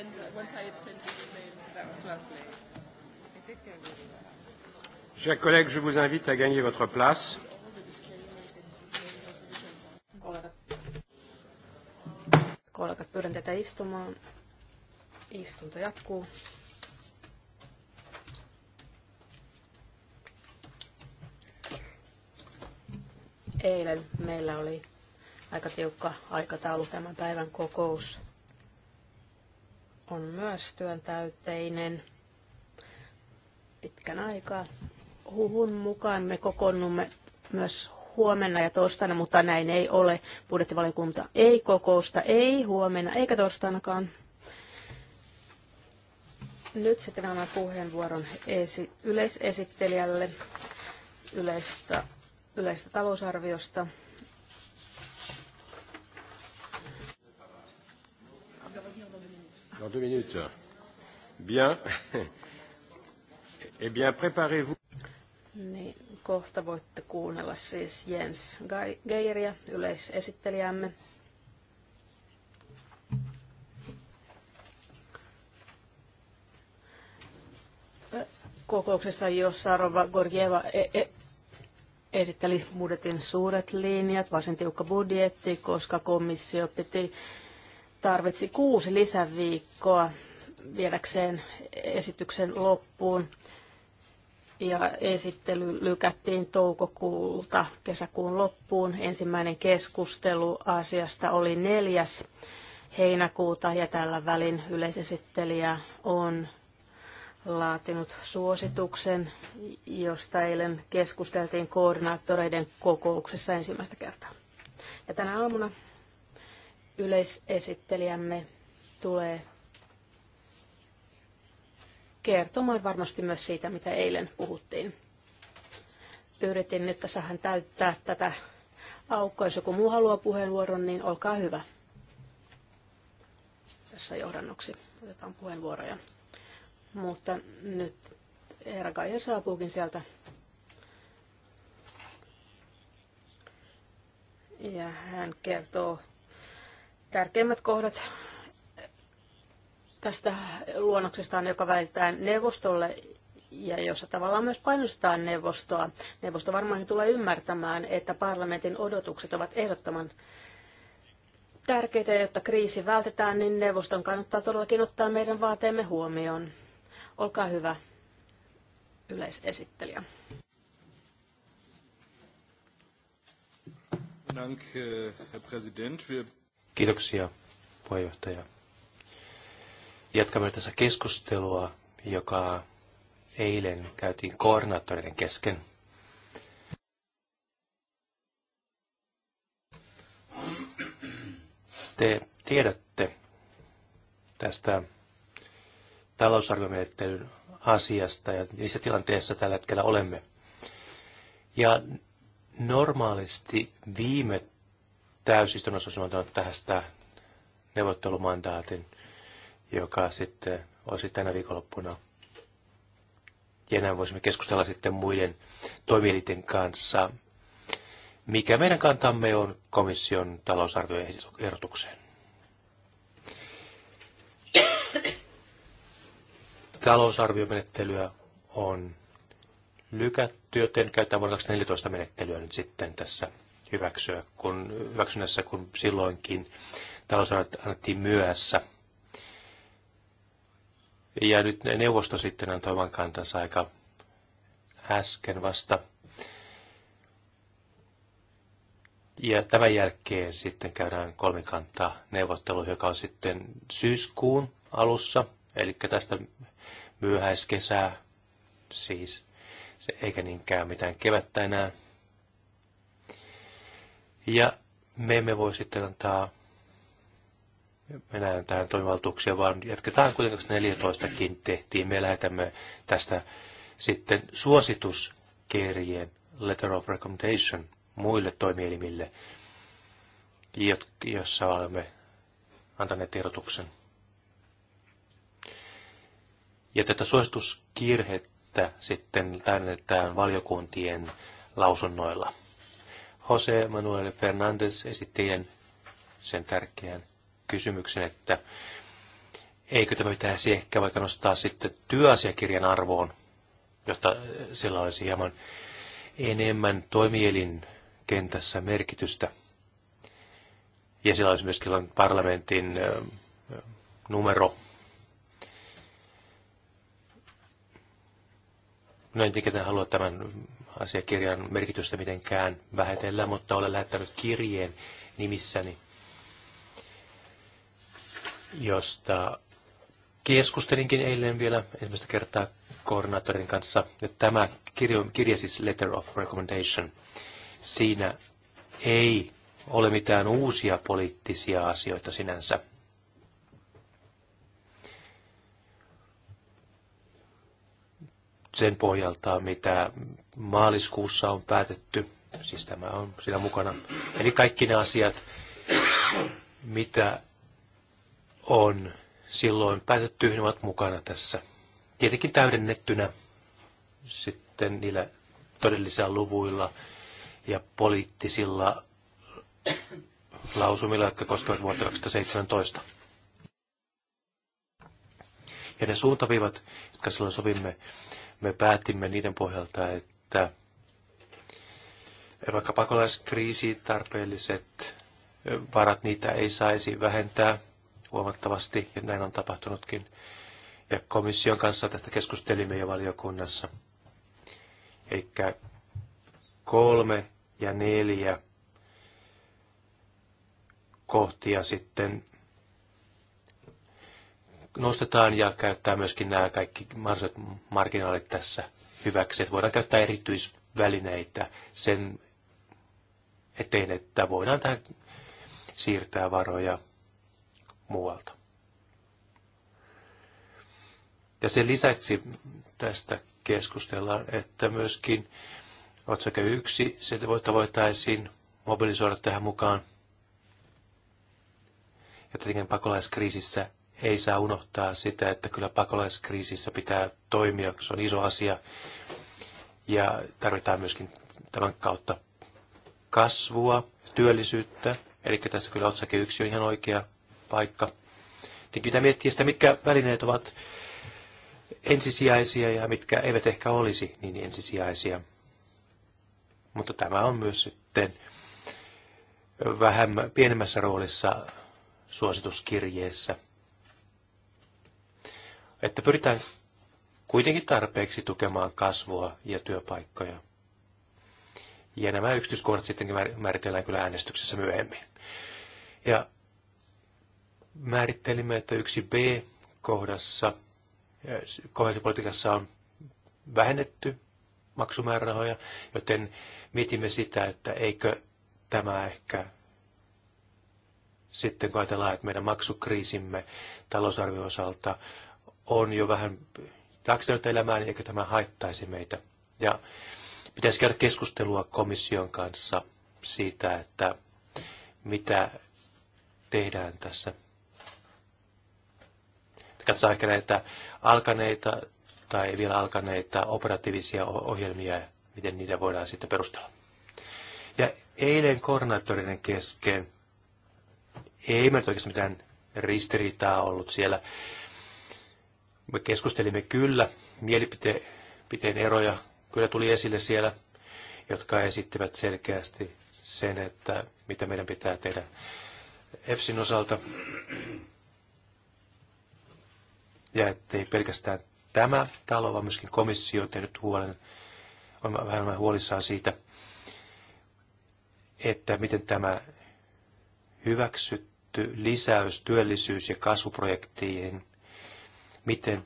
send, once I had sent you the mail. That was lovely. Chers collègues, je vous invite à gagner votre place. Kollegat, pyydän teitä istumaan. Istunto jatkuu. Eilen meillä oli aika tiukka aikataulu tämän päivän kokous on myös työntäyteinen pitkän aikaa. Huhun mukaan me kokoonnumme myös huomenna ja torstaina, mutta näin ei ole. Budjettivaliokunta ei kokousta, ei huomenna eikä torstainakaan. Nyt sitten annan puheenvuoron esi- yleisesittelijälle yleistä, yleistä talousarviosta. Dans deux minutes. Bien. Eh bien, préparez-vous. Niin, kohta voitte kuunnella siis Jens Geiriä, yleisesittelijämme. Kokouksessa, jossa Rova Gorjeva e- e- esitteli budjetin suuret linjat, varsin tiukka budjetti, koska komissio piti tarvitsi kuusi lisäviikkoa viedäkseen esityksen loppuun. Ja esittely lykättiin toukokuulta kesäkuun loppuun. Ensimmäinen keskustelu asiasta oli neljäs heinäkuuta ja tällä välin yleisesittelijä on laatinut suosituksen, josta eilen keskusteltiin koordinaattoreiden kokouksessa ensimmäistä kertaa. Ja tänä aamuna yleisesittelijämme tulee kertomaan varmasti myös siitä, mitä eilen puhuttiin. Yritin nyt tässä hän täyttää tätä aukkoa. Jos joku muu haluaa puheenvuoron, niin olkaa hyvä. Tässä johdannoksi otetaan puheenvuoroja. Mutta nyt Herra Kaija saapuukin sieltä. Ja hän kertoo Tärkeimmät kohdat tästä luonnoksesta on, joka välitetään neuvostolle ja jossa tavallaan myös painostetaan neuvostoa. Neuvosto varmaan tulee ymmärtämään, että parlamentin odotukset ovat ehdottoman tärkeitä, jotta kriisi vältetään, niin neuvoston kannattaa todellakin ottaa meidän vaateemme huomioon. Olkaa hyvä, yleisesittelijä. Dank, eh, Herr Präsident. Wir Kiitoksia, puheenjohtaja. Jatkamme tässä keskustelua, joka eilen käytiin koordinaattoreiden kesken. Te tiedätte tästä talousarviomenettelyn asiasta ja missä tilanteessa tällä hetkellä olemme. Ja normaalisti viime täysistunnossa antanut tästä neuvottelumandaatin, joka sitten olisi tänä viikonloppuna. Ja näin voisimme keskustella sitten muiden toimielinten kanssa, mikä meidän kantamme on komission talousarvioehdotukseen. Talousarviomenettelyä on lykätty, joten käytetään vuonna 2014 menettelyä nyt sitten tässä hyväksyä kun, hyväksynnässä kun silloinkin talousarviot annettiin myöhässä. Ja nyt neuvosto sitten antoi oman kantansa aika äsken vasta. Ja tämän jälkeen sitten käydään kolmikantaa neuvottelu, joka on sitten syyskuun alussa, eli tästä myöhäiskesää siis, se eikä niinkään mitään kevättä enää ja me emme voi sitten antaa mennään tähän toimivaltuuksia, vaan jatketaan kuitenkin 14kin tehtiin. Me lähetämme tästä sitten suosituskirjeen, letter of recommendation, muille toimielimille, jossa olemme antaneet tiedotuksen. Ja tätä suosituskirhettä sitten täydennetään valiokuntien lausunnoilla. Jose Manuel Fernandes esitti sen tärkeän kysymyksen, että eikö tämä pitäisi ehkä vaikka nostaa sitten työasiakirjan arvoon, jotta äh, sillä olisi hieman enemmän toimielin kentässä merkitystä. Ja sillä olisi myöskin parlamentin äh, numero. No en tietenkään haluaa tämän asiakirjan merkitystä mitenkään vähetellä, mutta olen lähettänyt kirjeen nimissäni, josta keskustelinkin eilen vielä ensimmäistä kertaa koordinaattorin kanssa. Ja tämä kirjo, kirje siis Letter of Recommendation. Siinä ei ole mitään uusia poliittisia asioita sinänsä. Sen pohjalta, mitä maaliskuussa on päätetty. Siis tämä on siinä mukana. Eli kaikki ne asiat, mitä on silloin päätetty, ne ovat mukana tässä. Tietenkin täydennettynä sitten niillä todellisilla luvuilla ja poliittisilla lausumilla, jotka koskevat vuotta 2017. Ja ne suuntaviivat, jotka silloin sovimme, me päätimme niiden pohjalta, että että vaikka pakolaiskriisi tarpeelliset varat, niitä ei saisi vähentää huomattavasti, ja näin on tapahtunutkin. Ja komission kanssa tästä keskustelimme jo valiokunnassa. Eli kolme ja neljä kohtia sitten nostetaan ja käyttää myöskin nämä kaikki mahdolliset marginaalit tässä hyväksi, että voidaan käyttää erityisvälineitä sen eteen, että voidaan tähän siirtää varoja muualta. Ja sen lisäksi tästä keskustellaan, että myöskin otsake yksi, se voitaisiin mobilisoida tähän mukaan. Ja tietenkin pakolaiskriisissä ei saa unohtaa sitä, että kyllä pakolaiskriisissä pitää toimia, se on iso asia. Ja tarvitaan myöskin tämän kautta kasvua, työllisyyttä. Eli tässä kyllä otsake yksi on ihan oikea paikka. Tietenkin pitää miettiä sitä, mitkä välineet ovat ensisijaisia ja mitkä eivät ehkä olisi niin ensisijaisia. Mutta tämä on myös sitten vähän pienemmässä roolissa suosituskirjeessä – että pyritään kuitenkin tarpeeksi tukemaan kasvua ja työpaikkoja. Ja nämä yksityiskohdat sittenkin määritellään kyllä äänestyksessä myöhemmin. Ja määrittelimme, että yksi B-kohdassa, kohdassa on vähennetty maksumäärärahoja, joten mietimme sitä, että eikö tämä ehkä sitten kun ajatellaan, että meidän maksukriisimme talousarvioosalta? on jo vähän jaksanut elämään, eikö tämä haittaisi meitä. Ja pitäisi käydä keskustelua komission kanssa siitä, että mitä tehdään tässä. Katsotaan ehkä näitä alkaneita tai vielä alkaneita operatiivisia ohjelmia, miten niitä voidaan sitten perustella. Ja eilen koordinaattorinen kesken, ei meillä oikeastaan mitään ristiriitaa ollut siellä, me keskustelimme kyllä, mielipiteen eroja kyllä tuli esille siellä, jotka esittivät selkeästi sen, että mitä meidän pitää tehdä EFSin osalta. Ja ettei pelkästään tämä talo, vaan myöskin komissio on tehnyt huolen, on vähän huolissaan siitä, että miten tämä hyväksytty lisäys työllisyys- ja kasvuprojektiin – miten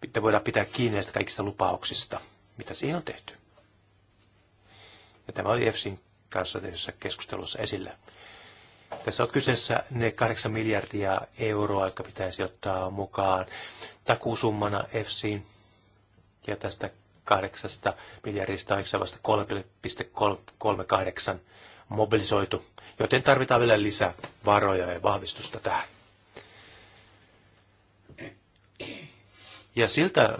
pitää voidaan pitää kiinni näistä kaikista lupauksista, mitä siihen on tehty. Ja tämä oli EFSin kanssa tehdyssä keskustelussa esillä. Tässä on kyseessä ne 8 miljardia euroa, jotka pitäisi ottaa mukaan takuusummana EFSin. Ja tästä kahdeksasta miljardista on vasta 3,38 mobilisoitu, joten tarvitaan vielä lisää varoja ja vahvistusta tähän. Ja siltä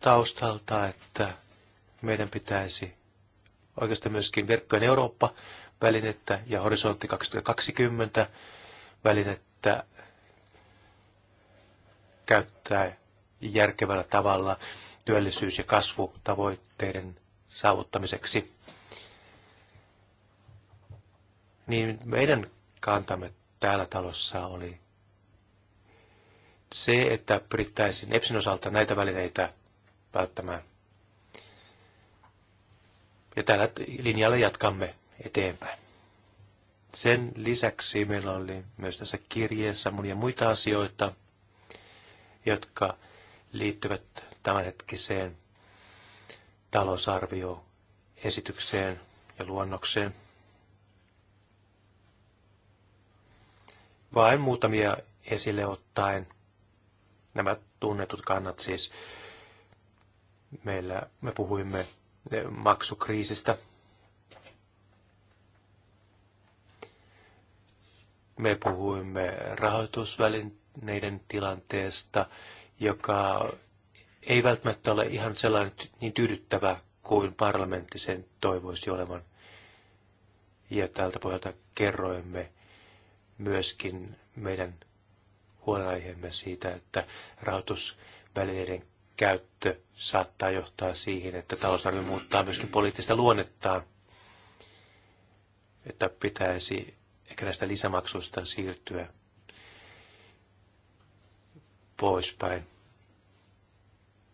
taustalta, että meidän pitäisi oikeastaan myöskin verkkojen Eurooppa-välinettä ja horisontti 2020 välinettä käyttää järkevällä tavalla työllisyys- ja kasvutavoitteiden saavuttamiseksi. Niin meidän kantamme täällä talossa oli se, että pyrittäisiin EPSin osalta näitä välineitä välttämään. Ja tällä linjalla jatkamme eteenpäin. Sen lisäksi meillä oli myös tässä kirjeessä monia muita asioita, jotka liittyvät tämänhetkiseen talousarvioesitykseen ja luonnokseen. Vain muutamia esille ottaen nämä tunnetut kannat siis. Meillä me puhuimme eh, maksukriisistä. Me puhuimme rahoitusvälineiden tilanteesta, joka ei välttämättä ole ihan sellainen niin tyydyttävä kuin parlamentti sen toivoisi olevan. Ja tältä pohjalta kerroimme myöskin meidän huolenaiheemme siitä, että rahoitusvälineiden käyttö saattaa johtaa siihen, että talousarvio muuttaa myöskin poliittista luonnettaan, että pitäisi ehkä näistä lisämaksuista siirtyä poispäin.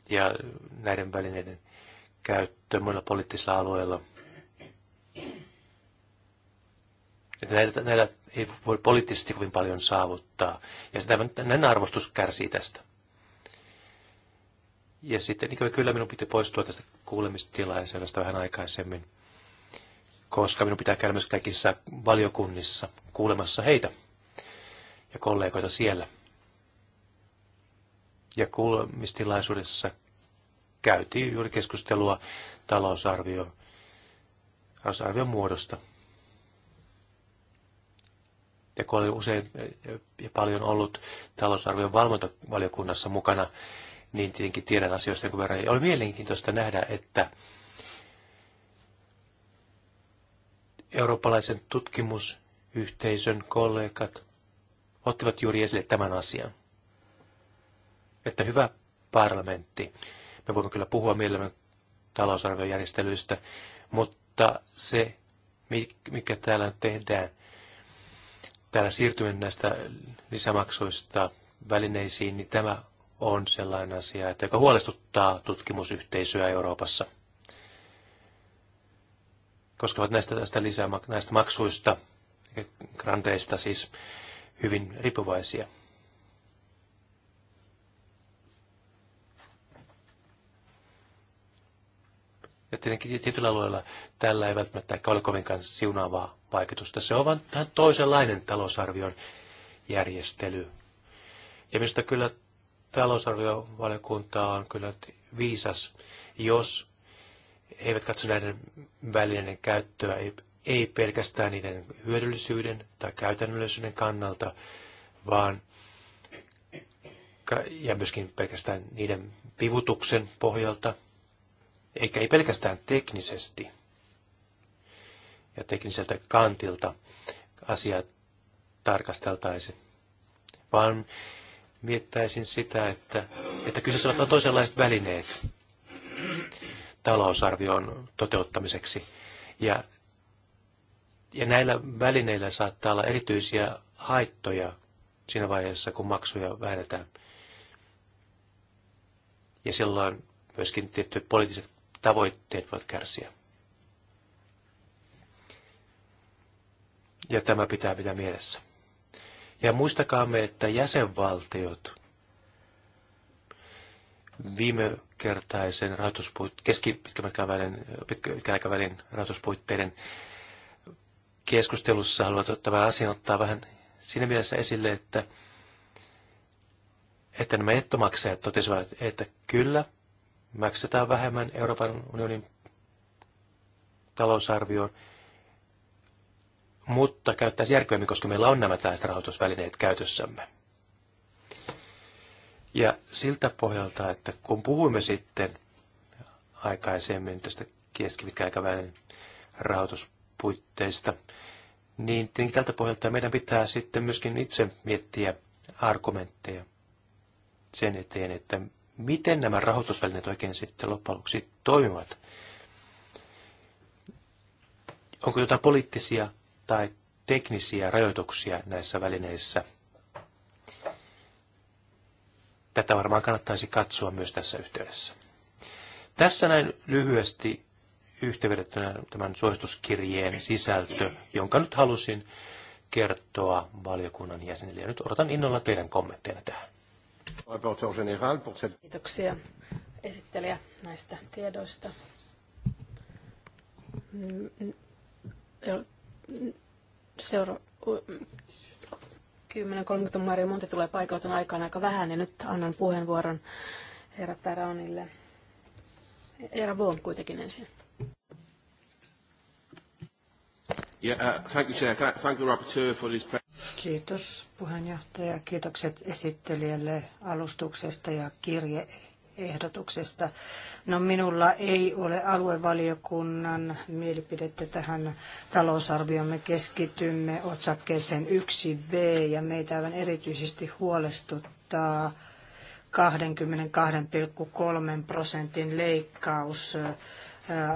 Ja näiden välineiden käyttö muilla poliittisilla alueilla että näitä, näillä ei voi poliittisesti kovin paljon saavuttaa. Ja tämän arvostus kärsii tästä. Ja sitten ikävä kyllä minun piti poistua tästä kuulemistilaisuudesta vähän aikaisemmin, koska minun pitää käydä myös kaikissa valiokunnissa kuulemassa heitä ja kollegoita siellä. Ja kuulemistilaisuudessa käytiin juuri keskustelua talousarvio, talousarvion muodosta – ja kun olen usein ja paljon ollut talousarvion valvontavaliokunnassa mukana, niin tietenkin tiedän asioista jonkun verran. Ja oli mielenkiintoista nähdä, että eurooppalaisen tutkimusyhteisön kollegat ottivat juuri esille tämän asian. Että hyvä parlamentti, me voimme kyllä puhua mielellämme talousarviojärjestelyistä, mutta se, mikä täällä tehdään – täällä siirtyminen näistä lisämaksuista välineisiin, niin tämä on sellainen asia, että joka huolestuttaa tutkimusyhteisöä Euroopassa. koska näistä, tästä lisämaksuista, näistä maksuista, granteista siis, hyvin riippuvaisia. Ja tietenkin tietyllä alueella tällä ei välttämättä ehkä ole kovinkaan siunaavaa vaikutusta. Se on vain vähän toisenlainen talousarvion järjestely. Ja minusta kyllä talousarviovaliokunta on kyllä viisas, jos eivät katso näiden välineiden käyttöä, ei, ei pelkästään niiden hyödyllisyyden tai käytännöllisyyden kannalta, vaan ja myöskin pelkästään niiden vivutuksen pohjalta, eikä ei pelkästään teknisesti ja tekniseltä kantilta asiat tarkasteltaisi, vaan miettäisin sitä, että, että kyseessä ovat toisenlaiset välineet talousarvion toteuttamiseksi. Ja, ja näillä välineillä saattaa olla erityisiä haittoja siinä vaiheessa, kun maksuja vähennetään. Ja silloin myöskin tiettyjä poliittiset tavoitteet voivat kärsiä. Ja tämä pitää pitää mielessä. Ja muistakaamme, että jäsenvaltiot viime kertaisen keskipitkän aikavälin, aikavälin rahoituspuitteiden keskustelussa haluavat tämän asian ottaa vähän siinä mielessä esille, että, että nämä ettomaksajat totesivat, että kyllä, maksetaan vähemmän Euroopan unionin talousarvioon, mutta käyttäisi järkevämmin, koska meillä on nämä tällaiset rahoitusvälineet käytössämme. Ja siltä pohjalta, että kun puhuimme sitten aikaisemmin tästä keskipitkän rahoituspuitteista, niin tietenkin tältä pohjalta meidän pitää sitten myöskin itse miettiä argumentteja sen eteen, että miten nämä rahoitusvälineet oikein sitten loppujen lopuksi toimivat. Onko jotain poliittisia tai teknisiä rajoituksia näissä välineissä? Tätä varmaan kannattaisi katsoa myös tässä yhteydessä. Tässä näin lyhyesti yhteenvedettynä tämän suosituskirjeen sisältö, jonka nyt halusin kertoa valiokunnan jäsenille. Ja nyt odotan innolla teidän kommentteja tähän. Kiitoksia esittelijä näistä tiedoista. Seura 10.30 Maria Monti tulee paikalta aikaan aika vähän, ja nyt annan puheenvuoron herra Taraonille. Herra Vuon kuitenkin ensin. Yeah, uh, thank you, Chair. Can I thank the rapporteur for this. Kiitos puheenjohtaja. Kiitokset esittelijälle alustuksesta ja kirjeehdotuksesta. No minulla ei ole aluevaliokunnan mielipidettä tähän talousarvioon. Me keskitymme otsakkeeseen 1b ja meitä aivan erityisesti huolestuttaa 22,3 prosentin leikkaus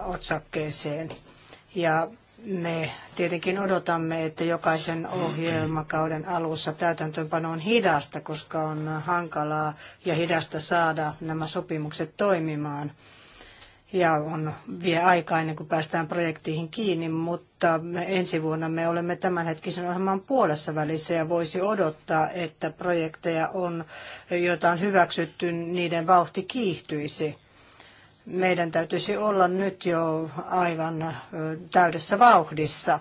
otsakkeeseen. Ja me tietenkin odotamme, että jokaisen ohjelmakauden alussa täytäntöönpano on hidasta, koska on hankalaa ja hidasta saada nämä sopimukset toimimaan. Ja on vie aikaa ennen kuin päästään projektiihin kiinni, mutta ensi vuonna me olemme tämänhetkisen ohjelman puolessa välissä ja voisi odottaa, että projekteja on, joita on hyväksytty, niiden vauhti kiihtyisi meidän täytyisi olla nyt jo aivan täydessä vauhdissa.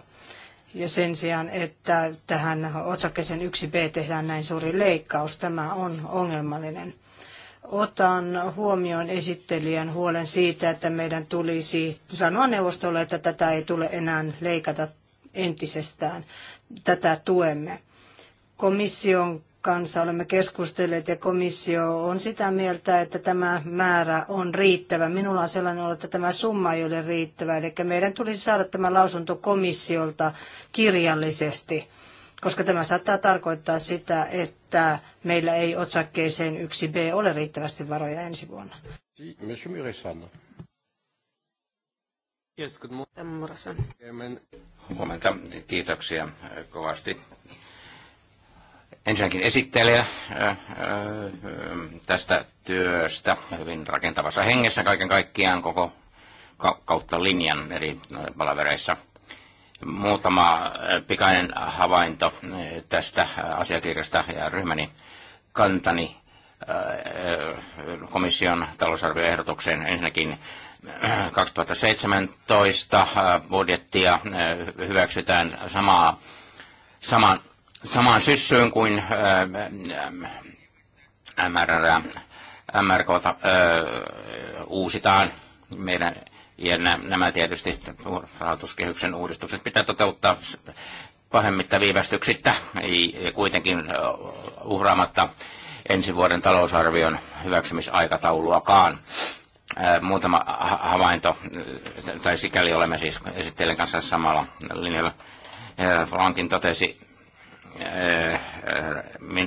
Ja sen sijaan, että tähän otsakkeeseen 1b tehdään näin suuri leikkaus, tämä on ongelmallinen. Otan huomioon esittelijän huolen siitä, että meidän tulisi sanoa neuvostolle, että tätä ei tule enää leikata entisestään. Tätä tuemme. Komission kanssa olemme keskustelleet ja komissio on sitä mieltä, että tämä määrä on riittävä. Minulla on sellainen olo, että tämä summa ei ole riittävä. Eli meidän tulisi saada tämä lausunto komissiolta kirjallisesti, koska tämä saattaa tarkoittaa sitä, että meillä ei otsakkeeseen 1b ole riittävästi varoja ensi vuonna. Yes, good morning. Huomenta. Kiitoksia kovasti ensinnäkin esittelijä tästä työstä hyvin rakentavassa hengessä kaiken kaikkiaan koko kautta linjan eri palavereissa. Muutama pikainen havainto tästä asiakirjasta ja ryhmäni kantani komission talousarvioehdotukseen. Ensinnäkin 2017 budjettia hyväksytään samaa, saman samaan syssyyn kuin MRR, MRK uusitaan meidän ja nämä tietysti rahoituskehyksen uudistukset pitää toteuttaa pahemmitta viivästyksittä, ei kuitenkin uhraamatta ensi vuoden talousarvion hyväksymisaikatauluakaan. Muutama havainto, tai sikäli olemme siis esittelen kanssa samalla linjalla. Frankin totesi,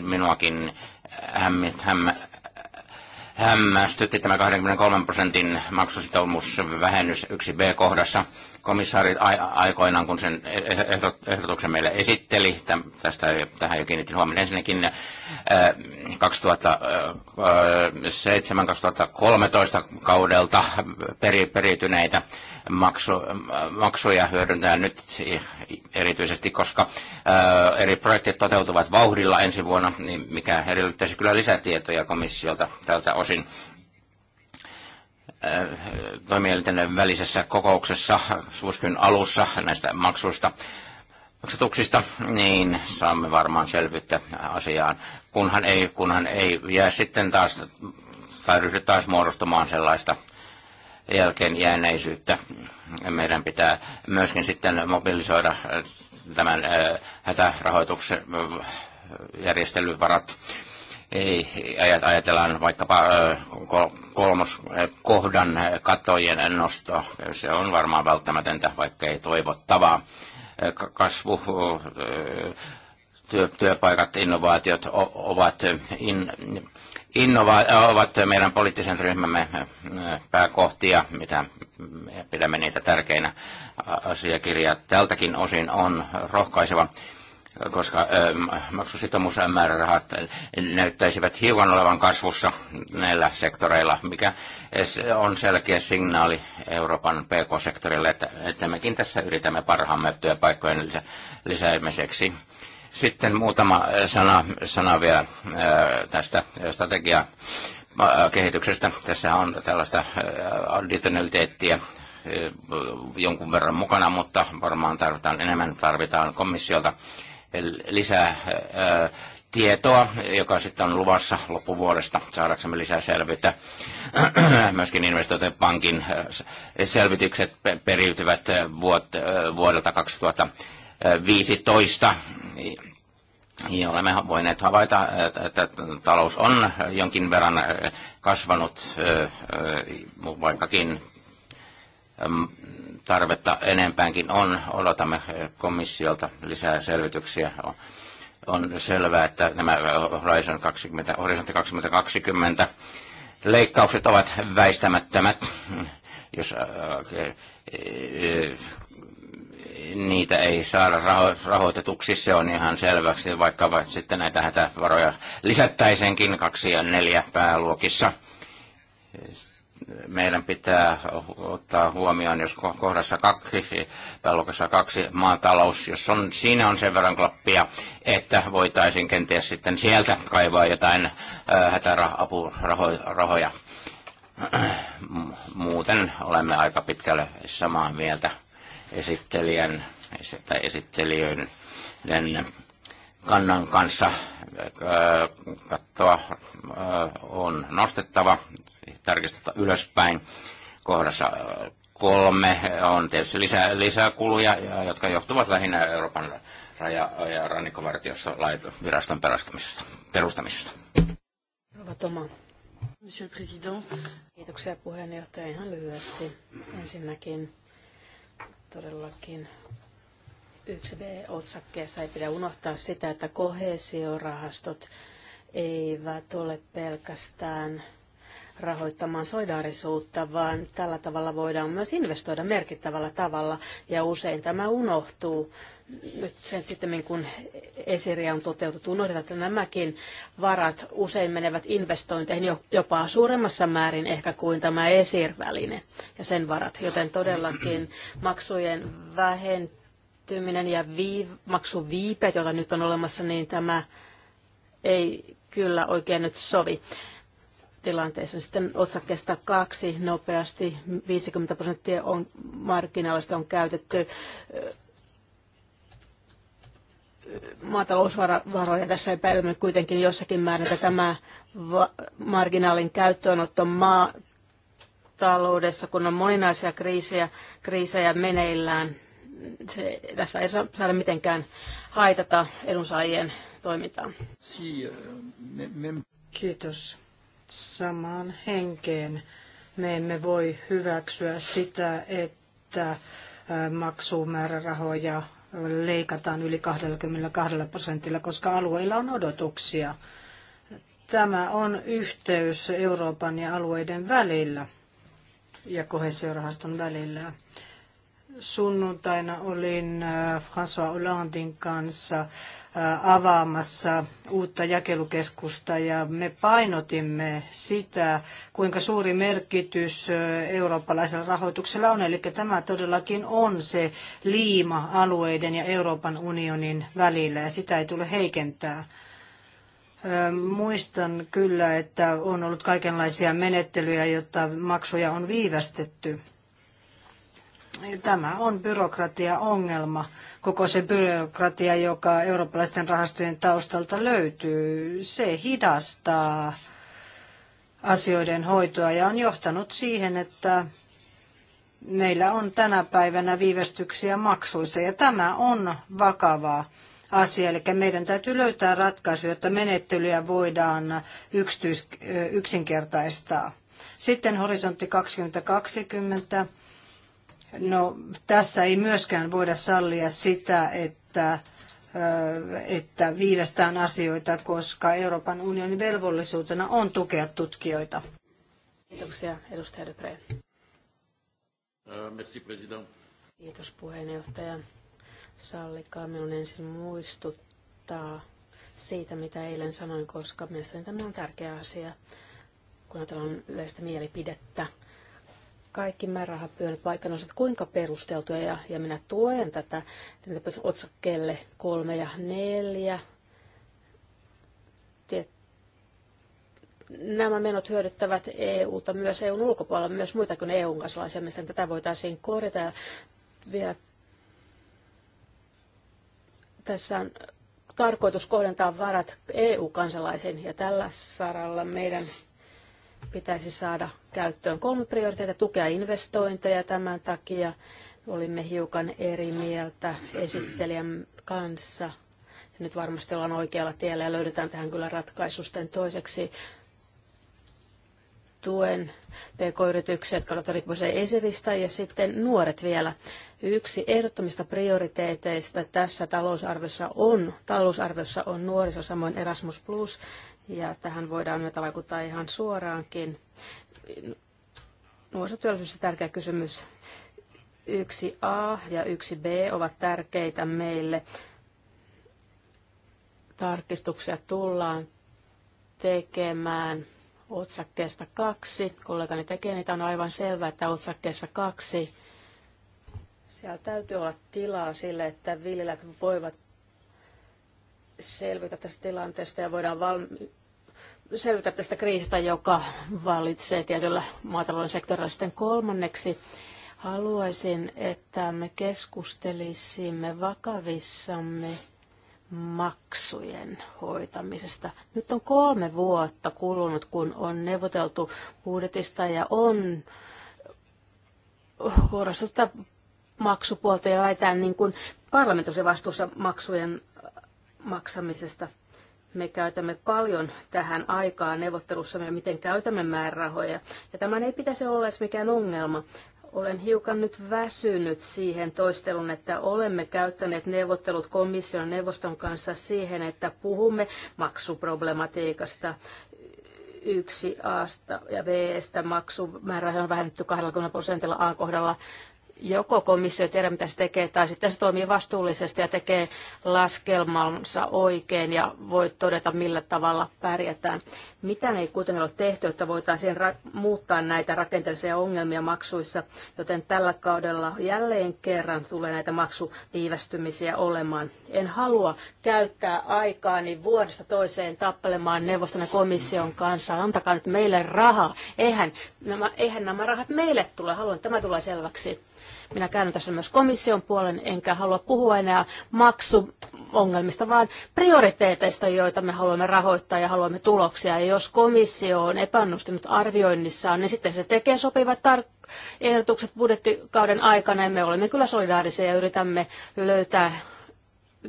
minuakin hämmit, hämmä, hämmästytti tämä 23 prosentin maksusitoumusvähennys 1b-kohdassa komissaari aikoinaan, kun sen eh-, eh-, ehdotuksen meille esitteli, tästä tähän jo kiinnitin huomioon ensinnäkin 2007-2013 äh, äh, kaudelta peri, periytyneitä maksu, maksuja hyödyntää nyt erityisesti, koska äh, eri projektit toteutuvat vauhdilla ensi vuonna, niin mikä edellyttäisi kyllä lisätietoja komissiolta tältä osin Äh, toimielinten välisessä kokouksessa suuskyn alussa näistä maksuista maksatuksista, niin saamme varmaan selvyyttä asiaan, kunhan ei, kunhan ei jää sitten taas tai ryhdy taas muodostumaan sellaista jälkeen jääneisyyttä. Meidän pitää myöskin sitten mobilisoida äh, tämän äh, hätärahoituksen järjestelyvarat ei, ajatellaan vaikkapa kolmos kohdan katojen nosto. Se on varmaan välttämätöntä, vaikka ei toivottavaa. Kasvu, työpaikat, innovaatiot ovat, innova- ovat meidän poliittisen ryhmämme pääkohtia, mitä pidämme niitä tärkeinä asiakirjat. Tältäkin osin on rohkaiseva koska ähm, määrärahat näyttäisivät hiukan olevan kasvussa näillä sektoreilla, mikä on selkeä signaali Euroopan PK-sektorille, että, että mekin tässä yritämme parhaamme työpaikkojen lisä, lisäämiseksi. Sitten muutama äh, sana, sana vielä äh, tästä strategiakehityksestä. Äh, kehityksestä. Tässä on tällaista additionaliteettia jonkun verran mukana, mutta varmaan tarvitaan enemmän tarvitaan komissiolta lisää tietoa, joka sitten on luvassa loppuvuodesta saadaksemme lisää selvyyttä. Myöskin investointipankin selvitykset periytyvät vuodelta 2015. Ja olemme voineet havaita, että talous on jonkin verran kasvanut, vaikkakin tarvetta enempäänkin on. Odotamme äh, komissiolta lisää selvityksiä. On selvää, että nämä äh, Horizon 20, Horizon 2020 leikkaukset ovat väistämättömät, jos äh, niitä ei saada rahoitetuksi, se on ihan selväksi, vaikka sitten näitä hätävaroja lisättäisenkin kaksi ja neljä pääluokissa meidän pitää ottaa huomioon, jos kohdassa kaksi, pääluokassa kaksi maatalous, jos on, siinä on sen verran klappia, että voitaisiin kenties sitten sieltä kaivaa jotain äh, hätäapurahoja. Muuten olemme aika pitkälle samaa mieltä esittelijän tai esittelijöiden kannan kanssa äh, kattoa äh, on nostettava tarkistusta ylöspäin. Kohdassa äh, kolme on tietysti lisää, lisää kuluja, jotka johtuvat lähinnä Euroopan raja- ja rannikkovartiossa viraston perustamisesta. perustamisesta. Monsieur le Kiitoksia puheenjohtaja ihan lyhyesti. Ensinnäkin todellakin yksi b otsakkeessa ei pidä unohtaa sitä, että kohesiorahastot eivät ole pelkästään – rahoittamaan solidaarisuutta, vaan tällä tavalla voidaan myös investoida merkittävällä tavalla. Ja usein tämä unohtuu. Nyt sen sitten, kun esiriä on toteutettu, unohdetaan, että nämäkin varat usein menevät investointeihin jopa suuremmassa määrin ehkä kuin tämä esirväline ja sen varat. Joten todellakin maksujen vähentyminen ja viiv- maksuviipet, joita nyt on olemassa, niin tämä ei kyllä oikein nyt sovi tilanteessa. Sitten otsakkeesta kaksi nopeasti 50 prosenttia on, markkinaalista on käytetty maatalousvaroja tässä epäilymme kuitenkin jossakin määrin, että tämä marginaalin käyttöönotto maataloudessa, kun on moninaisia kriisejä, kriisejä meneillään, se, tässä ei saada mitenkään haitata edunsaajien toimintaa. Kiitos samaan henkeen. Me emme voi hyväksyä sitä, että maksumäärärahoja leikataan yli 22 prosentilla, koska alueilla on odotuksia. Tämä on yhteys Euroopan ja alueiden välillä ja kohesiorahaston välillä. Sunnuntaina olin äh, François Hollandin kanssa äh, avaamassa uutta jakelukeskusta ja me painotimme sitä, kuinka suuri merkitys äh, eurooppalaisella rahoituksella on. Eli tämä todellakin on se liima alueiden ja Euroopan unionin välillä ja sitä ei tule heikentää. Muistan kyllä, että on ollut kaikenlaisia menettelyjä, jotta maksuja on viivästetty. Tämä on byrokratiaongelma, koko se byrokratia, joka eurooppalaisten rahastojen taustalta löytyy. Se hidastaa asioiden hoitoa ja on johtanut siihen, että meillä on tänä päivänä viivästyksiä maksuissa ja tämä on vakavaa asia. Eli meidän täytyy löytää ratkaisuja, jotta menettelyjä voidaan yksinkertaistaa. Sitten horisontti 2020 No, tässä ei myöskään voida sallia sitä, että että viivästään asioita, koska Euroopan unionin velvollisuutena on tukea tutkijoita. Kiitoksia, edustaja Dupré. Äh, merci, president. Kiitos puheenjohtaja. Sallikaa minun ensin muistuttaa siitä, mitä eilen sanoin, koska mielestäni tämä on tärkeä asia, kun ajatellaan yleistä mielipidettä kaikki määrärahapyönnöt, vaikka ne olisivat kuinka perusteltuja, ja, ja minä tuen tätä, tätä otsakkeelle kolme ja neljä. Tiet, nämä menot hyödyttävät EUta myös EUn ulkopuolella, myös muita kuin EUn kansalaisia, mistä tätä voitaisiin korjata. Ja vielä tässä on tarkoitus kohdentaa varat EU-kansalaisiin, ja tällä saralla meidän pitäisi saada käyttöön kolme prioriteettia, tukea investointeja tämän takia. Olimme hiukan eri mieltä esittelijän kanssa. Nyt varmasti ollaan oikealla tiellä ja löydetään tähän kyllä ratkaisusten toiseksi tuen pk-yrityksiä, jotka ovat riippuvaisia esiristä, ja sitten nuoret vielä. Yksi ehdottomista prioriteeteista tässä talousarviossa on, talousarviossa on nuoriso, samoin Erasmus Plus, ja tähän voidaan myötä vaikuttaa ihan suoraankin. Nuorisotyöllisyys on tärkeä kysymys. 1A ja 1B ovat tärkeitä meille. Tarkistuksia tullaan tekemään otsakkeesta kaksi. Kollegani tekee niitä. On aivan selvää, että otsakkeessa kaksi siellä täytyy olla tilaa sille, että viljelijät voivat selvitä tästä tilanteesta ja voidaan valmi- selvitä tästä kriisistä, joka vallitsee tietyllä maatalouden sektorilla. Sitten kolmanneksi haluaisin, että me keskustelisimme vakavissamme maksujen hoitamisesta. Nyt on kolme vuotta kulunut, kun on neuvoteltu budjetista ja on korostettu maksupuolta ja laitetaan niin kuin parlamentoisen vastuussa maksujen maksamisesta – me käytämme paljon tähän aikaa neuvottelussamme ja miten käytämme määrärahoja. Ja tämän ei pitäisi olla edes mikään ongelma. Olen hiukan nyt väsynyt siihen toistelun, että olemme käyttäneet neuvottelut komission neuvoston kanssa siihen, että puhumme maksuproblematiikasta yksi A ja B-stä on vähennetty 20 prosentilla A-kohdalla joko komissio tiedä, mitä se tekee, tai sitten se toimii vastuullisesti ja tekee laskelmansa oikein ja voi todeta, millä tavalla pärjätään. Mitä ei kuitenkaan ole tehty, että voitaisiin muuttaa näitä rakenteellisia ongelmia maksuissa, joten tällä kaudella jälleen kerran tulee näitä maksuviivästymisiä olemaan. En halua käyttää aikaa niin vuodesta toiseen tappelemaan neuvoston ja komission kanssa. Antakaa nyt meille rahaa. Eihän nämä, eihän nämä rahat meille tule. Haluan, että tämä tulee selväksi minä käännyn tässä myös komission puolen, enkä halua puhua enää maksuongelmista, vaan prioriteeteista, joita me haluamme rahoittaa ja haluamme tuloksia. Ja jos komissio on epäonnistunut arvioinnissaan, niin sitten se tekee sopivat tar- ehdotukset budjettikauden aikana, ja me olemme kyllä solidaarisia ja yritämme löytää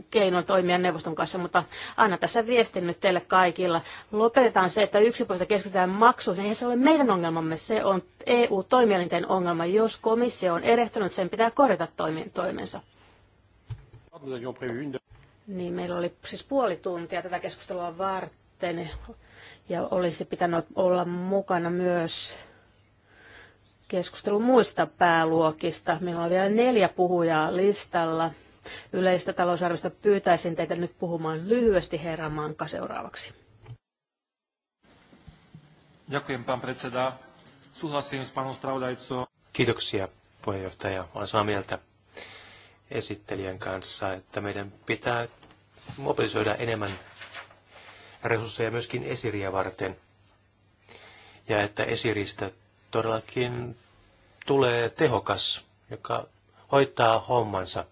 keinoin toimia neuvoston kanssa, mutta anna tässä viestin nyt teille kaikilla. Lopetetaan se, että yksipuolista keskitytään maksuihin. Eihän se ole meidän ongelmamme, se on EU-toimielinten ongelma. Jos komissio on erehtynyt, sen pitää korjata toimensa. Niin, meillä oli siis puoli tuntia tätä keskustelua varten ja olisi pitänyt olla mukana myös keskustelu muista pääluokista. Meillä oli vielä neljä puhujaa listalla. Yleistä talousarvista Pyytäisin teitä nyt puhumaan lyhyesti herra Manka seuraavaksi. Kiitoksia, puheenjohtaja. Olen samaa mieltä esittelijän kanssa, että meidän pitää mobilisoida enemmän resursseja myöskin esiriä varten. Ja että esiristä todellakin tulee tehokas, joka hoitaa hommansa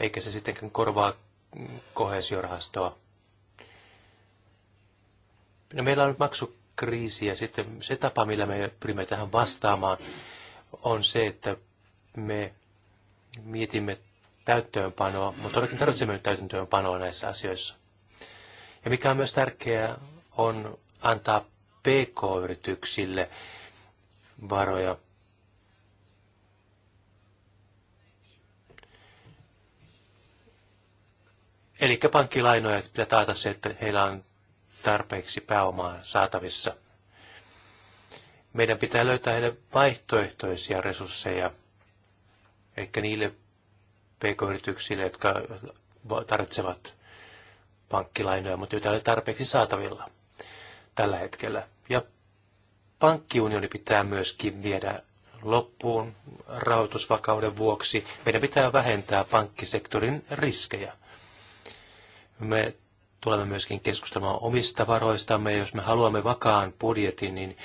eikä se sittenkään korvaa kohesiorahastoa. No, meillä on nyt maksukriisi ja sitten se tapa, millä me pyrimme tähän vastaamaan, on se, että me mietimme täyttöönpanoa, mutta todellakin tarvitsemme nyt täytäntöönpanoa näissä asioissa. Ja mikä on myös tärkeää, on antaa PK-yrityksille varoja Eli pankkilainoja pitää taata se, että heillä on tarpeeksi pääomaa saatavissa. Meidän pitää löytää heille vaihtoehtoisia resursseja, eli niille pk-yrityksille, jotka tarvitsevat pankkilainoja, mutta joita ei ole tarpeeksi saatavilla tällä hetkellä. Ja pankkiunioni pitää myöskin viedä loppuun rahoitusvakauden vuoksi. Meidän pitää vähentää pankkisektorin riskejä. Me tulemme myöskin keskustelemaan omista varoistamme. Jos me haluamme vakaan budjetin, niin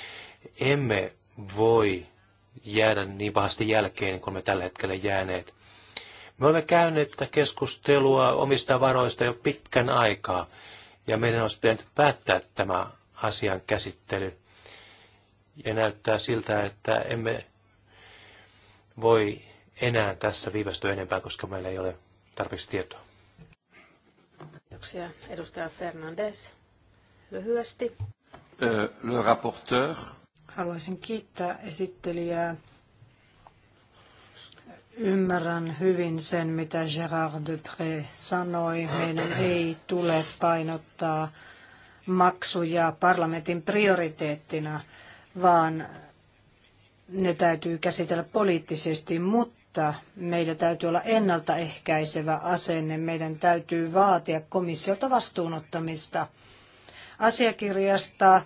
emme voi jäädä niin pahasti jälkeen kuin me tällä hetkellä jääneet. Me olemme käyneet tätä keskustelua omista varoista jo pitkän aikaa, ja meidän olisi pitänyt päättää tämä asian käsittely. Ja näyttää siltä, että emme voi enää tässä viivästyä enempää, koska meillä ei ole tarpeeksi tietoa. Kiitoksia. Edustaja Fernandes, lyhyesti. Le rapporteur. Haluaisin kiittää esittelijää. Ymmärrän hyvin sen, mitä Gérard Depré sanoi. Meidän ei tule painottaa maksuja parlamentin prioriteettina, vaan ne täytyy käsitellä poliittisesti, mutta mutta meillä täytyy olla ennaltaehkäisevä asenne. Meidän täytyy vaatia komissiolta vastuunottamista. Asiakirjasta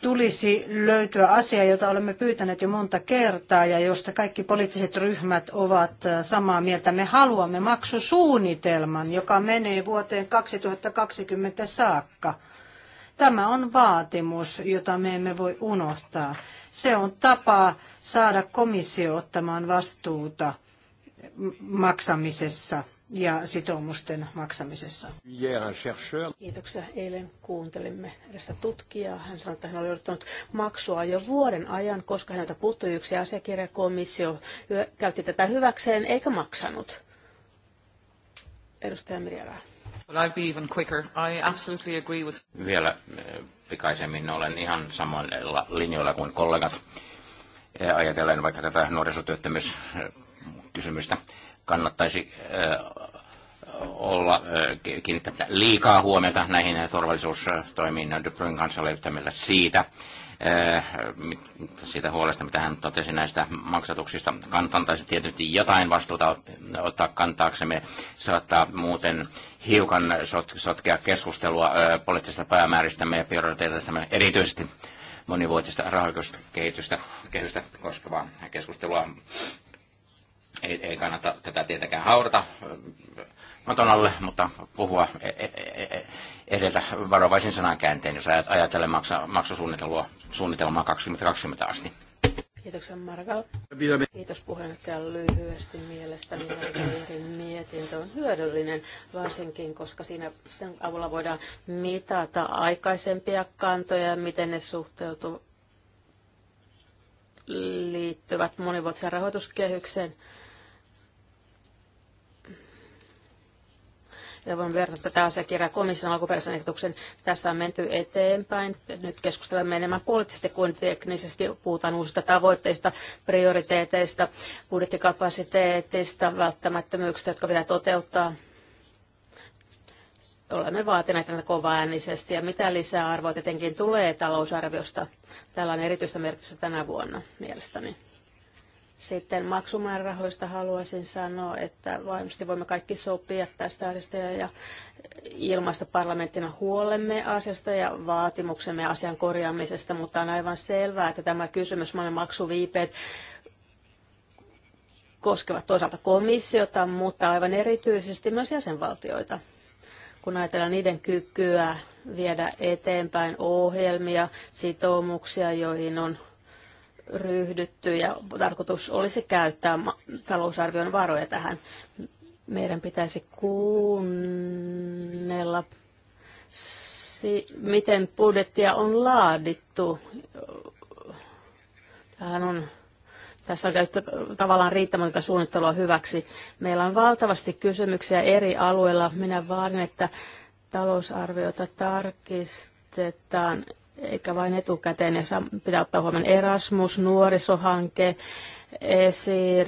tulisi löytyä asia, jota olemme pyytäneet jo monta kertaa ja josta kaikki poliittiset ryhmät ovat samaa mieltä. Me haluamme maksusuunnitelman, joka menee vuoteen 2020 saakka. Tämä on vaatimus, jota me emme voi unohtaa. Se on tapa saada komissio ottamaan vastuuta maksamisessa ja sitoumusten maksamisessa. Kiitoksia. Eilen kuuntelimme edestä tutkijaa. Hän sanoi, että hän oli odottanut maksua jo vuoden ajan, koska häneltä puuttui yksi asiakirja. Komissio käytti tätä hyväkseen eikä maksanut. Edustaja Mirjala. Vielä pikaisemmin. Olen ihan samalla linjoilla kuin kollegat eh, ajatellen vaikka tätä nuorisotyöttömyyskysymystä. Kannattaisi eh, olla eh, kiinnittämättä liikaa huomiota näihin turvallisuustoimiin. Dupryn kanssa löytämällä siitä, siitä huolesta, mitä hän totesi näistä maksatuksista. Kantantaisi tietysti jotain vastuuta ottaa kantaaksemme. Saattaa muuten hiukan sot, sotkea keskustelua poliittisista päämääristämme ja prioriteetistamme, erityisesti monivuotista rahoituskehitystä kehystä koskevaa keskustelua. Ei, ei kannata tätä tietenkään haudata maton alle, mutta puhua e-, e-, e-, edeltä varovaisin sanankäänteen, jos ajatellaan maksusuunnitelmaa 2020 asti. Kiitoksia Margal. Kiitos puheenjohtaja lyhyesti. Mielestäni Margalin mietintö on hyödyllinen, varsinkin koska siinä sen avulla voidaan mitata aikaisempia kantoja, miten ne suhteutuvat liittyvät monivuotiseen rahoituskehykseen ja voin verrata tätä asiakirjaa komission alkuperäisen ehdotuksen. Tässä on menty eteenpäin. Nyt keskustelemme enemmän poliittisesti kuin teknisesti. Puhutaan uusista tavoitteista, prioriteeteista, budjettikapasiteetista, välttämättömyyksistä, jotka pitää toteuttaa olemme vaatineet näitä kovaäänisesti ja mitä lisäarvoa tietenkin tulee talousarviosta. Tällä on erityistä merkitystä tänä vuonna mielestäni. Sitten maksumäärärahoista haluaisin sanoa, että varmasti voimme kaikki sopia tästä asiasta ja ilmaista parlamenttina huolemme asiasta ja vaatimuksemme asian korjaamisesta, mutta on aivan selvää, että tämä kysymys, maksuviipeet, koskevat toisaalta komissiota, mutta aivan erityisesti myös jäsenvaltioita, kun ajatellaan niiden kykyä viedä eteenpäin ohjelmia, sitoumuksia, joihin on ryhdytty ja tarkoitus olisi käyttää talousarvion varoja tähän. Meidän pitäisi kuunnella, miten budjettia on laadittu. Tähän on tässä on käyttö tavallaan riittämätöntä suunnittelua hyväksi. Meillä on valtavasti kysymyksiä eri alueilla. Minä vaadin, että talousarviota tarkistetaan eikä vain etukäteen. Ja pitää ottaa huomioon Erasmus, nuorisohanke, ESIR,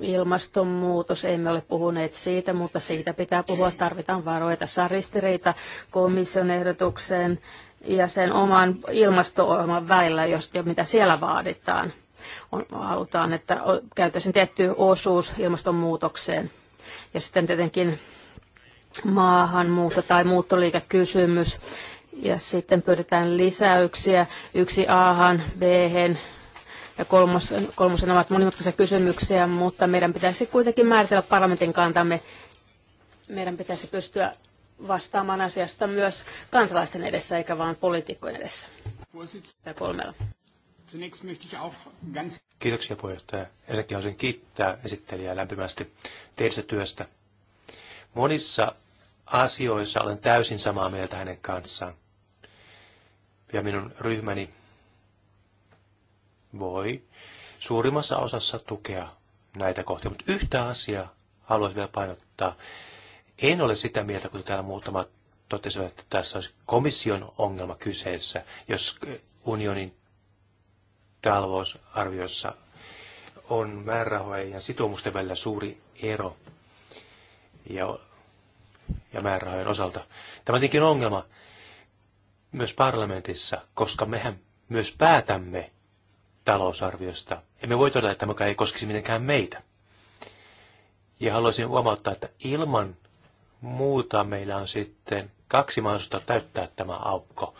ilmastonmuutos, emme ole puhuneet siitä, mutta siitä pitää puhua, tarvitaan varoja. Tässä on ristiriita komission ehdotukseen ja sen oman ilmasto-ohjelman välillä, jos, mitä siellä vaaditaan. On, halutaan, että käytäisiin tietty osuus ilmastonmuutokseen. Ja sitten tietenkin maahanmuutto- tai muuttoliikekysymys. kysymys ja sitten pyydetään lisäyksiä yksi A-han, b ja kolmos, kolmosen ovat monimutkaisia kysymyksiä, mutta meidän pitäisi kuitenkin määritellä parlamentin kantamme. Meidän pitäisi pystyä vastaamaan asiasta myös kansalaisten edessä, eikä vain poliitikkojen edessä. Kiitoksia puheenjohtaja. Ensinnäkin haluaisin kiittää esittelijää lämpimästi teidän työstä. Monissa asioissa olen täysin samaa mieltä hänen kanssaan ja minun ryhmäni voi suurimmassa osassa tukea näitä kohtia. Mutta yhtä asiaa haluaisin vielä painottaa. En ole sitä mieltä, kun täällä muutama totesivat, että tässä olisi komission ongelma kyseessä, jos eh, unionin talousarviossa on määrärahojen ja sitoumusten välillä suuri ero ja, ja määrärahojen osalta. Tämä on tietenkin ongelma, myös parlamentissa, koska mehän myös päätämme talousarviosta. Emme voi todeta, että tämä ei koskisi mitenkään meitä. Ja haluaisin huomauttaa, että ilman muuta meillä on sitten kaksi mahdollisuutta täyttää tämä aukko.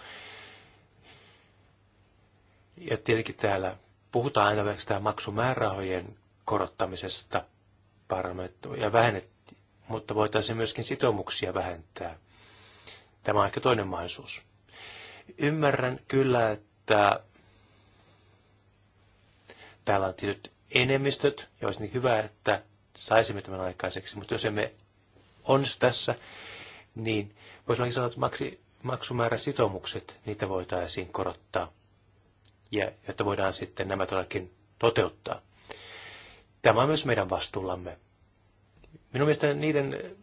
Ja tietenkin täällä puhutaan aina pelkästään maksumäärärahojen korottamisesta ja vähennet, mutta voitaisiin myöskin sitoumuksia vähentää. Tämä on ehkä toinen mahdollisuus. Ymmärrän kyllä, että täällä on tietyt enemmistöt, ja olisi niin hyvä, että saisimme tämän aikaiseksi, mutta jos emme onnistu tässä, niin voisi olla sanoa, että maksi, maksumääräsitoumukset, niitä voitaisiin korottaa, ja jotta voidaan sitten nämä todellakin toteuttaa. Tämä on myös meidän vastuullamme. Minun mielestäni niiden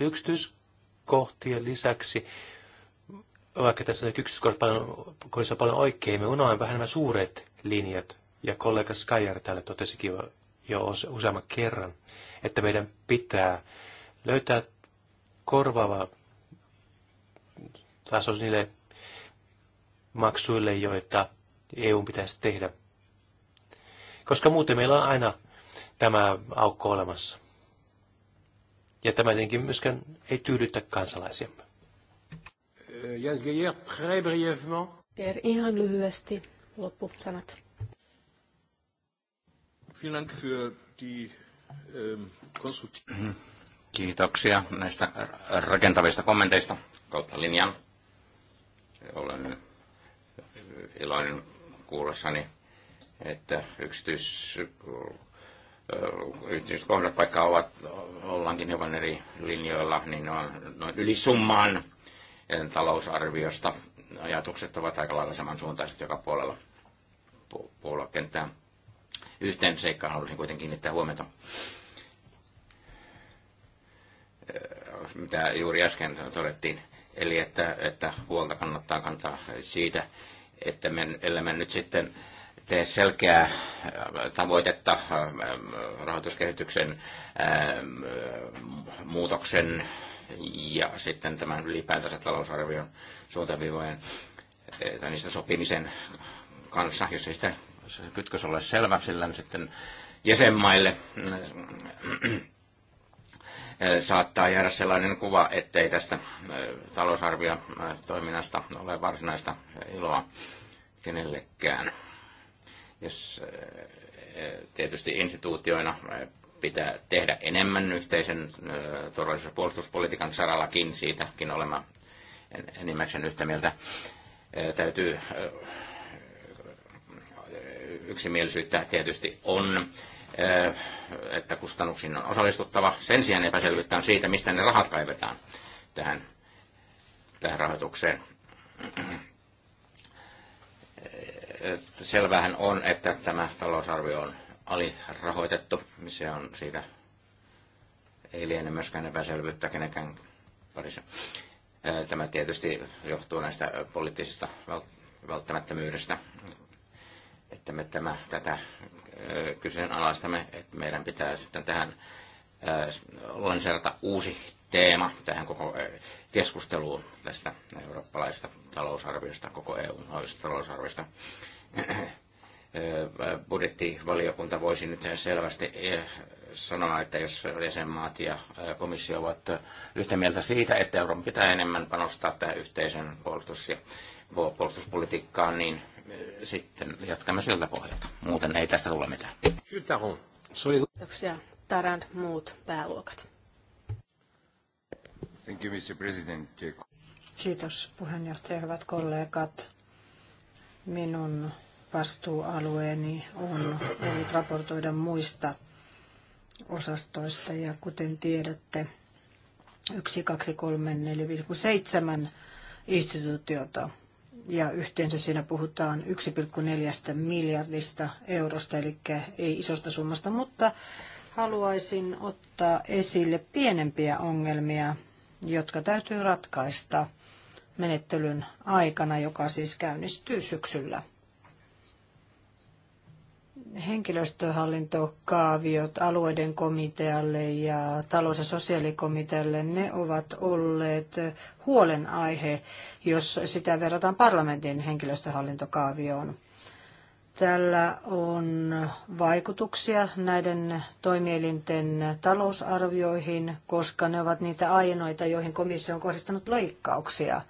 yksityiskohtien lisäksi vaikka tässä on yksityiskohdissa paljon, paljon oikein, me unohdan vähän nämä suuret linjat. Ja kollega Skyjar täällä totesikin jo, jo useamman kerran, että meidän pitää löytää korvaava taso niille maksuille, joita EU pitäisi tehdä. Koska muuten meillä on aina tämä aukko olemassa. Ja tämä tietenkin myöskään ei tyydytä kansalaisiamme. Euh, Jens Geijer, très brièvement. Geijer, ihan lyhyesti loppusanat. Vielen Dank für die ähm, Kiitoksia näistä rakentavista kommenteista kautta linjan. Olen iloinen kuullessani, että yksityiskohdat, äh, vaikka ovat, ollaankin hiukan eri linjoilla, niin ne on noin ylisummaan talousarviosta. Ajatukset ovat aika lailla samansuuntaiset joka puolella pu- puoluekenttää. Yhteen seikkaan haluaisin kuitenkin kiinnittää huomiota äh, mitä juuri äsken todettiin. Eli että, että huolta kannattaa kantaa siitä, että me, ellei me nyt sitten tee selkeää äh, tavoitetta äh, rahoituskehityksen muutoksen ja sitten tämän ylipäätänsä talousarvion suuntaviivojen eh, tai niistä sopimisen kanssa, jos ei sitä kytkös ole selvä, sillä sitten jäsenmaille eh, eh, saattaa jäädä sellainen kuva, ettei tästä talousarvio toiminnasta ole varsinaista iloa kenellekään. Jos tietysti instituutioina pitää tehdä enemmän yhteisen turvallisuus- ja puolustuspolitiikan sarallakin, siitäkin olemme enimmäkseen yhtä mieltä. Täytyy yksimielisyyttä tietysti on, että kustannuksiin on osallistuttava. Sen sijaan epäselvyyttä on siitä, mistä ne rahat kaivetaan tähän, tähän rahoitukseen. Selvähän on, että tämä talousarvio on alirahoitettu. Se on siitä, ei liene myöskään epäselvyyttä kenenkään parissa. Tämä tietysti johtuu näistä poliittisista välttämättömyydestä, että me tämä, tätä kyseenalaistamme, että meidän pitää sitten tähän lanseerata uusi teema tähän koko keskusteluun tästä eurooppalaisesta talousarviosta, koko EUn talousarviosta budjettivaliokunta voisi nyt selvästi sanoa, että jos jäsenmaat ja komissio ovat yhtä mieltä siitä, että euron pitää enemmän panostaa tähän yhteisen puolustus- ja puolustuspolitiikkaan, niin sitten jatkamme siltä pohjalta. Muuten ei tästä tule mitään. Kiitoksia. Tarant muut pääluokat. Thank you, Mr. Kiitos puheenjohtaja, hyvät kollegat. Minun vastuualueeni on ollut raportoida muista osastoista. Ja kuten tiedätte, 1, 2, 3, 4, 5, 7 instituutiota. Ja yhteensä siinä puhutaan 1,4 miljardista eurosta, eli ei isosta summasta, mutta haluaisin ottaa esille pienempiä ongelmia, jotka täytyy ratkaista menettelyn aikana, joka siis käynnistyy syksyllä henkilöstöhallintokaaviot alueiden komitealle ja talous- ja sosiaalikomitealle, ne ovat olleet huolenaihe, jos sitä verrataan parlamentin henkilöstöhallintokaavioon. Tällä on vaikutuksia näiden toimielinten talousarvioihin, koska ne ovat niitä ainoita, joihin komissio on kohdistanut leikkauksia.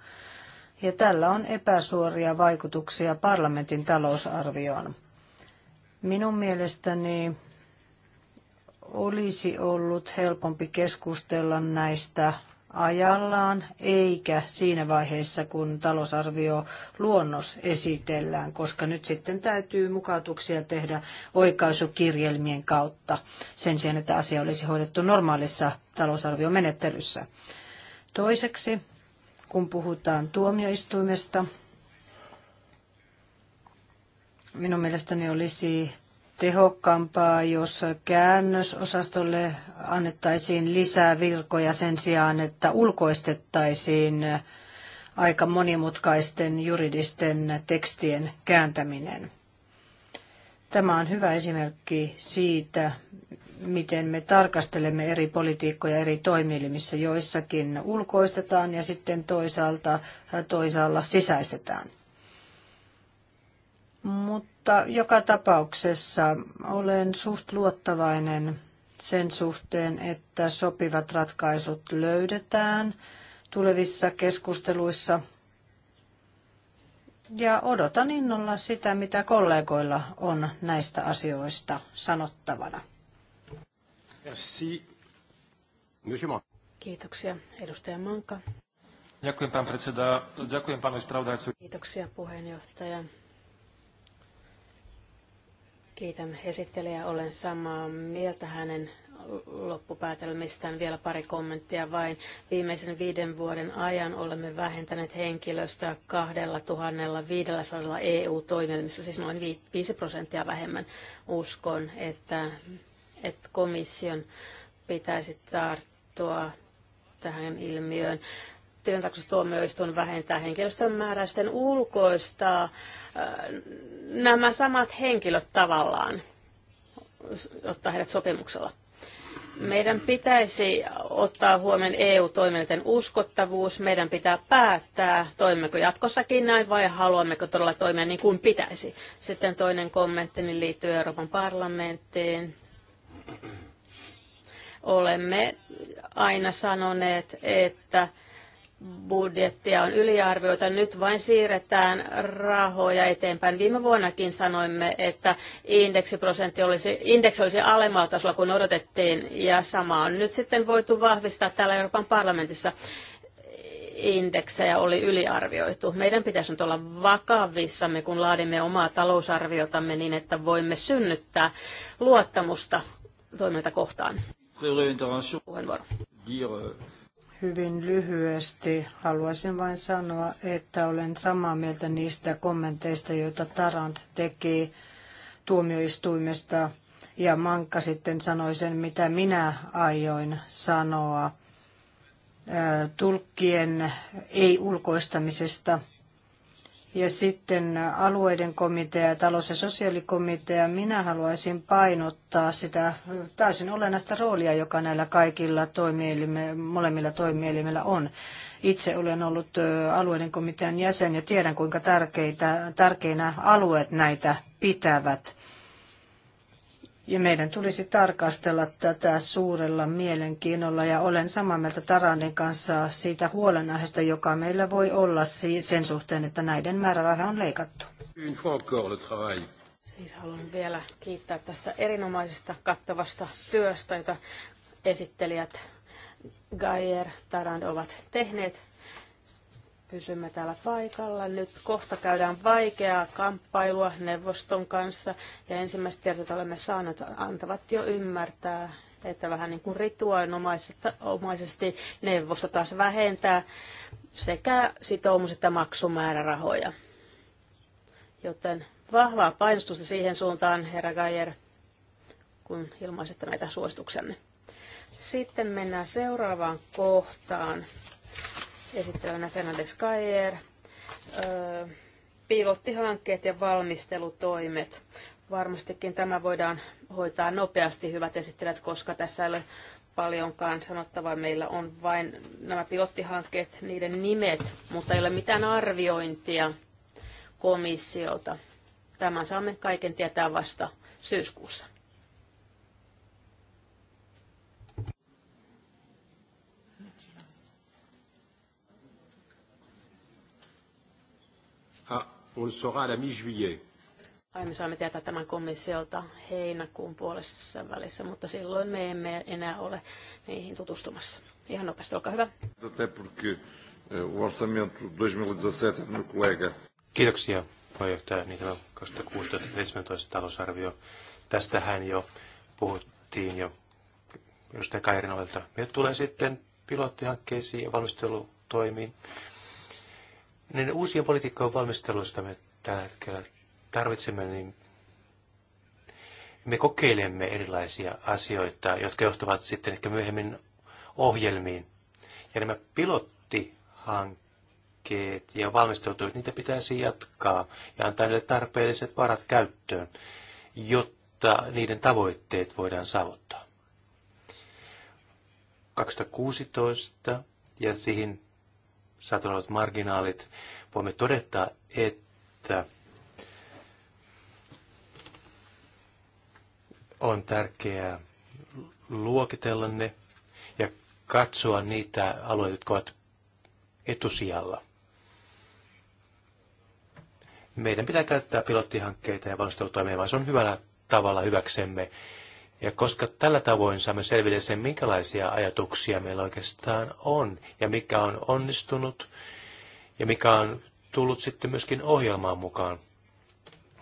Ja tällä on epäsuoria vaikutuksia parlamentin talousarvioon. Minun mielestäni olisi ollut helpompi keskustella näistä ajallaan, eikä siinä vaiheessa, kun talousarvio luonnos esitellään, koska nyt sitten täytyy mukautuksia tehdä oikaisukirjelmien kautta sen sijaan, että asia olisi hoidettu normaalissa talousarviomenettelyssä. Toiseksi, kun puhutaan tuomioistuimesta, Minun mielestäni olisi tehokkaampaa, jos käännösosastolle annettaisiin lisää virkoja sen sijaan, että ulkoistettaisiin aika monimutkaisten juridisten tekstien kääntäminen. Tämä on hyvä esimerkki siitä, miten me tarkastelemme eri politiikkoja eri toimielimissä, joissakin ulkoistetaan ja sitten toisaalta toisaalla sisäistetään. Mutta joka tapauksessa olen suht luottavainen sen suhteen, että sopivat ratkaisut löydetään tulevissa keskusteluissa. Ja odotan innolla sitä, mitä kollegoilla on näistä asioista sanottavana. Merci. Kiitoksia. Edustaja Manka. Kiitoksia puheenjohtaja. Kiitän esittelijä. Olen samaa mieltä hänen loppupäätelmistään vielä pari kommenttia vain. Viimeisen viiden vuoden ajan olemme vähentäneet henkilöstöä 2500 EU-toimielmissä, siis noin 5 prosenttia vähemmän. Uskon, että, että komission pitäisi tarttua tähän ilmiöön. Työntakustuomioistuin vähentää henkilöstön määräysten ulkoista nämä samat henkilöt tavallaan, ottaa heidät sopimuksella. Meidän pitäisi ottaa huomioon EU-toimijoiden uskottavuus. Meidän pitää päättää, toimimmeko jatkossakin näin vai haluammeko todella toimia niin kuin pitäisi. Sitten toinen kommentti niin liittyy Euroopan parlamenttiin. Olemme aina sanoneet, että budjettia on yliarvioita. Nyt vain siirretään rahoja eteenpäin. Viime vuonnakin sanoimme, että indeksiprosentti olisi, indeksi olisi alemmalla tasolla kuin odotettiin, ja sama on nyt sitten voitu vahvistaa täällä Euroopan parlamentissa indeksejä oli yliarvioitu. Meidän pitäisi nyt olla vakavissamme, kun laadimme omaa talousarviotamme niin, että voimme synnyttää luottamusta toimilta kohtaan. Puheenvuoro. Euh, hyvin lyhyesti. Haluaisin vain sanoa, että olen samaa mieltä niistä kommenteista, joita Tarant teki tuomioistuimesta. Ja Mankka sitten sanoi sen, mitä minä aioin sanoa tulkkien ei-ulkoistamisesta – ja sitten alueiden komitea ja talous- ja sosiaalikomitea. Minä haluaisin painottaa sitä täysin olennaista roolia, joka näillä kaikilla toimielime, molemmilla toimielimillä on. Itse olen ollut alueiden komitean jäsen ja tiedän, kuinka tärkeitä, tärkeinä alueet näitä pitävät ja meidän tulisi tarkastella tätä suurella mielenkiinnolla ja olen samaa mieltä Taranin kanssa siitä huolenaiheesta, joka meillä voi olla sen suhteen, että näiden määräraha on leikattu. Siis haluan vielä kiittää tästä erinomaisesta kattavasta työstä, jota esittelijät Gaier Tarand ovat tehneet pysymme täällä paikalla. Nyt kohta käydään vaikeaa kamppailua neuvoston kanssa ja ensimmäiset kertaa olemme saaneet antavat jo ymmärtää, että vähän niin kuin rituaalinomaisesti neuvosto taas vähentää sekä sitoumus- että maksumäärärahoja. Joten vahvaa painostusta siihen suuntaan, herra Gajer, kun ilmaisette näitä suosituksenne. Sitten mennään seuraavaan kohtaan esittelevänä Fernandes Kajer. Pilottihankkeet ja valmistelutoimet. Varmastikin tämä voidaan hoitaa nopeasti, hyvät esittelijät, koska tässä ei ole paljonkaan sanottavaa. Meillä on vain nämä pilottihankkeet, niiden nimet, mutta ei ole mitään arviointia komissiolta. Tämän saamme kaiken tietää vasta syyskuussa. On le saura à la mi-juillet. Aina saamme tietää tämän komissiolta heinäkuun puolessa välissä, mutta silloin me emme enää ole niihin tutustumassa. Ihan nopeasti, olkaa hyvä. Eh, e Kiitoksia puheenjohtaja, niin tämä 2016-2017 talousarvio. Tästähän jo puhuttiin jo edustaja Kairinolta. Me tulee sitten pilottihankkeisiin ja valmistelutoimiin. Niin uusien politiikkojen valmistelusta me tällä hetkellä tarvitsemme, niin me kokeilemme erilaisia asioita, jotka johtuvat sitten ehkä myöhemmin ohjelmiin. Ja nämä pilottihankkeet ja valmistelutyöt, niitä pitäisi jatkaa ja antaa niille tarpeelliset varat käyttöön, jotta niiden tavoitteet voidaan saavuttaa. 2016 ja siihen saatavat marginaalit, voimme todeta, että on tärkeää luokitella ne ja katsoa niitä alueita, jotka ovat etusijalla. Meidän pitää käyttää pilottihankkeita ja valmistelutoimia, vaan se on hyvällä tavalla hyväksemme ja koska tällä tavoin saamme selville sen, minkälaisia ajatuksia meillä oikeastaan on, ja mikä on onnistunut, ja mikä on tullut sitten myöskin ohjelmaan mukaan.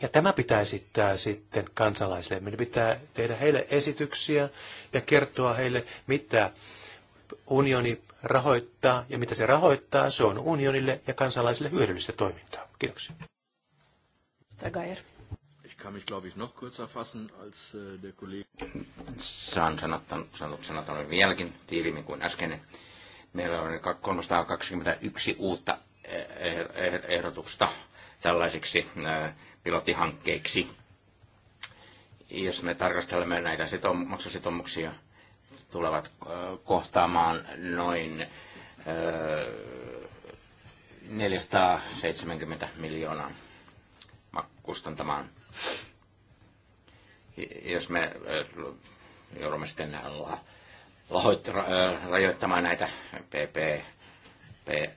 Ja tämä pitää esittää sitten kansalaisille. Meidän pitää tehdä heille esityksiä ja kertoa heille, mitä unioni rahoittaa ja mitä se rahoittaa. Se on unionille ja kansalaisille hyödyllistä toimintaa. Kiitoksia kann mich, glaube ich, noch kürzer fassen als äh, der Kollege. Saan sanottanut, sanottanut vieläkin tiiviimmin kuin äsken. Meillä on 321 uutta eh, eh, eh, ehdotusta tällaisiksi äh, pilottihankkeiksi. Jos me tarkastelemme näitä sitom- maksusitoumuksia, tulevat äh, kohtaamaan noin 470 miljoonaa kustantamaan jos me eh, joudumme sitten eh, rajoittamaan näitä PP,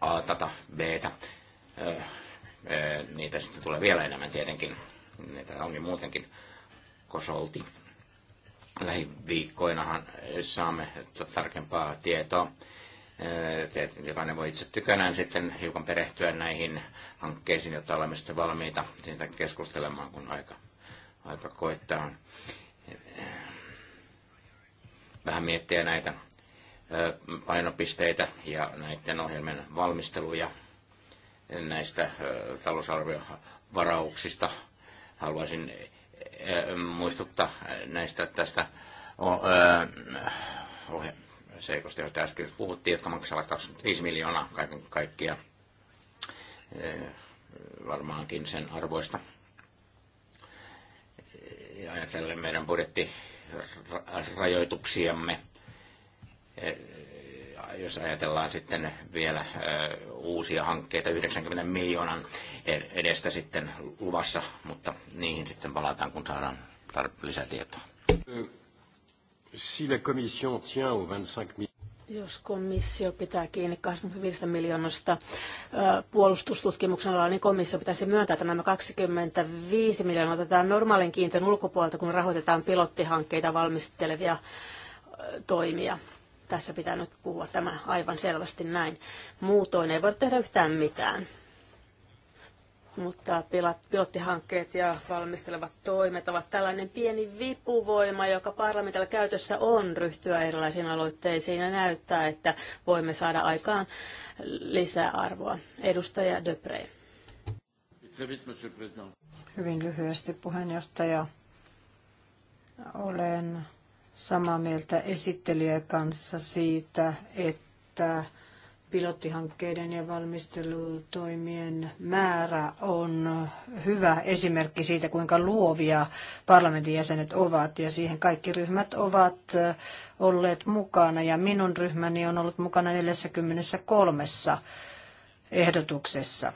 PA, tata, B, eh, niitä sitten tulee vielä enemmän tietenkin. Niitä on jo muutenkin kosolti. Lähiviikkoinahan saamme tarkempaa tietoa jokainen voi itse tykönään sitten hiukan perehtyä näihin hankkeisiin, jotta olemme sitten valmiita siitä keskustelemaan, kun aika, aika koittaa. Vähän miettiä näitä painopisteitä ja näiden ohjelmien valmisteluja näistä talousarviovarauksista. Haluaisin muistuttaa näistä tästä seikosta, joista äsken puhuttiin, jotka maksavat 25 miljoonaa kaiken kaikkiaan varmaankin sen arvoista. Ja ajatellen meidän budjettirajoituksiamme, jos ajatellaan sitten vielä uusia hankkeita 90 miljoonan edestä sitten luvassa, mutta niihin sitten palataan, kun saadaan lisätietoa. Si la commission tient aux 25 Jos komissio pitää kiinni 25 miljoonasta puolustustutkimuksen alalla, niin komissio pitäisi myöntää, että nämä 25 miljoonaa otetaan normaalin kiintiön ulkopuolelta, kun rahoitetaan pilottihankkeita valmistelevia toimia. Tässä pitää nyt puhua tämä aivan selvästi näin. Muutoin ei voi tehdä yhtään mitään mutta pilottihankkeet ja valmistelevat toimet ovat tällainen pieni vipuvoima, joka parlamentilla käytössä on ryhtyä erilaisiin aloitteisiin ja näyttää, että voimme saada aikaan lisää arvoa. Edustaja Döprey. Hyvin lyhyesti puheenjohtaja. Olen samaa mieltä esittelijän kanssa siitä, että Pilottihankkeiden ja valmistelutoimien määrä on hyvä esimerkki siitä, kuinka luovia parlamentin jäsenet ovat, ja siihen kaikki ryhmät ovat olleet mukana, ja minun ryhmäni on ollut mukana 43 ehdotuksessa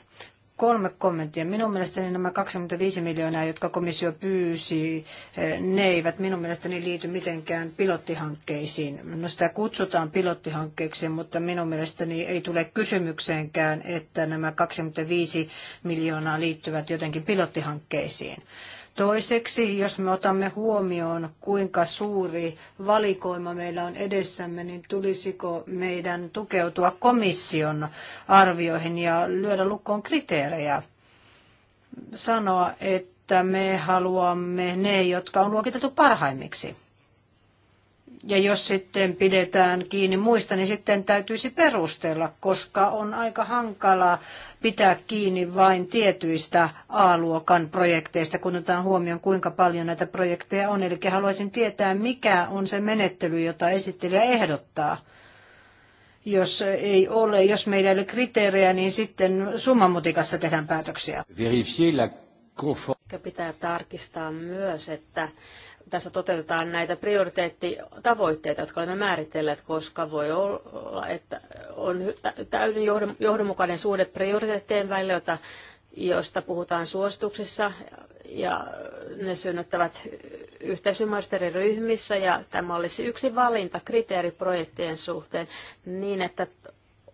kolme kommenttia. Minun mielestäni nämä 25 miljoonaa, jotka komissio pyysi, eh, ne eivät minun mielestäni liity mitenkään pilottihankkeisiin. No sitä kutsutaan pilottihankkeeksi, mutta minun mielestäni ei tule kysymykseenkään, että nämä 25 miljoonaa liittyvät jotenkin pilottihankkeisiin. Toiseksi, jos me otamme huomioon, kuinka suuri valikoima meillä on edessämme, niin tulisiko meidän tukeutua komission arvioihin ja lyödä lukkoon kriteerejä? Sanoa, että me haluamme ne, jotka on luokiteltu parhaimmiksi. Ja jos sitten pidetään kiinni muista, niin sitten täytyisi perustella, koska on aika hankala pitää kiinni vain tietyistä A-luokan projekteista, kun otetaan huomioon, kuinka paljon näitä projekteja on. Eli haluaisin tietää, mikä on se menettely, jota esittelijä ehdottaa jos ei ole, jos meillä ei ole kriteerejä, niin sitten summamutikassa tehdään päätöksiä. Pitää tarkistaa myös, että tässä toteutetaan näitä prioriteettitavoitteita, jotka olemme määritelleet, koska voi olla, että on täyden johdonmukainen suhde prioriteettien välillä, jota, josta puhutaan suosituksissa ja ne synnyttävät yhteisymmärrysteriryhmissä ja tämä olisi yksi valinta kriteeri projektien suhteen niin, että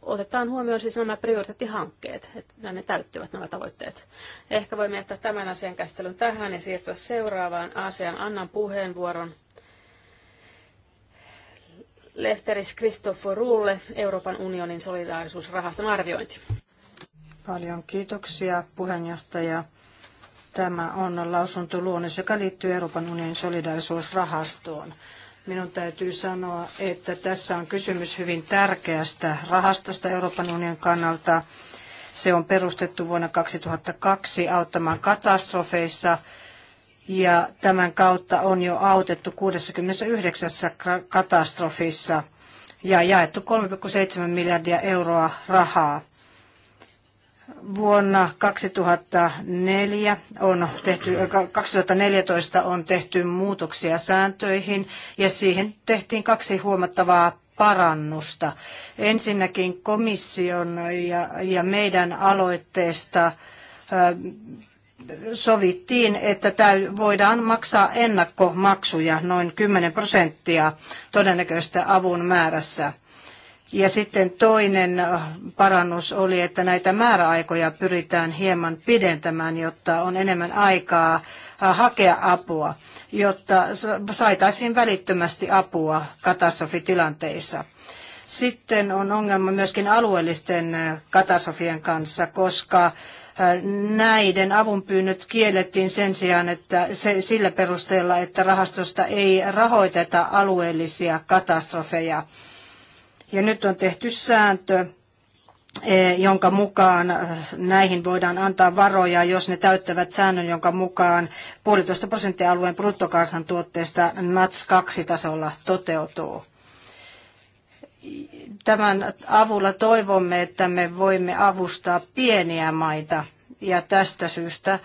otetaan huomioon siis nämä prioriteettihankkeet, että ne täyttyvät nämä tavoitteet. Ehkä voimme jättää tämän asian käsittelyn tähän ja siirtyä seuraavaan asiaan. Annan puheenvuoron lehteris Christopher Ruulle, Euroopan unionin solidaarisuusrahaston arviointi. Paljon kiitoksia puheenjohtaja. Tämä on lausuntoluonnos, joka liittyy Euroopan unionin solidaarisuusrahastoon. Minun täytyy sanoa, että tässä on kysymys hyvin tärkeästä rahastosta Euroopan unionin kannalta. Se on perustettu vuonna 2002 auttamaan katastrofeissa ja tämän kautta on jo autettu 69 katastrofissa ja jaettu 3,7 miljardia euroa rahaa vuonna 2004 on tehty, 2014 äh, on tehty muutoksia sääntöihin ja siihen tehtiin kaksi huomattavaa parannusta. Ensinnäkin komission ja, ja meidän aloitteesta äh, sovittiin, että täy, voidaan maksaa ennakkomaksuja noin 10 prosenttia todennäköistä avun määrässä. Ja sitten toinen parannus oli, että näitä määräaikoja pyritään hieman pidentämään, jotta on enemmän aikaa hakea apua, jotta saitaisiin välittömästi apua katastrofitilanteissa. Sitten on ongelma myöskin alueellisten katastrofien kanssa, koska näiden avunpyynnöt kiellettiin sen sijaan, että se, sillä perusteella, että rahastosta ei rahoiteta alueellisia katastrofeja. Ja nyt on tehty sääntö, e, jonka mukaan äh, näihin voidaan antaa varoja, jos ne täyttävät säännön, jonka mukaan puolitoista prosenttia alueen bruttokansantuotteesta NATS 2 tasolla toteutuu. Tämän avulla toivomme, että me voimme avustaa pieniä maita ja tästä syystä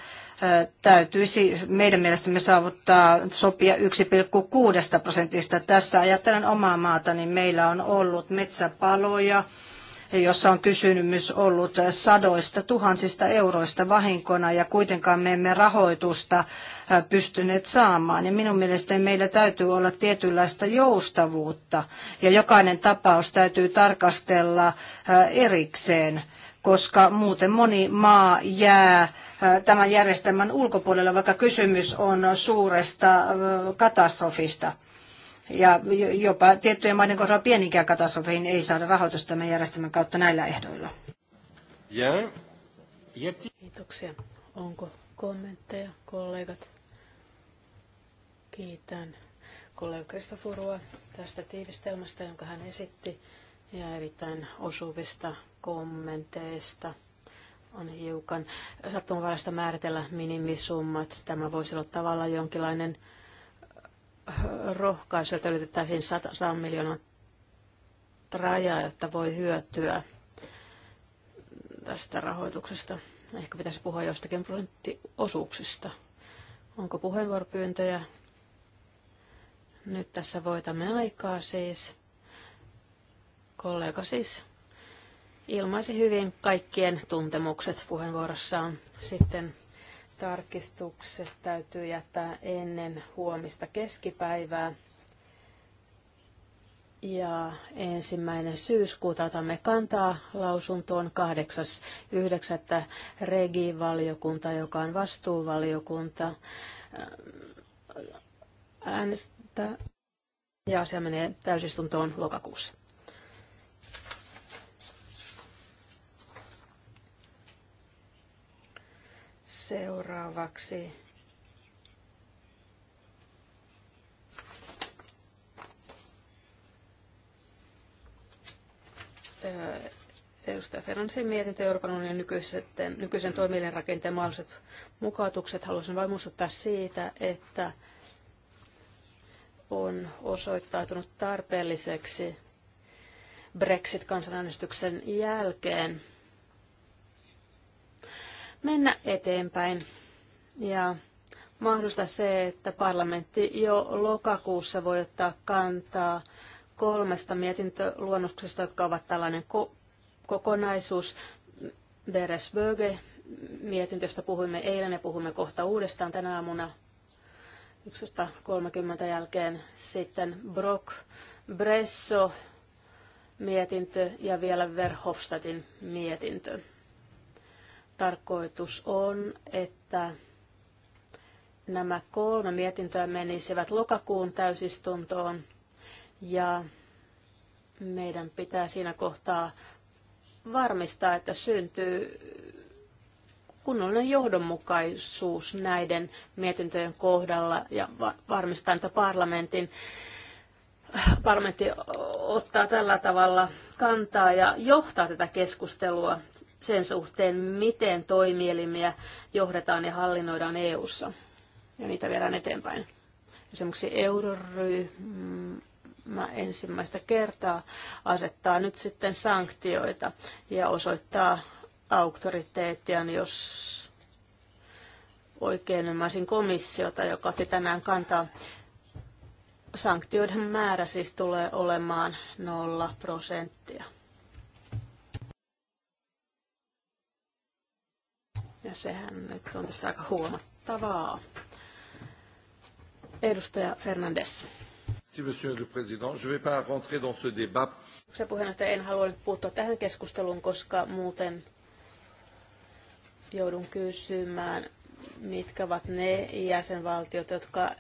täytyisi meidän mielestämme saavuttaa sopia 1,6 prosentista. Tässä ajattelen omaa maata, niin meillä on ollut metsäpaloja, jossa on kysymys ollut sadoista tuhansista euroista vahinkona ja kuitenkaan me emme rahoitusta pystyneet saamaan. Ja minun mielestäni meillä täytyy olla tietynlaista joustavuutta ja jokainen tapaus täytyy tarkastella erikseen koska muuten moni maa jää äh, tämän järjestelmän ulkopuolelle, vaikka kysymys on suuresta äh, katastrofista. Ja jopa tiettyjen maiden kohdalla pieninkään katastrofiin ei saada rahoitusta tämän järjestelmän kautta näillä ehdoilla. Kiitoksia. Onko kommentteja, kollegat? Kiitän kollega Kristofurua tästä tiivistelmästä, jonka hän esitti ja erittäin osuvista kommenteista. On hiukan sattumanvaraista määritellä minimisummat. Tämä voisi olla tavallaan jonkinlainen äh, rohkaisu, että yritettäisiin 100, miljoonaa rajaa, jotta voi hyötyä tästä rahoituksesta. Ehkä pitäisi puhua jostakin prosenttiosuuksista. Onko puheenvuoropyyntöjä? Nyt tässä voitamme aikaa siis kollega siis ilmaisi hyvin kaikkien tuntemukset puheenvuorossaan. Sitten tarkistukset täytyy jättää ennen huomista keskipäivää. Ja ensimmäinen syyskuuta otamme kantaa lausuntoon 8.9. Regi-valiokunta, joka on vastuuvaliokunta, äänestää ja asia menee täysistuntoon lokakuussa. Seuraavaksi edustaja Fernandesin mietintö Euroopan unionin nykyisen, nykyisen toimielin rakenteen mahdolliset mukautukset. Haluaisin vain muistuttaa siitä, että on osoittautunut tarpeelliseksi Brexit-kansanäänestyksen jälkeen mennä eteenpäin. Ja mahdollista se, että parlamentti jo lokakuussa voi ottaa kantaa kolmesta mietintöluonnoksesta, jotka ovat tällainen ko- kokonaisuus. Beres mietintöstä mietintö, josta puhuimme eilen ja puhumme kohta uudestaan tänä aamuna 11.30 jälkeen. Sitten Brock Bresso mietintö ja vielä Verhofstadtin mietintö. Tarkoitus on, että nämä kolme mietintöä menisivät lokakuun täysistuntoon ja meidän pitää siinä kohtaa varmistaa, että syntyy kunnollinen johdonmukaisuus näiden mietintöjen kohdalla ja varmistaa, että parlamentin parlamentti ottaa tällä tavalla kantaa ja johtaa tätä keskustelua sen suhteen, miten toimielimiä johdetaan ja hallinnoidaan EU-ssa. ja niitä viedään eteenpäin. Esimerkiksi euroryhmä ensimmäistä kertaa asettaa nyt sitten sanktioita ja osoittaa auktoriteettiaan, niin jos oikein ymmärsin komissiota, joka otti tänään kantaa. Sanktioiden määrä siis tulee olemaan nolla prosenttia. Ja sehän nyt on tästä aika huomattavaa. Edustaja Fernandes. Monsieur le Président, je vais pas rentrer dans ce débat. Se puheenjohtaja, en halua nyt puuttua tähän keskusteluun, koska muuten joudun kysymään, mitkä ovat ne jäsenvaltiot, jotka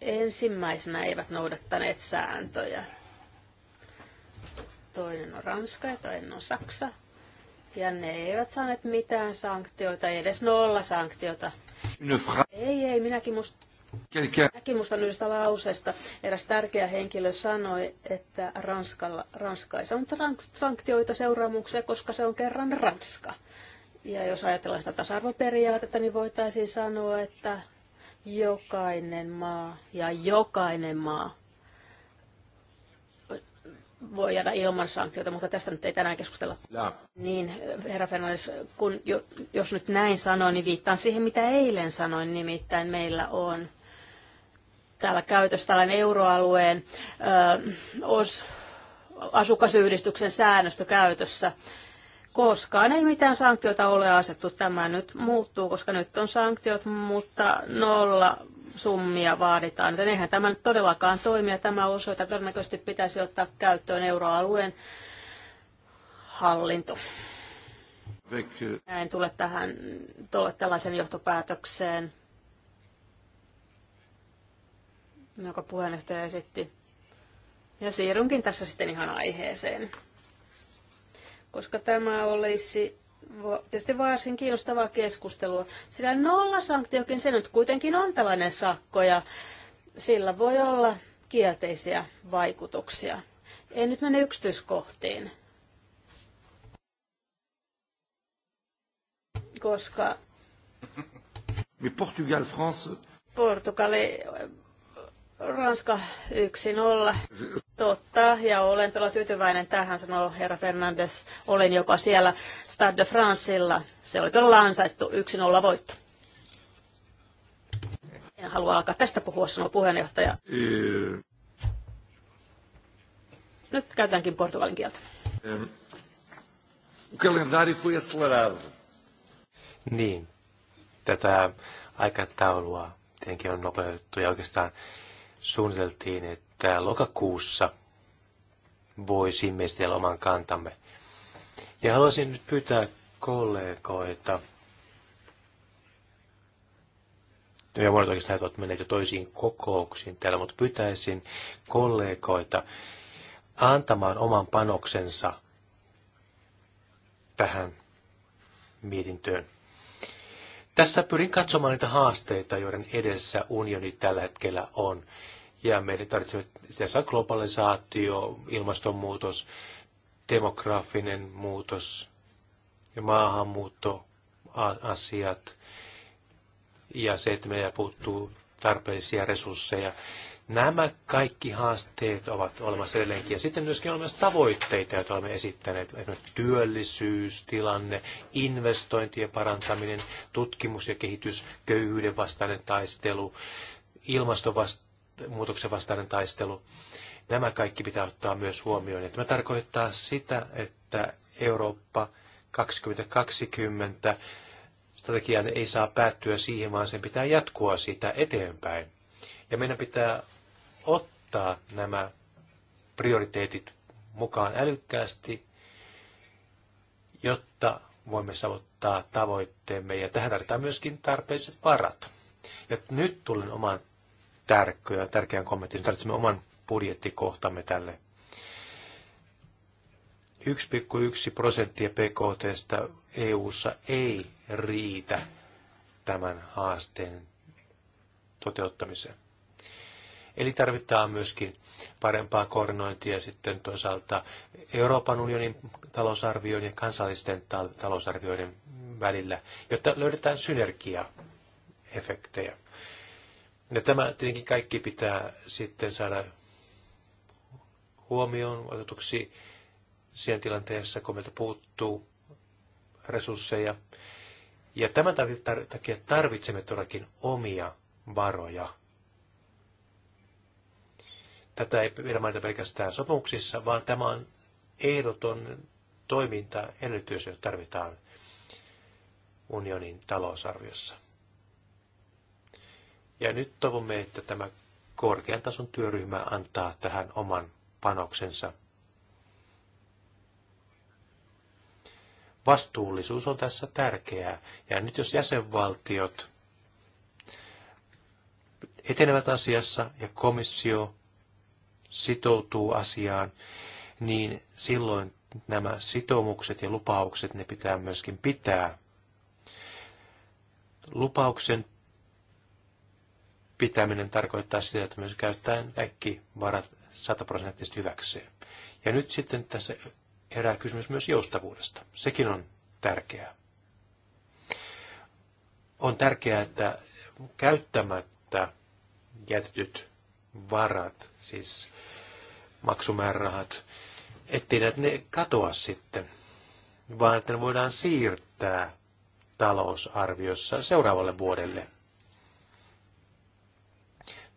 ensimmäisenä eivät noudattaneet sääntöjä. Toinen on Ranska ja toinen on Saksa ja ne eivät saaneet mitään sanktioita, ei edes nolla sanktiota. Ei, ei, minäkin musta Minäkin muistan yhdestä lauseesta. Eräs tärkeä henkilö sanoi, että Ranskalla, Ranska ei saanut sanktioita seuraamuksia, koska se on kerran Ranska. Ja jos ajatellaan sitä tasa-arvoperiaatetta, niin voitaisiin sanoa, että jokainen maa ja jokainen maa voi jäädä ilman sanktioita, mutta tästä nyt ei tänään keskustella. Ja. Niin, herra Fernandes, kun jo, jos nyt näin sanoin, niin viittaan siihen, mitä eilen sanoin, nimittäin meillä on täällä käytössä tällainen euroalueen ö, os, asukasyhdistyksen säännöstö käytössä. Koskaan ei mitään sanktioita ole asettu. Tämä nyt muuttuu, koska nyt on sanktiot, mutta nolla summia vaaditaan. Joten eihän tämä nyt todellakaan toimi ja tämä osoita todennäköisesti pitäisi ottaa käyttöön euroalueen hallinto. En tule tähän tule tällaisen johtopäätökseen, joka puheenjohtaja esitti. Ja siirrynkin tässä sitten ihan aiheeseen, koska tämä olisi tietysti varsin kiinnostavaa keskustelua, sillä nolla sanktiokin se nyt kuitenkin on tällainen sakko ja sillä voi olla kielteisiä vaikutuksia. En nyt mene yksityiskohtiin, koska... Portugal, France... Portugali Ranska 1-0. Totta, ja olen todella tyytyväinen tähän, sanoo herra Fernandes. Olin jopa siellä Stade de Francella. Se oli todella ansaittu 1-0 voitto. En halua alkaa tästä puhua, sanoo puheenjohtaja. Nyt käytänkin portugalin kieltä. Niin, tätä aikataulua tietenkin on nopeutettu ja oikeastaan suunniteltiin, että lokakuussa voisimme esitellä oman kantamme. Ja haluaisin nyt pyytää kollegoita, ja monet oikeastaan ovat menneet jo toisiin kokouksiin täällä, mutta pyytäisin kollegoita antamaan oman panoksensa tähän mietintöön. Tässä pyrin katsomaan niitä haasteita, joiden edessä unioni tällä hetkellä on. Ja meidän tarvitsemme tässä globalisaatio, ilmastonmuutos, demografinen muutos ja maahanmuuttoasiat ja se, että meillä puuttuu tarpeellisia resursseja. Nämä kaikki haasteet ovat olemassa edelleenkin. Ja sitten myöskin on myös tavoitteita, joita olemme esittäneet. Esimerkiksi työllisyystilanne, investointien parantaminen, tutkimus ja kehitys, köyhyyden vastainen taistelu, ilmastonmuutoksen vastainen taistelu. Nämä kaikki pitää ottaa myös huomioon. Tämä tarkoittaa sitä, että Eurooppa 2020 strategian ei saa päättyä siihen, vaan sen pitää jatkua siitä eteenpäin. Ja meidän pitää ottaa nämä prioriteetit mukaan älykkäästi, jotta voimme saavuttaa tavoitteemme. Ja tähän tarvitaan myöskin tarpeelliset varat. Ja nyt tulen oman tärkeän, tärkeän kommentin. Tarvitsemme oman budjettikohtamme tälle. 1,1 prosenttia PKTstä EU:ssa ei riitä tämän haasteen toteuttamiseen. Eli tarvitaan myöskin parempaa koordinointia sitten toisaalta Euroopan unionin talousarvioiden ja kansallisten talousarvioiden välillä, jotta löydetään synergiaefektejä. Ja tämä tietenkin kaikki pitää sitten saada huomioon otetuksi siihen tilanteessa, kun meiltä puuttuu resursseja. Ja tämän takia tarvitsemme todellakin omia varoja Tätä ei pidä mainita pelkästään sopimuksissa, vaan tämä on ehdoton toimintaedellytys, jota tarvitaan unionin talousarviossa. Ja nyt toivomme, että tämä korkean tason työryhmä antaa tähän oman panoksensa. Vastuullisuus on tässä tärkeää. Ja nyt jos jäsenvaltiot etenevät asiassa ja komissio sitoutuu asiaan, niin silloin nämä sitoumukset ja lupaukset, ne pitää myöskin pitää. Lupauksen pitäminen tarkoittaa sitä, että myös käyttäen kaikki varat sataprosenttisesti hyväkseen. Ja nyt sitten tässä herää kysymys myös joustavuudesta. Sekin on tärkeää. On tärkeää, että käyttämättä jätetyt varat, siis maksumäärärahat, ettei ne katoa sitten, vaan että ne voidaan siirtää talousarviossa seuraavalle vuodelle.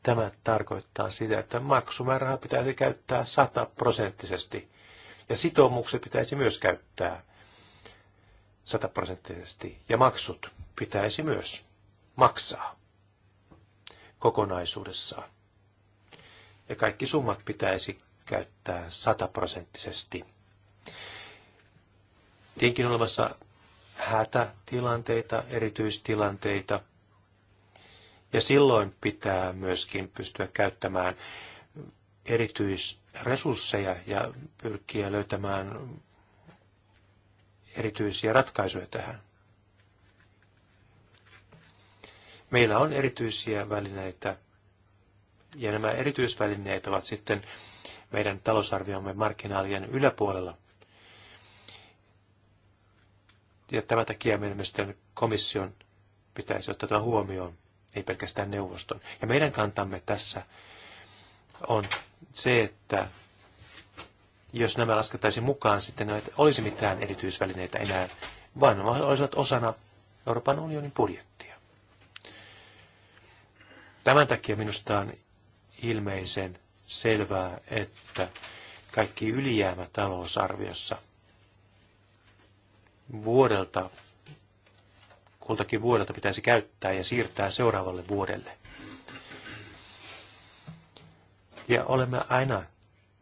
Tämä tarkoittaa sitä, että maksumääräraha pitäisi käyttää sataprosenttisesti ja sitoumukset pitäisi myös käyttää sataprosenttisesti ja maksut pitäisi myös maksaa kokonaisuudessaan ja kaikki summat pitäisi käyttää sataprosenttisesti. Tietenkin olemassa hätätilanteita, erityistilanteita, ja silloin pitää myöskin pystyä käyttämään erityisresursseja ja pyrkiä löytämään erityisiä ratkaisuja tähän. Meillä on erityisiä välineitä ja nämä erityisvälineet ovat sitten meidän talousarviomme markkinaalien yläpuolella. Ja tämän takia meidän mielestäni komission pitäisi ottaa tämä huomioon, ei pelkästään neuvoston. Ja meidän kantamme tässä on se, että jos nämä laskettaisiin mukaan, sitten ne olisi mitään erityisvälineitä enää, vaan ne olisivat osana Euroopan unionin budjettia. Tämän takia minusta on ilmeisen selvää, että kaikki ylijäämä talousarviossa vuodelta, kultakin vuodelta pitäisi käyttää ja siirtää seuraavalle vuodelle. Ja olemme aina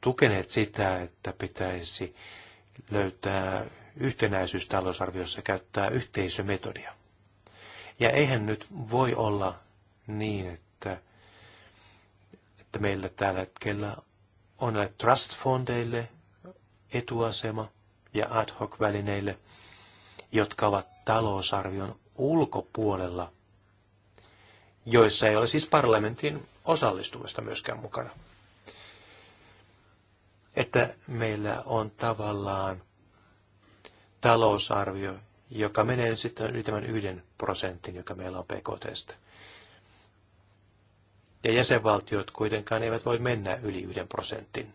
tukeneet sitä, että pitäisi löytää yhtenäisyys talousarviossa käyttää yhteisömetodia. Ja eihän nyt voi olla niin, että että meillä tällä hetkellä on näille trust-fondeille etuasema ja ad hoc-välineille, jotka ovat talousarvion ulkopuolella, joissa ei ole siis parlamentin osallistumista myöskään mukana. Että meillä on tavallaan talousarvio, joka menee sitten yli tämän yhden prosentin, joka meillä on PKTstä. Ja jäsenvaltiot kuitenkaan eivät voi mennä yli yhden prosentin.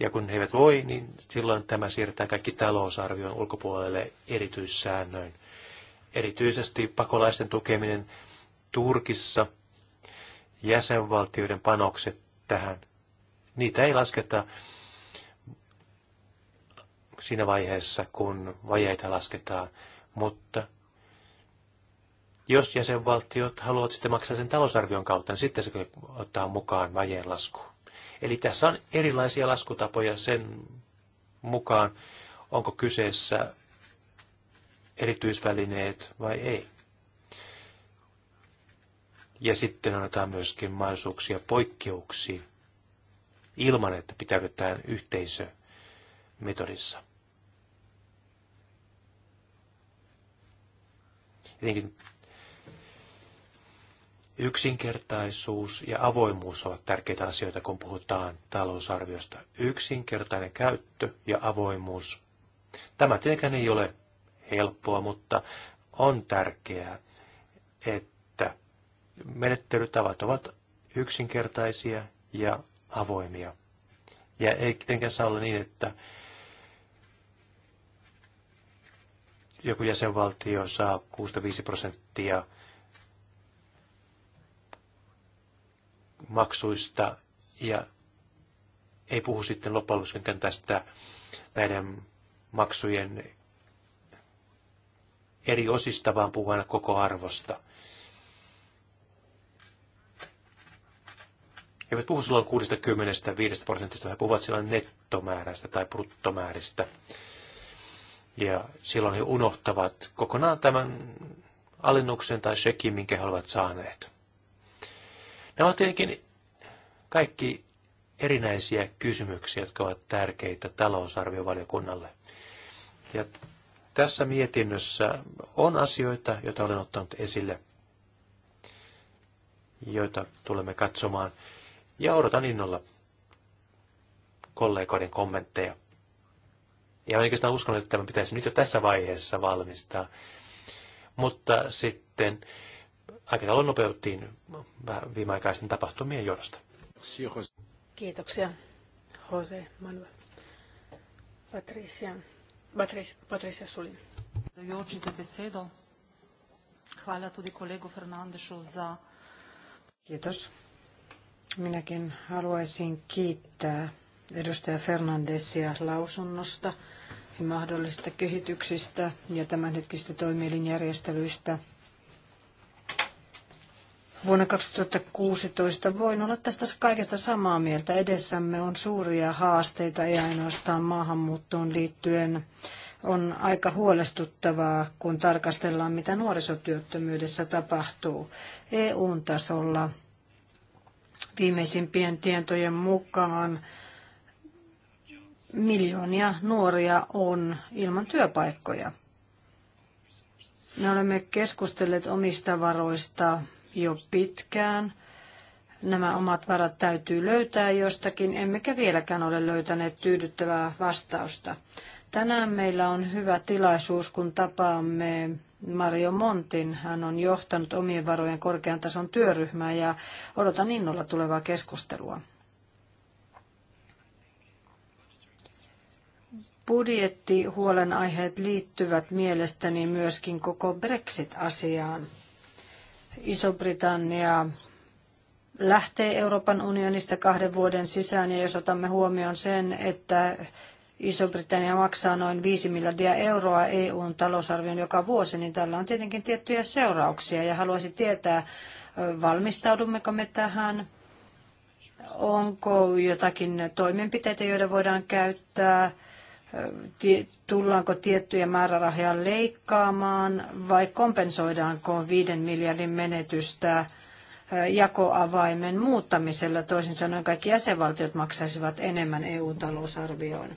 Ja kun he eivät voi, niin silloin tämä siirtää kaikki talousarvion ulkopuolelle erityissäännöin. Erityisesti pakolaisten tukeminen Turkissa, jäsenvaltioiden panokset tähän, niitä ei lasketa siinä vaiheessa, kun vajeita lasketaan, mutta jos jäsenvaltiot haluavat sitten maksaa sen talousarvion kautta, niin sitten se ottaa mukaan vajeen lasku. Eli tässä on erilaisia laskutapoja sen mukaan, onko kyseessä erityisvälineet vai ei. Ja sitten annetaan myöskin mahdollisuuksia poikkeuksiin ilman, että pitäydytään yhteisömetodissa. Tietenkin Yksinkertaisuus ja avoimuus ovat tärkeitä asioita, kun puhutaan talousarviosta. Yksinkertainen käyttö ja avoimuus. Tämä tietenkään ei ole helppoa, mutta on tärkeää, että menettelytavat ovat yksinkertaisia ja avoimia. Ja ei tietenkään saa olla niin, että joku jäsenvaltio saa 65 prosenttia maksuista ja ei puhu sitten loppujen tästä näiden maksujen eri osista, vaan puhuu aina koko arvosta. He eivät puhu silloin 65 prosentista, he puhuvat silloin nettomäärästä tai bruttomääristä. Ja silloin he unohtavat kokonaan tämän alennuksen tai sekin, minkä he ovat saaneet. Ne ovat tietenkin kaikki erinäisiä kysymyksiä, jotka ovat tärkeitä talousarviovaliokunnalle. Ja tässä mietinnössä on asioita, joita olen ottanut esille, joita tulemme katsomaan. Ja odotan innolla kollegoiden kommentteja. Ja oikeastaan uskon, että tämä pitäisi nyt jo tässä vaiheessa valmistaa. Mutta sitten aikataulun nopeuttiin vähän viimeaikaisten tapahtumien johdosta. Kiitoksia, Jose Manuel. Patricia, Patricia, Patricia Sulin. Kiitos. Minäkin haluaisin kiittää edustaja Fernandesia lausunnosta ja mahdollisista kehityksistä ja tämänhetkistä toimielinjärjestelyistä. järjestelyistä vuonna 2016. Voin olla tästä kaikesta samaa mieltä. Edessämme on suuria haasteita, ei ainoastaan maahanmuuttoon liittyen. On aika huolestuttavaa, kun tarkastellaan, mitä nuorisotyöttömyydessä tapahtuu eu tasolla. Viimeisimpien tietojen mukaan miljoonia nuoria on ilman työpaikkoja. Me olemme keskustelleet omista varoista jo pitkään. Nämä omat varat täytyy löytää jostakin, emmekä vieläkään ole löytäneet tyydyttävää vastausta. Tänään meillä on hyvä tilaisuus, kun tapaamme Mario Montin. Hän on johtanut omien varojen korkean tason työryhmää ja odotan innolla tulevaa keskustelua. Budjettihuolenaiheet liittyvät mielestäni myöskin koko Brexit-asiaan. Iso-Britannia lähtee Euroopan unionista kahden vuoden sisään, ja jos otamme huomioon sen, että Iso-Britannia maksaa noin 5 miljardia euroa EUn talousarvion joka vuosi, niin tällä on tietenkin tiettyjä seurauksia, ja haluaisin tietää, valmistaudummeko me tähän, onko jotakin toimenpiteitä, joita voidaan käyttää, tullaanko tiettyjä määrärahoja leikkaamaan vai kompensoidaanko viiden miljardin menetystä äh, jakoavaimen muuttamisella. Toisin sanoen kaikki jäsenvaltiot maksaisivat enemmän EU-talousarvioon.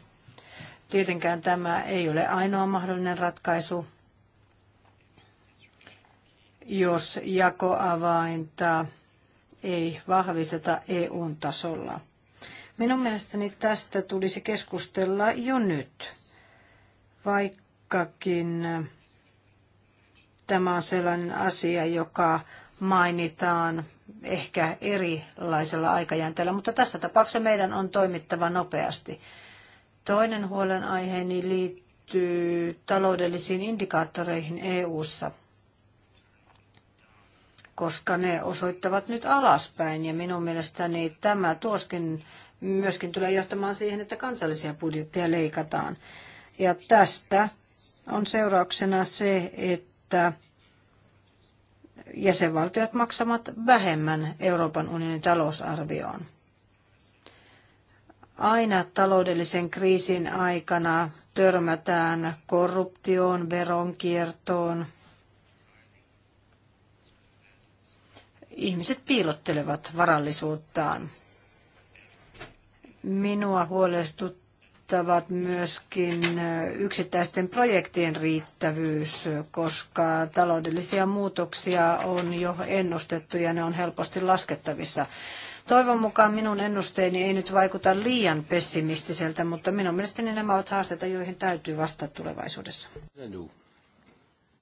Tietenkään tämä ei ole ainoa mahdollinen ratkaisu. Jos jakoavainta ei vahvisteta eu tasolla. Minun mielestäni tästä tulisi keskustella jo nyt, vaikkakin tämä on sellainen asia, joka mainitaan ehkä erilaisella aikajänteellä, mutta tässä tapauksessa meidän on toimittava nopeasti. Toinen huolenaiheeni liittyy taloudellisiin indikaattoreihin EU:ssa, koska ne osoittavat nyt alaspäin ja minun mielestäni tämä tuoskin myöskin tulee johtamaan siihen, että kansallisia budjetteja leikataan. Ja tästä on seurauksena se, että jäsenvaltiot maksavat vähemmän Euroopan unionin talousarvioon. Aina taloudellisen kriisin aikana törmätään korruptioon, veronkiertoon. Ihmiset piilottelevat varallisuuttaan. Minua huolestuttavat myöskin yksittäisten projektien riittävyys, koska taloudellisia muutoksia on jo ennustettu ja ne on helposti laskettavissa. Toivon mukaan minun ennusteeni ei nyt vaikuta liian pessimistiseltä, mutta minun mielestäni nämä ovat haasteita, joihin täytyy vastata tulevaisuudessa.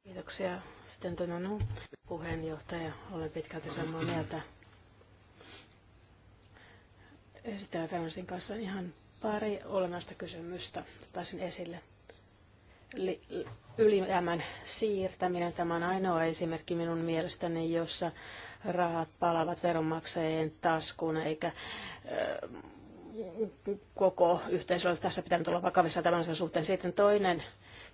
Kiitoksia. Sitten tuon puheenjohtaja. Olen pitkälti samaa mieltä esittää Fernsin kanssa ihan pari olennaista kysymystä taisin esille. Li- ylijäämän siirtäminen, tämä on ainoa esimerkki minun mielestäni, jossa rahat palavat veronmaksajien taskuun eikä ö, koko yhteisölle. Tässä pitänyt olla vakavissa tämän suhteen. Sitten toinen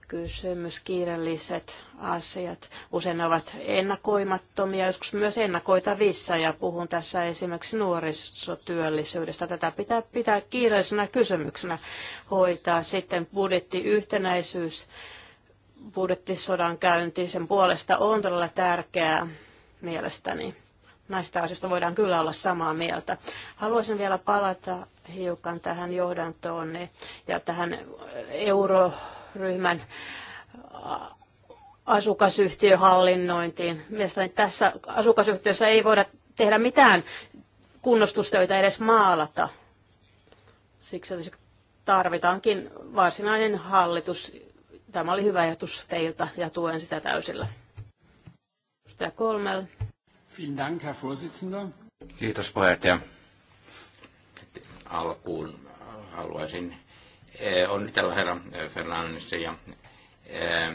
kysymys, kiireelliset asiat. Usein ovat ennakoimattomia, joskus myös ennakoitavissa, ja puhun tässä esimerkiksi nuorisotyöllisyydestä. Tätä pitää pitää kiireellisenä kysymyksenä hoitaa. Sitten budjettiyhtenäisyys, budjettisodan käynti, sen puolesta on todella tärkeää mielestäni. Näistä asioista voidaan kyllä olla samaa mieltä. Haluaisin vielä palata hiukan tähän johdantoon ja tähän euro ryhmän äh, asukasyhtiöhallinnointiin. Mielestäni tässä asukasyhtiössä ei voida tehdä mitään kunnostustöitä edes maalata. Siksi tarvitaankin varsinainen hallitus. Tämä oli hyvä ajatus teiltä ja tuen sitä täysillä. Edustaja Kolmel. Dank, Herr Kiitos puheenjohtaja. Alkuun haluaisin Eh, onnitella herra eh, ja eh,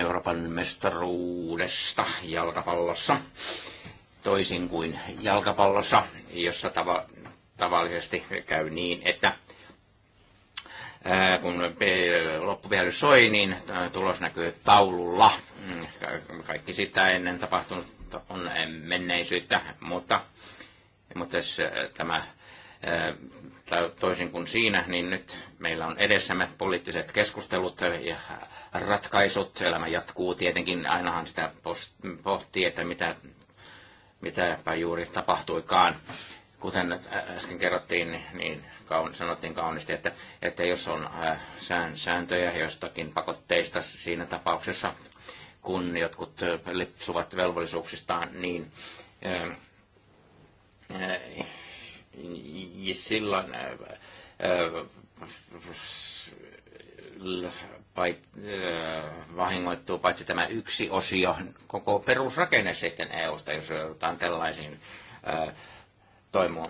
Euroopan mestaruudesta jalkapallossa, toisin kuin jalkapallossa, jossa tava, tavallisesti käy niin, että kun loppuvihely soi, niin tulos näkyy taululla. Mm, kaikki sitä ennen tapahtunut on menneisyyttä, mutta, mutta tämä toisin kuin siinä, niin nyt meillä on edessämme poliittiset keskustelut ja ratkaisut. Elämä jatkuu tietenkin, ainahan sitä pohtii, että mitä, mitäpä juuri tapahtuikaan. Kuten äsken kerrottiin, niin, niin kaun, sanottiin kauniisti, että, että jos on sääntöjä jostakin pakotteista siinä tapauksessa, kun jotkut lipsuvat velvollisuuksistaan, niin silloin äh, äh, pait, äh, vahingoittuu paitsi tämä yksi osio, koko perusrakenne sitten EUsta, jos joudutaan tällaisiin toimu,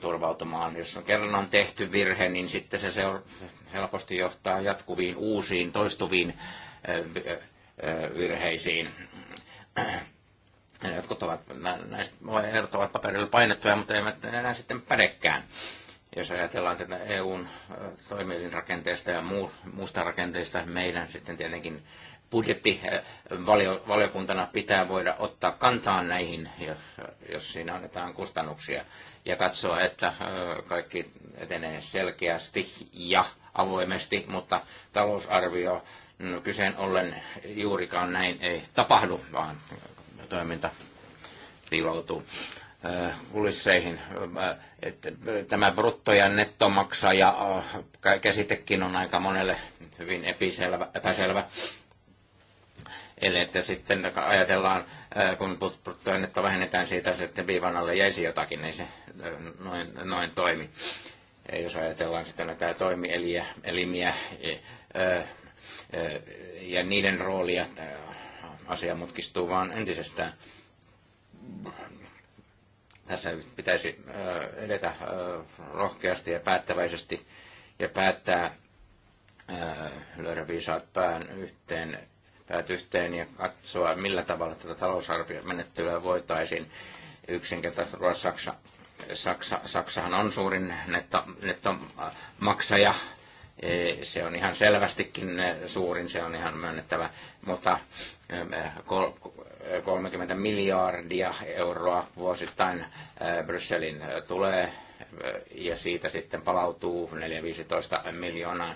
turvautumaan. Jos on kerran on tehty virhe, niin sitten se seur- helposti johtaa jatkuviin uusiin, toistuviin virheisiin. Jotkut ovat, näistä ehdot ovat paperille painettuja, mutta eivät enää sitten pädekään. Jos ajatellaan tätä EUn toimielinrakenteesta ja muusta rakenteesta, meidän sitten tietenkin budjettivaliokuntana pitää voida ottaa kantaa näihin, jos siinä annetaan kustannuksia, ja katsoa, että kaikki etenee selkeästi ja avoimesti, mutta talousarvio no, kyseen ollen juurikaan näin ei tapahdu, vaan toiminta piiloutuu äh, kulisseihin. Äh, äh, tämä brutto- ja nettomaksaja käsitekin on aika monelle hyvin episelvä, epäselvä. Eli että sitten ajatellaan, kun brutto- ja netto vähennetään siitä, sitten viivan alle jäisi jotakin, niin se noin, noin toimi. Ja jos ajatellaan sitten näitä toimielimiä elimiä, ja niiden roolia asia mutkistuu vaan entisestään. Tässä pitäisi edetä rohkeasti ja päättäväisesti ja päättää löydä viisaat pään yhteen, päät yhteen ja katsoa, millä tavalla tätä talousarviomenettelyä voitaisiin yksinkertaisesti Saksa Saksa, Saksahan on suurin netto, se on ihan selvästikin suurin, se on ihan myönnettävä, mutta 30 eh, eh, miljardia euroa vuosittain eh, Brysselin tulee ja siitä sitten palautuu 4-15 miljoonaa.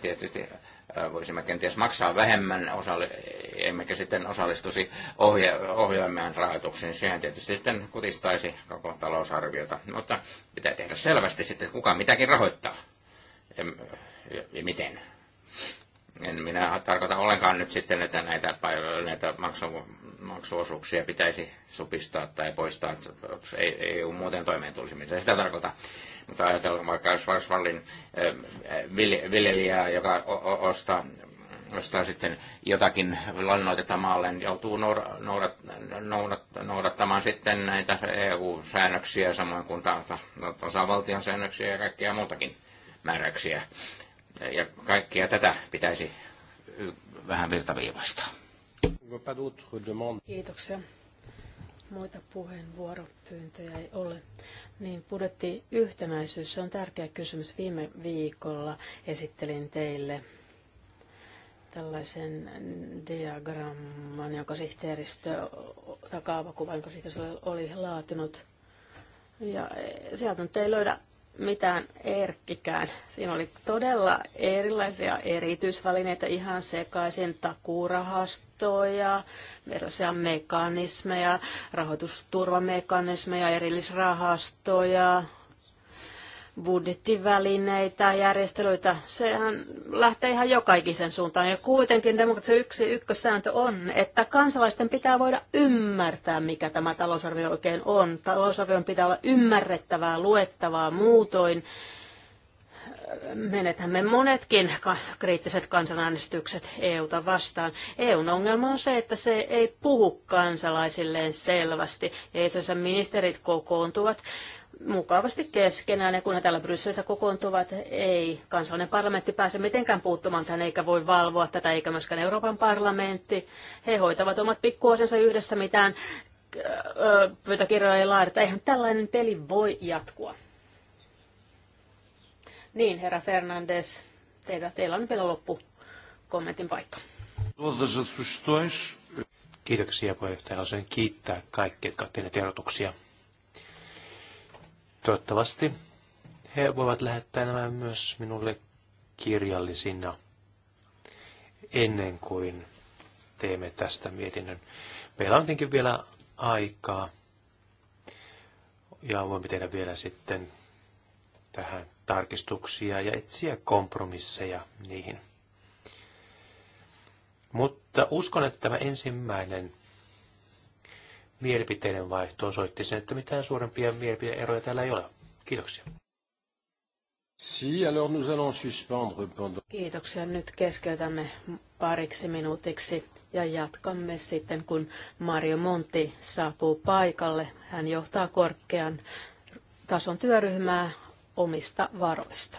Tietysti voisimme kenties maksaa vähemmän, osalli, emmekä sitten osallistuisi ohje, ohjelmien rahoituksiin. siihen tietysti sitten kutistaisi koko talousarviota, mutta pitää tehdä selvästi sitten, kuka mitäkin rahoittaa ja, ja, ja miten. En minä tarkoita ollenkaan nyt sitten, että näitä, näitä maksu, maksuosuuksia pitäisi supistaa tai poistaa, että ei, ei muuten toimeen tulisi, mitä sitä tarkoita. Mutta ajatellaan vaikka Schwarzwaldin eh, viljelijää, joka ostaa ostaa sitten jotakin lannoitetta maalle, niin joutuu noudat, noudat, noudattamaan sitten näitä EU-säännöksiä, samoin kuin osavaltion säännöksiä ja kaikkea muutakin määräyksiä. Ja kaikkia tätä pitäisi vähän virtaviivaistaa. Kiitoksia. Muita puheenvuoropyyntöjä ei ole. Niin budjetti yhtenäisyys on tärkeä kysymys. Viime viikolla esittelin teille tällaisen diagramman, jonka sihteeristö tai kaavakuvan, jonka sihteeristö oli laatinut. Ja sieltä nyt ei löydä mitään erkkikään. Siinä oli todella erilaisia erityisvälineitä, ihan sekaisin takuurahastoja, erilaisia mekanismeja, rahoitusturvamekanismeja, erillisrahastoja, budjettivälineitä, järjestelyitä, sehän lähtee ihan jokaikisen suuntaan. Ja kuitenkin demokratian yksi ykkössääntö on, että kansalaisten pitää voida ymmärtää, mikä tämä talousarvio oikein on. Talousarvion pitää olla ymmärrettävää, luettavaa muutoin. Menetämme monetkin kriittiset kansanäänestykset EUta vastaan. EUn ongelma on se, että se ei puhu kansalaisilleen selvästi. Ja itse asiassa ministerit kokoontuvat mukavasti keskenään ja kun ne täällä Brysselissä kokoontuvat, ei kansallinen parlamentti pääse mitenkään puuttumaan tähän eikä voi valvoa tätä eikä myöskään Euroopan parlamentti. He hoitavat omat pikkuosensa yhdessä mitään öö, pöytäkirjoja ei laadita. Eihän tällainen peli voi jatkua. Niin, herra Fernandes, teillä, teillä on vielä loppu kommentin paikka. Kiitoksia puheenjohtaja. Haluaisin kiittää kaikkia, jotka ovat tehneet Toivottavasti he voivat lähettää nämä myös minulle kirjallisina ennen kuin teemme tästä mietinnön. Meillä on tietenkin vielä aikaa ja voimme tehdä vielä sitten tähän tarkistuksia ja etsiä kompromisseja niihin. Mutta uskon, että tämä ensimmäinen mielipiteiden vaihto osoitti sen, että mitään suurempia mielipideeroja täällä ei ole. Kiitoksia. Si, alors nous allons suspendre pendant... Kiitoksia. Nyt keskeytämme pariksi minuutiksi ja jatkamme sitten, kun Mario Monti saapuu paikalle. Hän johtaa korkean tason työryhmää omista varoista.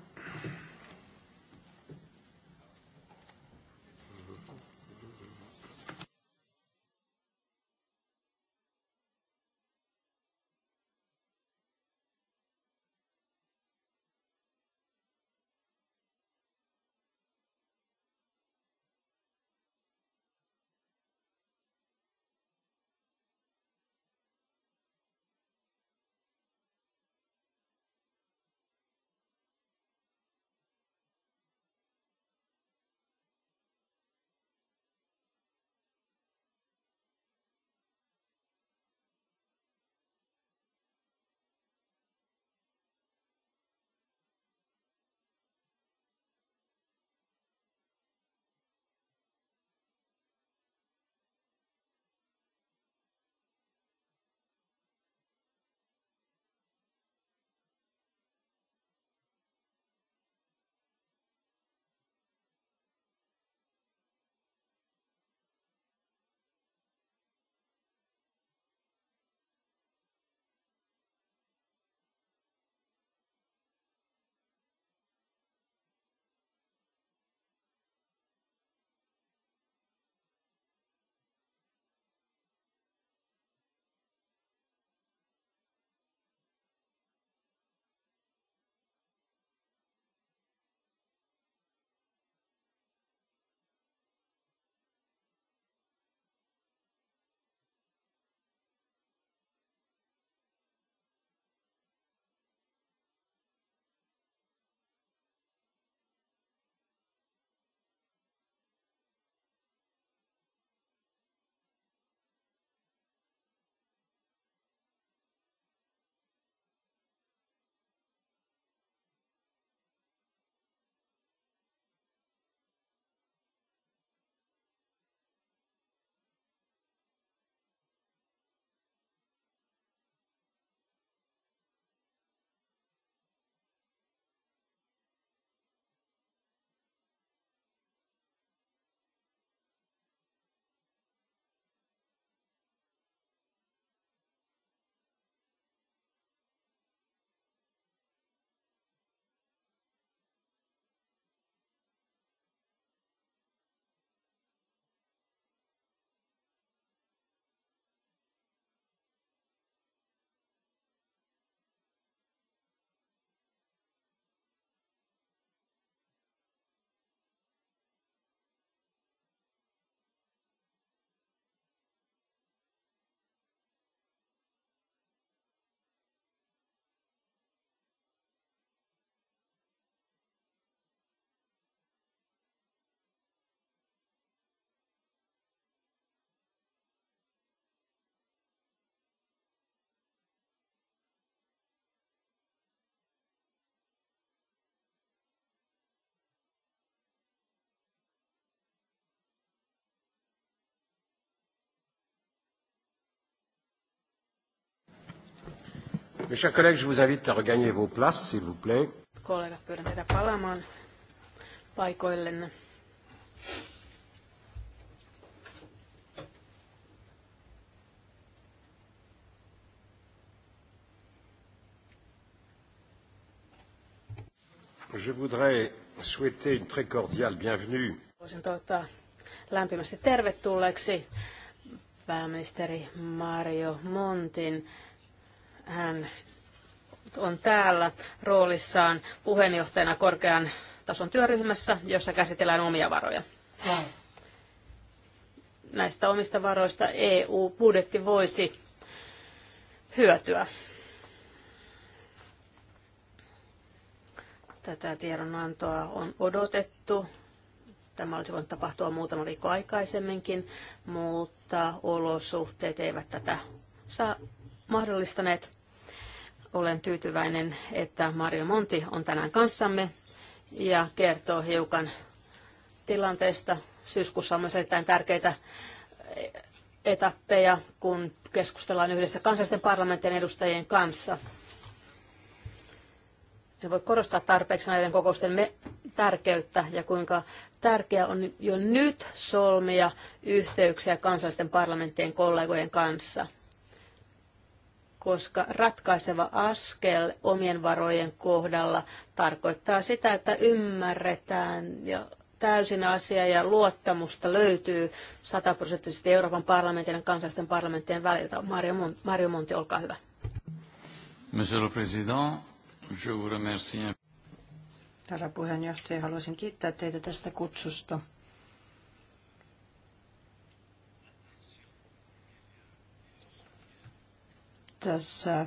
Mes chers collègues, je vous invite à regagner vos places, s'il vous plaît. Kollegat, pyydän teitä palaamaan paikoillenne. Je voudrais souhaiter une très cordiale bienvenue. Voisin toivottaa lämpimästi tervetulleeksi pääministeri Mario Montin hän on täällä roolissaan puheenjohtajana korkean tason työryhmässä, jossa käsitellään omia varoja. Näistä omista varoista EU-budjetti voisi hyötyä. Tätä tiedonantoa on odotettu. Tämä olisi voinut tapahtua muutama viikko aikaisemminkin, mutta olosuhteet eivät tätä saa mahdollistaneet. Olen tyytyväinen, että Mario Monti on tänään kanssamme ja kertoo hiukan tilanteesta. Syyskuussa on myös erittäin tärkeitä etappeja, kun keskustellaan yhdessä kansallisten parlamenttien edustajien kanssa. En voi korostaa tarpeeksi näiden kokousten tärkeyttä ja kuinka tärkeää on jo nyt solmia yhteyksiä kansallisten parlamenttien kollegojen kanssa – koska ratkaiseva askel omien varojen kohdalla tarkoittaa sitä, että ymmärretään ja täysin asia ja luottamusta löytyy sataprosenttisesti Euroopan parlamentin ja kansallisten parlamenttien väliltä. Mario, Mon- Mario Monti, olkaa hyvä. Monsieur le Président, je vous remercie. Herra puheenjohtaja, haluaisin kiittää teitä tästä kutsusta. tässä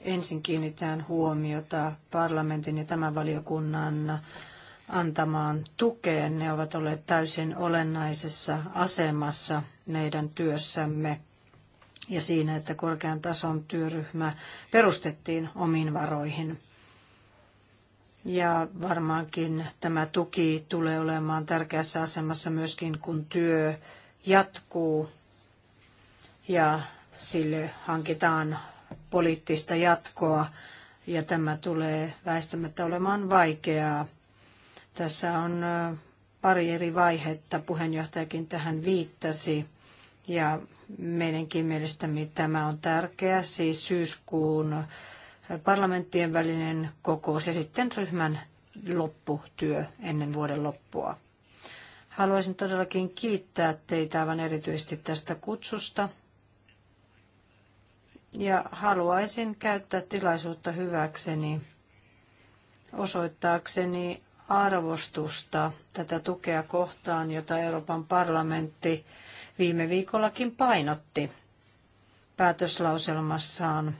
ensin kiinnitään huomiota parlamentin ja tämän valiokunnan antamaan tukeen. Ne ovat olleet täysin olennaisessa asemassa meidän työssämme ja siinä, että korkean tason työryhmä perustettiin omiin varoihin. Ja varmaankin tämä tuki tulee olemaan tärkeässä asemassa myöskin, kun työ jatkuu ja sille hankitaan poliittista jatkoa ja tämä tulee väistämättä olemaan vaikeaa. Tässä on pari eri vaihetta, puheenjohtajakin tähän viittasi. Ja meidänkin mielestämme tämä on tärkeä, siis syyskuun parlamenttien välinen kokous ja sitten ryhmän lopputyö ennen vuoden loppua. Haluaisin todellakin kiittää teitä aivan erityisesti tästä kutsusta ja haluaisin käyttää tilaisuutta hyväkseni osoittaakseni arvostusta tätä tukea kohtaan, jota Euroopan parlamentti viime viikollakin painotti päätöslauselmassaan.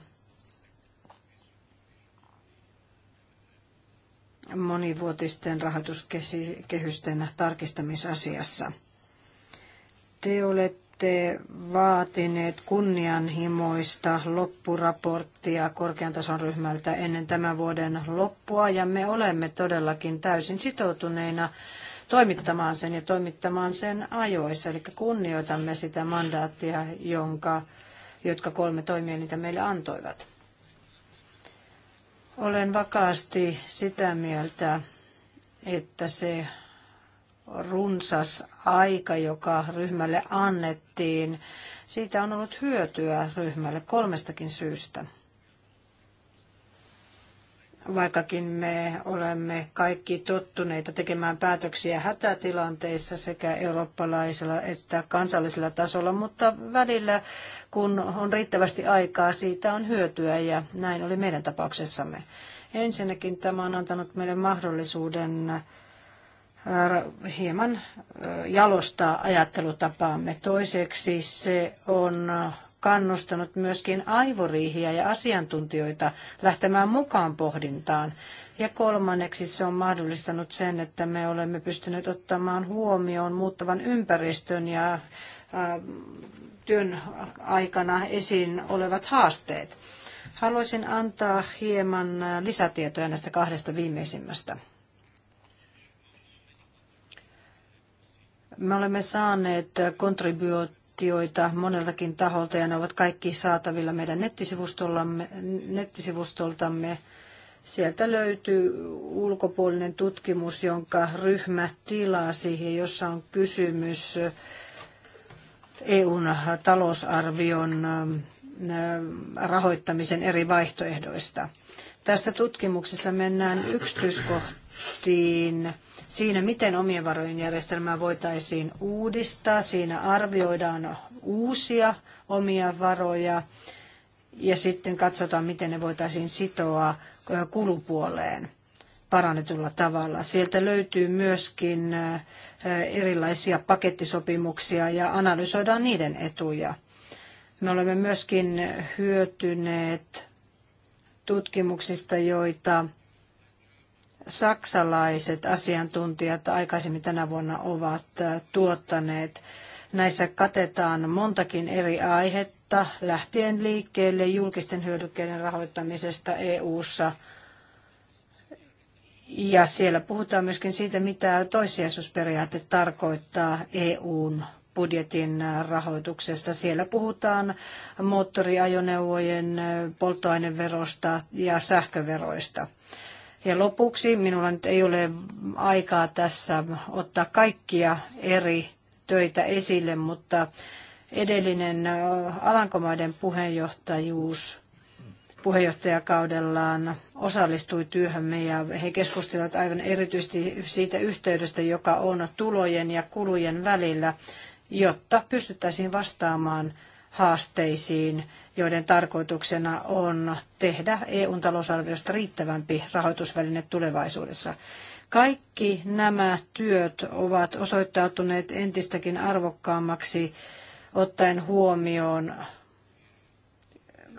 monivuotisten rahoituskehysten tarkistamisasiassa. Te olet olette vaatineet kunnianhimoista loppuraporttia korkean tason ryhmältä ennen tämän vuoden loppua ja me olemme todellakin täysin sitoutuneina toimittamaan sen ja toimittamaan sen ajoissa. Eli kunnioitamme sitä mandaattia, jonka, jotka kolme niitä meille antoivat. Olen vakaasti sitä mieltä, että se runsas aika, joka ryhmälle annettiin, siitä on ollut hyötyä ryhmälle kolmestakin syystä. Vaikkakin me olemme kaikki tottuneita tekemään päätöksiä hätätilanteissa sekä eurooppalaisella että kansallisella tasolla, mutta välillä kun on riittävästi aikaa, siitä on hyötyä ja näin oli meidän tapauksessamme. Ensinnäkin tämä on antanut meille mahdollisuuden hieman jalostaa ajattelutapaamme. Toiseksi se on kannustanut myöskin aivoriihiä ja asiantuntijoita lähtemään mukaan pohdintaan. Ja kolmanneksi se on mahdollistanut sen, että me olemme pystyneet ottamaan huomioon muuttavan ympäristön ja työn aikana esiin olevat haasteet. Haluaisin antaa hieman lisätietoja näistä kahdesta viimeisimmästä. Me olemme saaneet kontribuutioita moneltakin taholta ja ne ovat kaikki saatavilla meidän nettisivustollamme, nettisivustoltamme. Sieltä löytyy ulkopuolinen tutkimus, jonka ryhmä tilasi ja jossa on kysymys EUn talousarvion rahoittamisen eri vaihtoehdoista. Tässä tutkimuksessa mennään yksityiskohtiin siinä, miten omien varojen järjestelmää voitaisiin uudistaa. Siinä arvioidaan uusia omia varoja ja sitten katsotaan, miten ne voitaisiin sitoa kulupuoleen parannetulla tavalla. Sieltä löytyy myöskin erilaisia pakettisopimuksia ja analysoidaan niiden etuja. Me olemme myöskin hyötyneet tutkimuksista, joita saksalaiset asiantuntijat aikaisemmin tänä vuonna ovat äh, tuottaneet. Näissä katetaan montakin eri aihetta lähtien liikkeelle julkisten hyödykkeiden rahoittamisesta EU-ssa. Ja siellä puhutaan myöskin siitä, mitä toissijaisuusperiaate tarkoittaa EUn budjetin rahoituksesta. Siellä puhutaan moottoriajoneuvojen polttoaineverosta ja sähköveroista. Ja lopuksi minulla nyt ei ole aikaa tässä ottaa kaikkia eri töitä esille, mutta edellinen Alankomaiden puheenjohtajuus puheenjohtajakaudellaan osallistui työhömme ja he keskustelivat aivan erityisesti siitä yhteydestä, joka on tulojen ja kulujen välillä jotta pystyttäisiin vastaamaan haasteisiin, joiden tarkoituksena on tehdä EUn talousarviosta riittävämpi rahoitusväline tulevaisuudessa. Kaikki nämä työt ovat osoittautuneet entistäkin arvokkaammaksi ottaen huomioon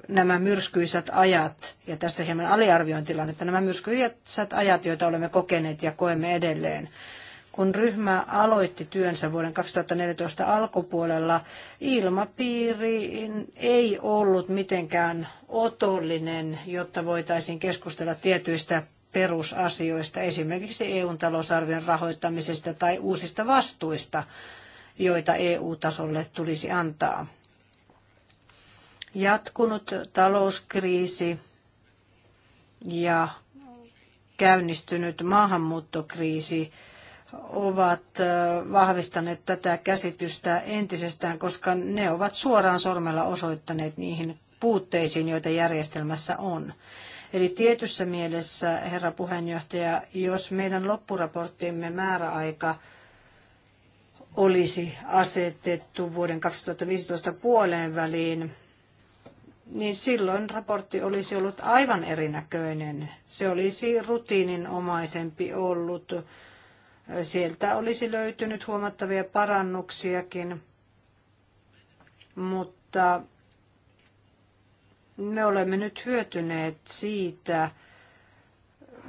nämä myrskyisät ajat, ja tässä hieman aliarvioin tilannetta, nämä myrskyisät ajat, joita olemme kokeneet ja koemme edelleen. Kun ryhmä aloitti työnsä vuoden 2014 alkupuolella, ilmapiiri ei ollut mitenkään otollinen, jotta voitaisiin keskustella tietyistä perusasioista, esimerkiksi EUn talousarvion rahoittamisesta tai uusista vastuista, joita EU-tasolle tulisi antaa. Jatkunut talouskriisi ja käynnistynyt maahanmuuttokriisi ovat vahvistaneet tätä käsitystä entisestään, koska ne ovat suoraan sormella osoittaneet niihin puutteisiin, joita järjestelmässä on. Eli tietyssä mielessä, herra puheenjohtaja, jos meidän loppuraporttimme määräaika olisi asetettu vuoden 2015 puoleen väliin, niin silloin raportti olisi ollut aivan erinäköinen. Se olisi rutiininomaisempi ollut Sieltä olisi löytynyt huomattavia parannuksiakin, mutta me olemme nyt hyötyneet siitä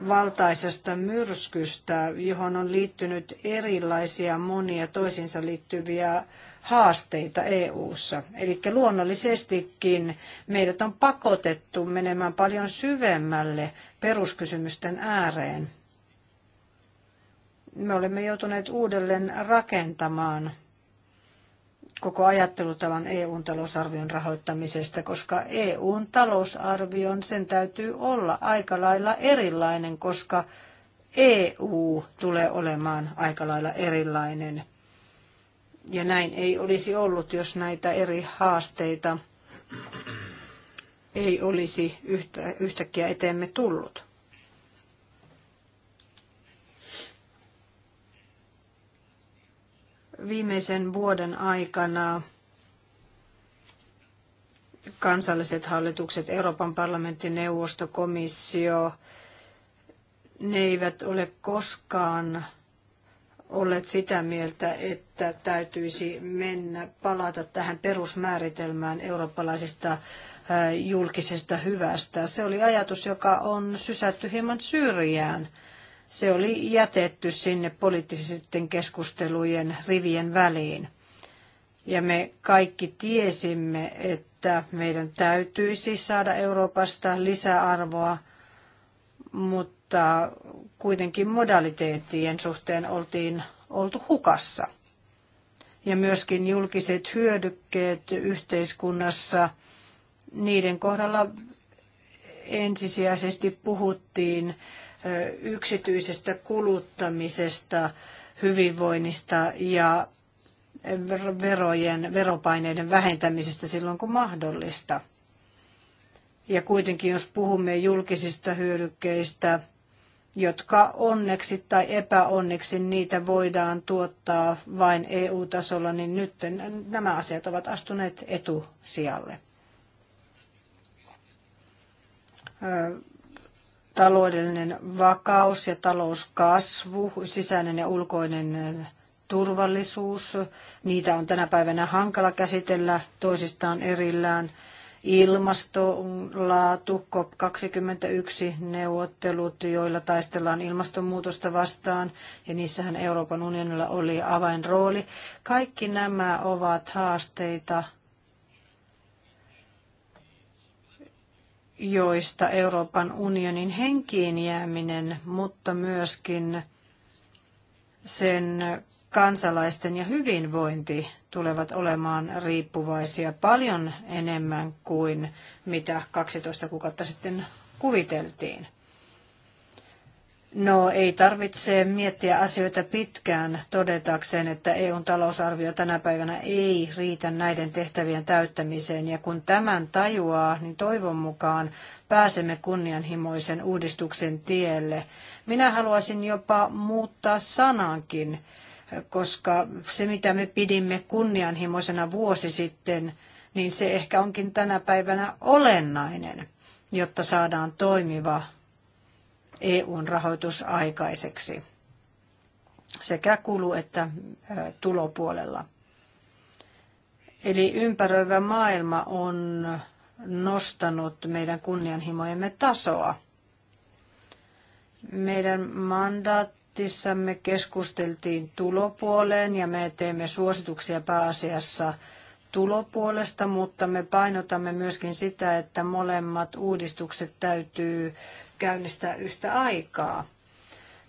valtaisesta myrskystä, johon on liittynyt erilaisia monia toisinsa liittyviä haasteita EU:ssa. Eli luonnollisestikin meidät on pakotettu menemään paljon syvemmälle peruskysymysten ääreen me olemme joutuneet uudelleen rakentamaan koko ajattelutavan EUn talousarvion rahoittamisesta, koska EUn talousarvion sen täytyy olla aika lailla erilainen, koska EU tulee olemaan aika lailla erilainen. Ja näin ei olisi ollut, jos näitä eri haasteita ei olisi yhtä, yhtäkkiä eteemme tullut. viimeisen vuoden aikana kansalliset hallitukset, Euroopan parlamentti, neuvosto, komissio, ne eivät ole koskaan olleet sitä mieltä, että täytyisi mennä palata tähän perusmääritelmään eurooppalaisesta äh, julkisesta hyvästä. Se oli ajatus, joka on sysätty hieman syrjään – se oli jätetty sinne poliittisten keskustelujen rivien väliin. Ja me kaikki tiesimme, että meidän täytyisi saada Euroopasta lisäarvoa, mutta kuitenkin modaliteettien suhteen oltiin oltu hukassa. Ja myöskin julkiset hyödykkeet yhteiskunnassa, niiden kohdalla ensisijaisesti puhuttiin yksityisestä kuluttamisesta, hyvinvoinnista ja verojen, veropaineiden vähentämisestä silloin kun mahdollista. Ja kuitenkin jos puhumme julkisista hyödykkeistä, jotka onneksi tai epäonneksi niitä voidaan tuottaa vain EU-tasolla, niin nyt nämä asiat ovat astuneet etusijalle. taloudellinen vakaus ja talouskasvu, sisäinen ja ulkoinen turvallisuus. Niitä on tänä päivänä hankala käsitellä toisistaan erillään. Ilmastolaatu, COP21 neuvottelut, joilla taistellaan ilmastonmuutosta vastaan, ja niissähän Euroopan unionilla oli avainrooli. Kaikki nämä ovat haasteita, joista Euroopan unionin henkiin jääminen, mutta myöskin sen kansalaisten ja hyvinvointi tulevat olemaan riippuvaisia paljon enemmän kuin mitä 12 kuukautta sitten kuviteltiin. No ei tarvitse miettiä asioita pitkään todetakseen, että EUn talousarvio tänä päivänä ei riitä näiden tehtävien täyttämiseen. Ja kun tämän tajuaa, niin toivon mukaan pääsemme kunnianhimoisen uudistuksen tielle. Minä haluaisin jopa muuttaa sanankin, koska se mitä me pidimme kunnianhimoisena vuosi sitten, niin se ehkä onkin tänä päivänä olennainen, jotta saadaan toimiva EUn rahoitus aikaiseksi sekä kulu- että tulopuolella. Eli ympäröivä maailma on nostanut meidän kunnianhimojemme tasoa. Meidän mandaattissamme keskusteltiin tulopuoleen ja me teemme suosituksia pääasiassa tulopuolesta, mutta me painotamme myöskin sitä, että molemmat uudistukset täytyy käynnistää yhtä aikaa.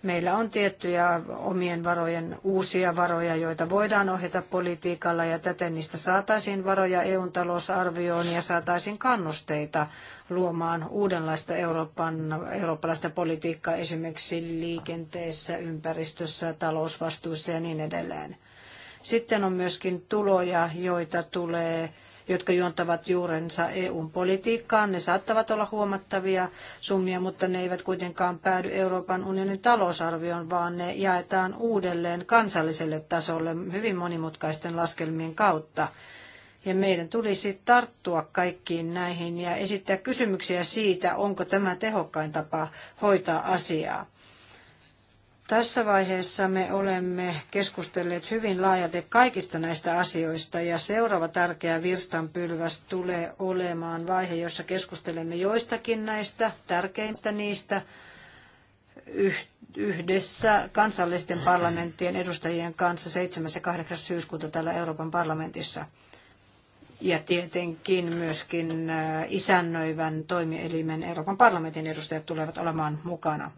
Meillä on tiettyjä omien varojen uusia varoja, joita voidaan ohjata politiikalla ja täten niistä saataisiin varoja EUn talousarvioon ja saataisiin kannusteita luomaan uudenlaista Euroopan, eurooppalaista politiikkaa esimerkiksi liikenteessä, ympäristössä, talousvastuussa ja niin edelleen. Sitten on myöskin tuloja, joita tulee jotka juontavat juurensa EUn politiikkaan. Ne saattavat olla huomattavia summia, mutta ne eivät kuitenkaan päädy Euroopan unionin talousarvioon, vaan ne jaetaan uudelleen kansalliselle tasolle hyvin monimutkaisten laskelmien kautta. Ja meidän tulisi tarttua kaikkiin näihin ja esittää kysymyksiä siitä, onko tämä tehokkain tapa hoitaa asiaa. Tässä vaiheessa me olemme keskustelleet hyvin laajalti kaikista näistä asioista ja seuraava tärkeä virstanpylväs tulee olemaan vaihe, jossa keskustelemme joistakin näistä tärkeimmistä niistä yhdessä kansallisten parlamenttien edustajien kanssa 7. ja 8. syyskuuta täällä Euroopan parlamentissa. Ja tietenkin myöskin äh, isännöivän toimielimen Euroopan parlamentin edustajat tulevat olemaan mukana.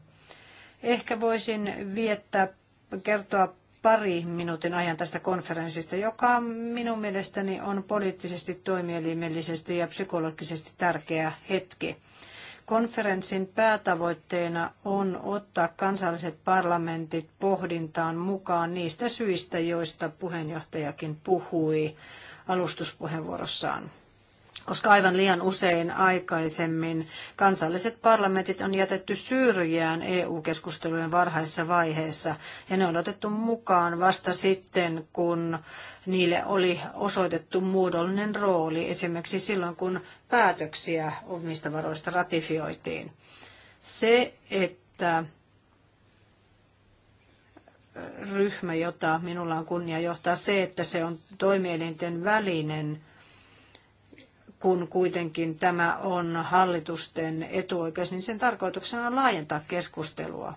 Ehkä voisin viettää, kertoa pari minuutin ajan tästä konferenssista, joka minun mielestäni on poliittisesti, toimielimellisesti ja psykologisesti tärkeä hetki. Konferenssin päätavoitteena on ottaa kansalliset parlamentit pohdintaan mukaan niistä syistä, joista puheenjohtajakin puhui alustuspuheenvuorossaan koska aivan liian usein aikaisemmin kansalliset parlamentit on jätetty syrjään EU-keskustelujen varhaisessa vaiheessa, ja ne on otettu mukaan vasta sitten, kun niille oli osoitettu muodollinen rooli, esimerkiksi silloin, kun päätöksiä omista varoista ratifioitiin. Se, että ryhmä, jota minulla on kunnia johtaa, se, että se on toimielinten välinen kun kuitenkin tämä on hallitusten etuoikeus, niin sen tarkoituksena on laajentaa keskustelua.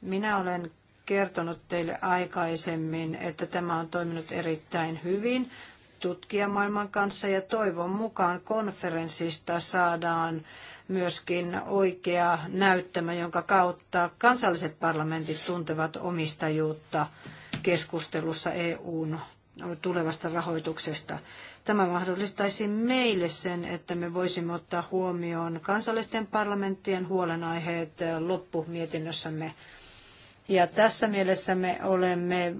Minä olen kertonut teille aikaisemmin, että tämä on toiminut erittäin hyvin tutkijamaailman kanssa ja toivon mukaan konferenssista saadaan myöskin oikea näyttämä, jonka kautta kansalliset parlamentit tuntevat omistajuutta keskustelussa EUn tulevasta rahoituksesta. Tämä mahdollistaisi meille sen, että me voisimme ottaa huomioon kansallisten parlamenttien huolenaiheet loppumietinnössämme. Ja tässä mielessä me olemme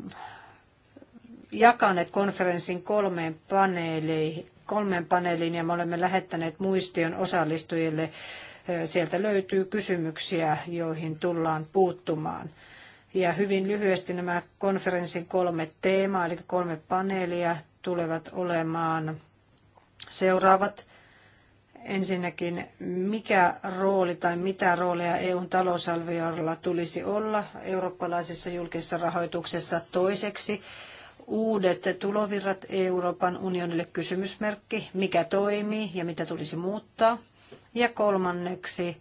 jakaneet konferenssin kolmeen paneeliin, kolmeen paneeliin ja me olemme lähettäneet muistion osallistujille. Sieltä löytyy kysymyksiä, joihin tullaan puuttumaan. Ja hyvin lyhyesti nämä konferenssin kolme teemaa, eli kolme paneelia, tulevat olemaan seuraavat. Ensinnäkin, mikä rooli tai mitä rooleja EUn talousalviolla tulisi olla eurooppalaisessa julkisessa rahoituksessa toiseksi, uudet tulovirrat Euroopan unionille kysymysmerkki, mikä toimii ja mitä tulisi muuttaa. Ja kolmanneksi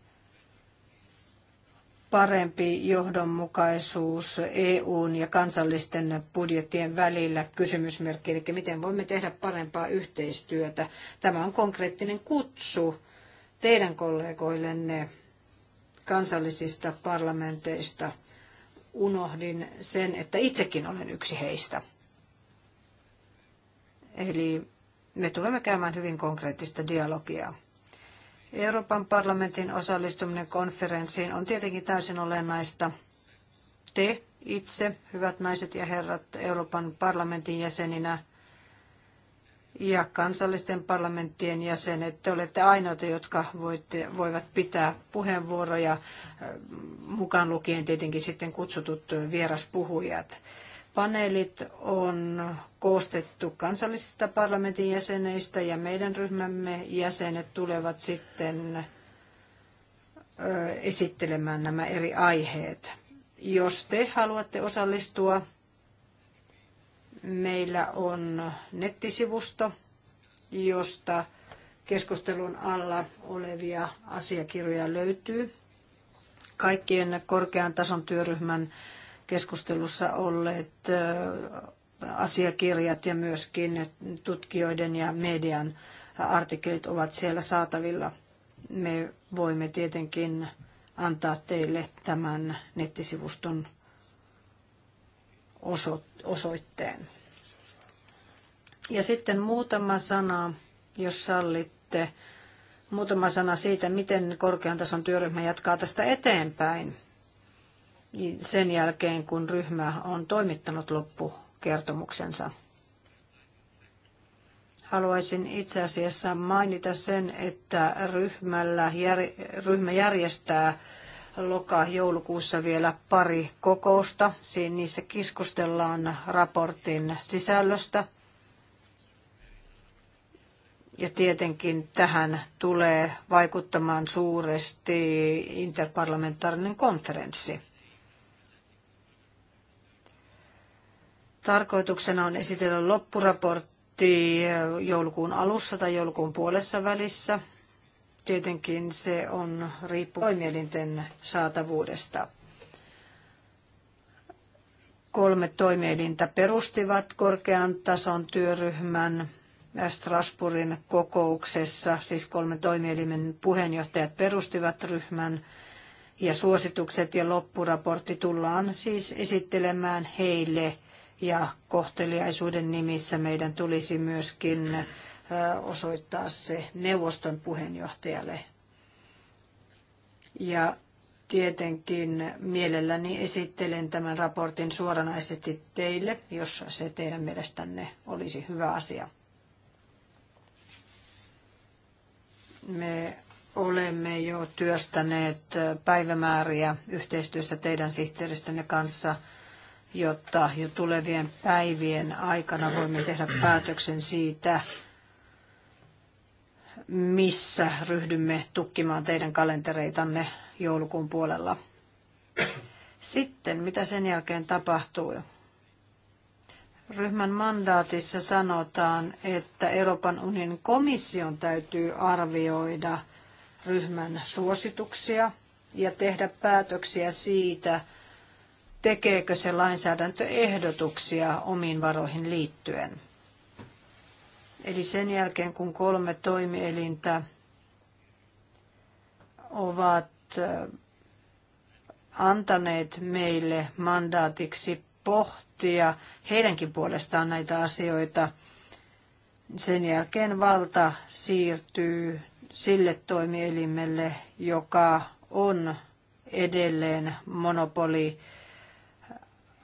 parempi johdonmukaisuus EUn ja kansallisten budjettien välillä kysymysmerkki, eli miten voimme tehdä parempaa yhteistyötä. Tämä on konkreettinen kutsu teidän kollegoillenne kansallisista parlamenteista. Unohdin sen, että itsekin olen yksi heistä. Eli me tulemme käymään hyvin konkreettista dialogia Euroopan parlamentin osallistuminen konferenssiin on tietenkin täysin olennaista. Te itse, hyvät naiset ja herrat, Euroopan parlamentin jäseninä ja kansallisten parlamenttien jäsenet, te olette ainoita, jotka voitte, voivat pitää puheenvuoroja, äh, mukaan lukien tietenkin sitten kutsutut vieraspuhujat. Paneelit on koostettu kansallisista parlamentin jäsenistä ja meidän ryhmämme jäsenet tulevat sitten esittelemään nämä eri aiheet. Jos te haluatte osallistua, meillä on nettisivusto, josta keskustelun alla olevia asiakirjoja löytyy. Kaikkien korkean tason työryhmän keskustelussa olleet asiakirjat ja myöskin tutkijoiden ja median artikkelit ovat siellä saatavilla. Me voimme tietenkin antaa teille tämän nettisivuston osoitteen. Ja sitten muutama sana, jos sallitte, muutama sana siitä, miten korkean tason työryhmä jatkaa tästä eteenpäin sen jälkeen, kun ryhmä on toimittanut loppukertomuksensa. Haluaisin itse asiassa mainita sen, että ryhmällä, jär, ryhmä järjestää loka-joulukuussa vielä pari kokousta. Siinä niissä keskustellaan raportin sisällöstä. Ja tietenkin tähän tulee vaikuttamaan suuresti interparlamentaarinen konferenssi. Tarkoituksena on esitellä loppuraportti eh, joulukuun alussa tai joulukuun puolessa välissä. Tietenkin se on riippu toimielinten saatavuudesta. Kolme toimielintä perustivat korkean tason työryhmän Strasbourgin kokouksessa, siis kolme toimielimen puheenjohtajat perustivat ryhmän ja suositukset ja loppuraportti tullaan siis esittelemään heille ja kohteliaisuuden nimissä meidän tulisi myöskin osoittaa se neuvoston puheenjohtajalle. Ja tietenkin mielelläni esittelen tämän raportin suoranaisesti teille, jos se teidän mielestänne olisi hyvä asia. Me olemme jo työstäneet päivämääriä yhteistyössä teidän sihteeristönne kanssa – jotta jo tulevien päivien aikana voimme tehdä päätöksen siitä, missä ryhdymme tukkimaan teidän kalentereitanne joulukuun puolella. Sitten, mitä sen jälkeen tapahtuu? Ryhmän mandaatissa sanotaan, että Euroopan unionin komission täytyy arvioida ryhmän suosituksia ja tehdä päätöksiä siitä, tekeekö se lainsäädäntöehdotuksia omiin varoihin liittyen. Eli sen jälkeen, kun kolme toimielintä ovat antaneet meille mandaatiksi pohtia heidänkin puolestaan näitä asioita, sen jälkeen valta siirtyy sille toimielimelle, joka on edelleen monopoli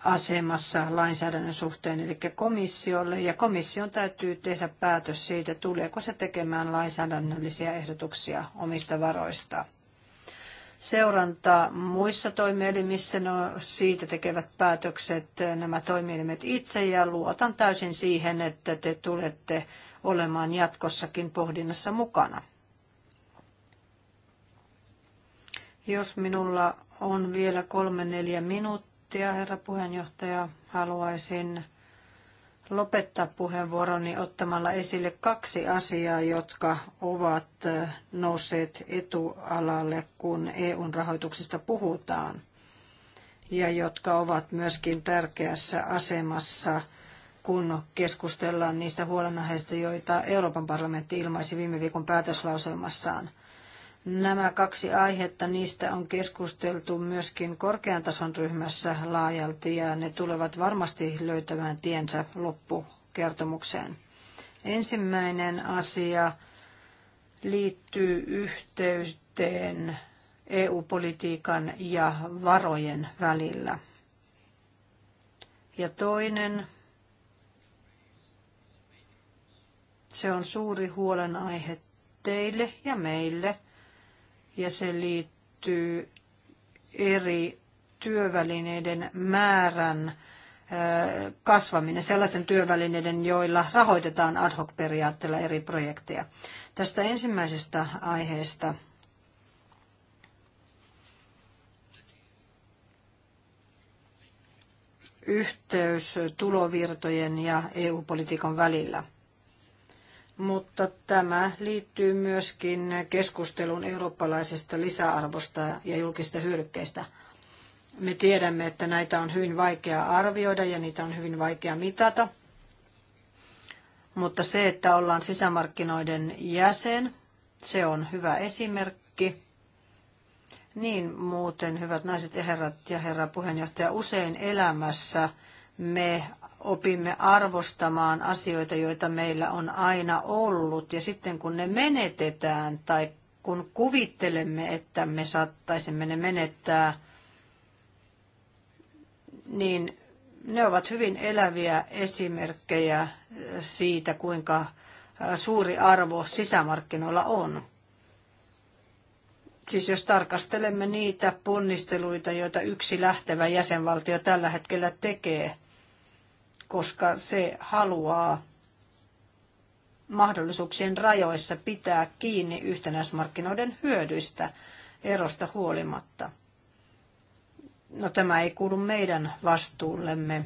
asemassa lainsäädännön suhteen, eli komissiolle, ja komission täytyy tehdä päätös siitä, tuleeko se tekemään lainsäädännöllisiä ehdotuksia omista varoista. Seuranta muissa toimielimissä, no siitä tekevät päätökset nämä toimielimet itse, ja luotan täysin siihen, että te tulette olemaan jatkossakin pohdinnassa mukana. Jos minulla on vielä kolme neljä minuuttia, minuuttia, herra puheenjohtaja. Haluaisin lopettaa puheenvuoroni ottamalla esille kaksi asiaa, jotka ovat äh, nousseet etualalle, kun EUn rahoituksesta puhutaan, ja jotka ovat myöskin tärkeässä asemassa, kun keskustellaan niistä huolenaiheista, joita Euroopan parlamentti ilmaisi viime viikon päätöslauselmassaan. Nämä kaksi aihetta, niistä on keskusteltu myöskin korkean tason ryhmässä laajalti ja ne tulevat varmasti löytämään tiensä loppukertomukseen. Ensimmäinen asia liittyy yhteyteen EU-politiikan ja varojen välillä. Ja toinen, se on suuri huolenaihe teille ja meille – ja se liittyy eri työvälineiden määrän äh, kasvaminen, sellaisten työvälineiden, joilla rahoitetaan ad hoc periaatteella eri projekteja. Tästä ensimmäisestä aiheesta yhteys tulovirtojen ja EU-politiikan välillä – mutta tämä liittyy myöskin keskusteluun eurooppalaisesta lisäarvosta ja julkista hyödykkeistä. Me tiedämme, että näitä on hyvin vaikea arvioida ja niitä on hyvin vaikea mitata. Mutta se, että ollaan sisämarkkinoiden jäsen, se on hyvä esimerkki. Niin muuten, hyvät naiset ja herrat ja herra puheenjohtaja, usein elämässä me opimme arvostamaan asioita, joita meillä on aina ollut. Ja sitten kun ne menetetään tai kun kuvittelemme, että me saattaisimme ne menettää, niin ne ovat hyvin eläviä esimerkkejä siitä, kuinka suuri arvo sisämarkkinoilla on. Siis jos tarkastelemme niitä ponnisteluita, joita yksi lähtevä jäsenvaltio tällä hetkellä tekee – koska se haluaa mahdollisuuksien rajoissa pitää kiinni yhtenäismarkkinoiden hyödyistä erosta huolimatta. No tämä ei kuulu meidän vastuullemme,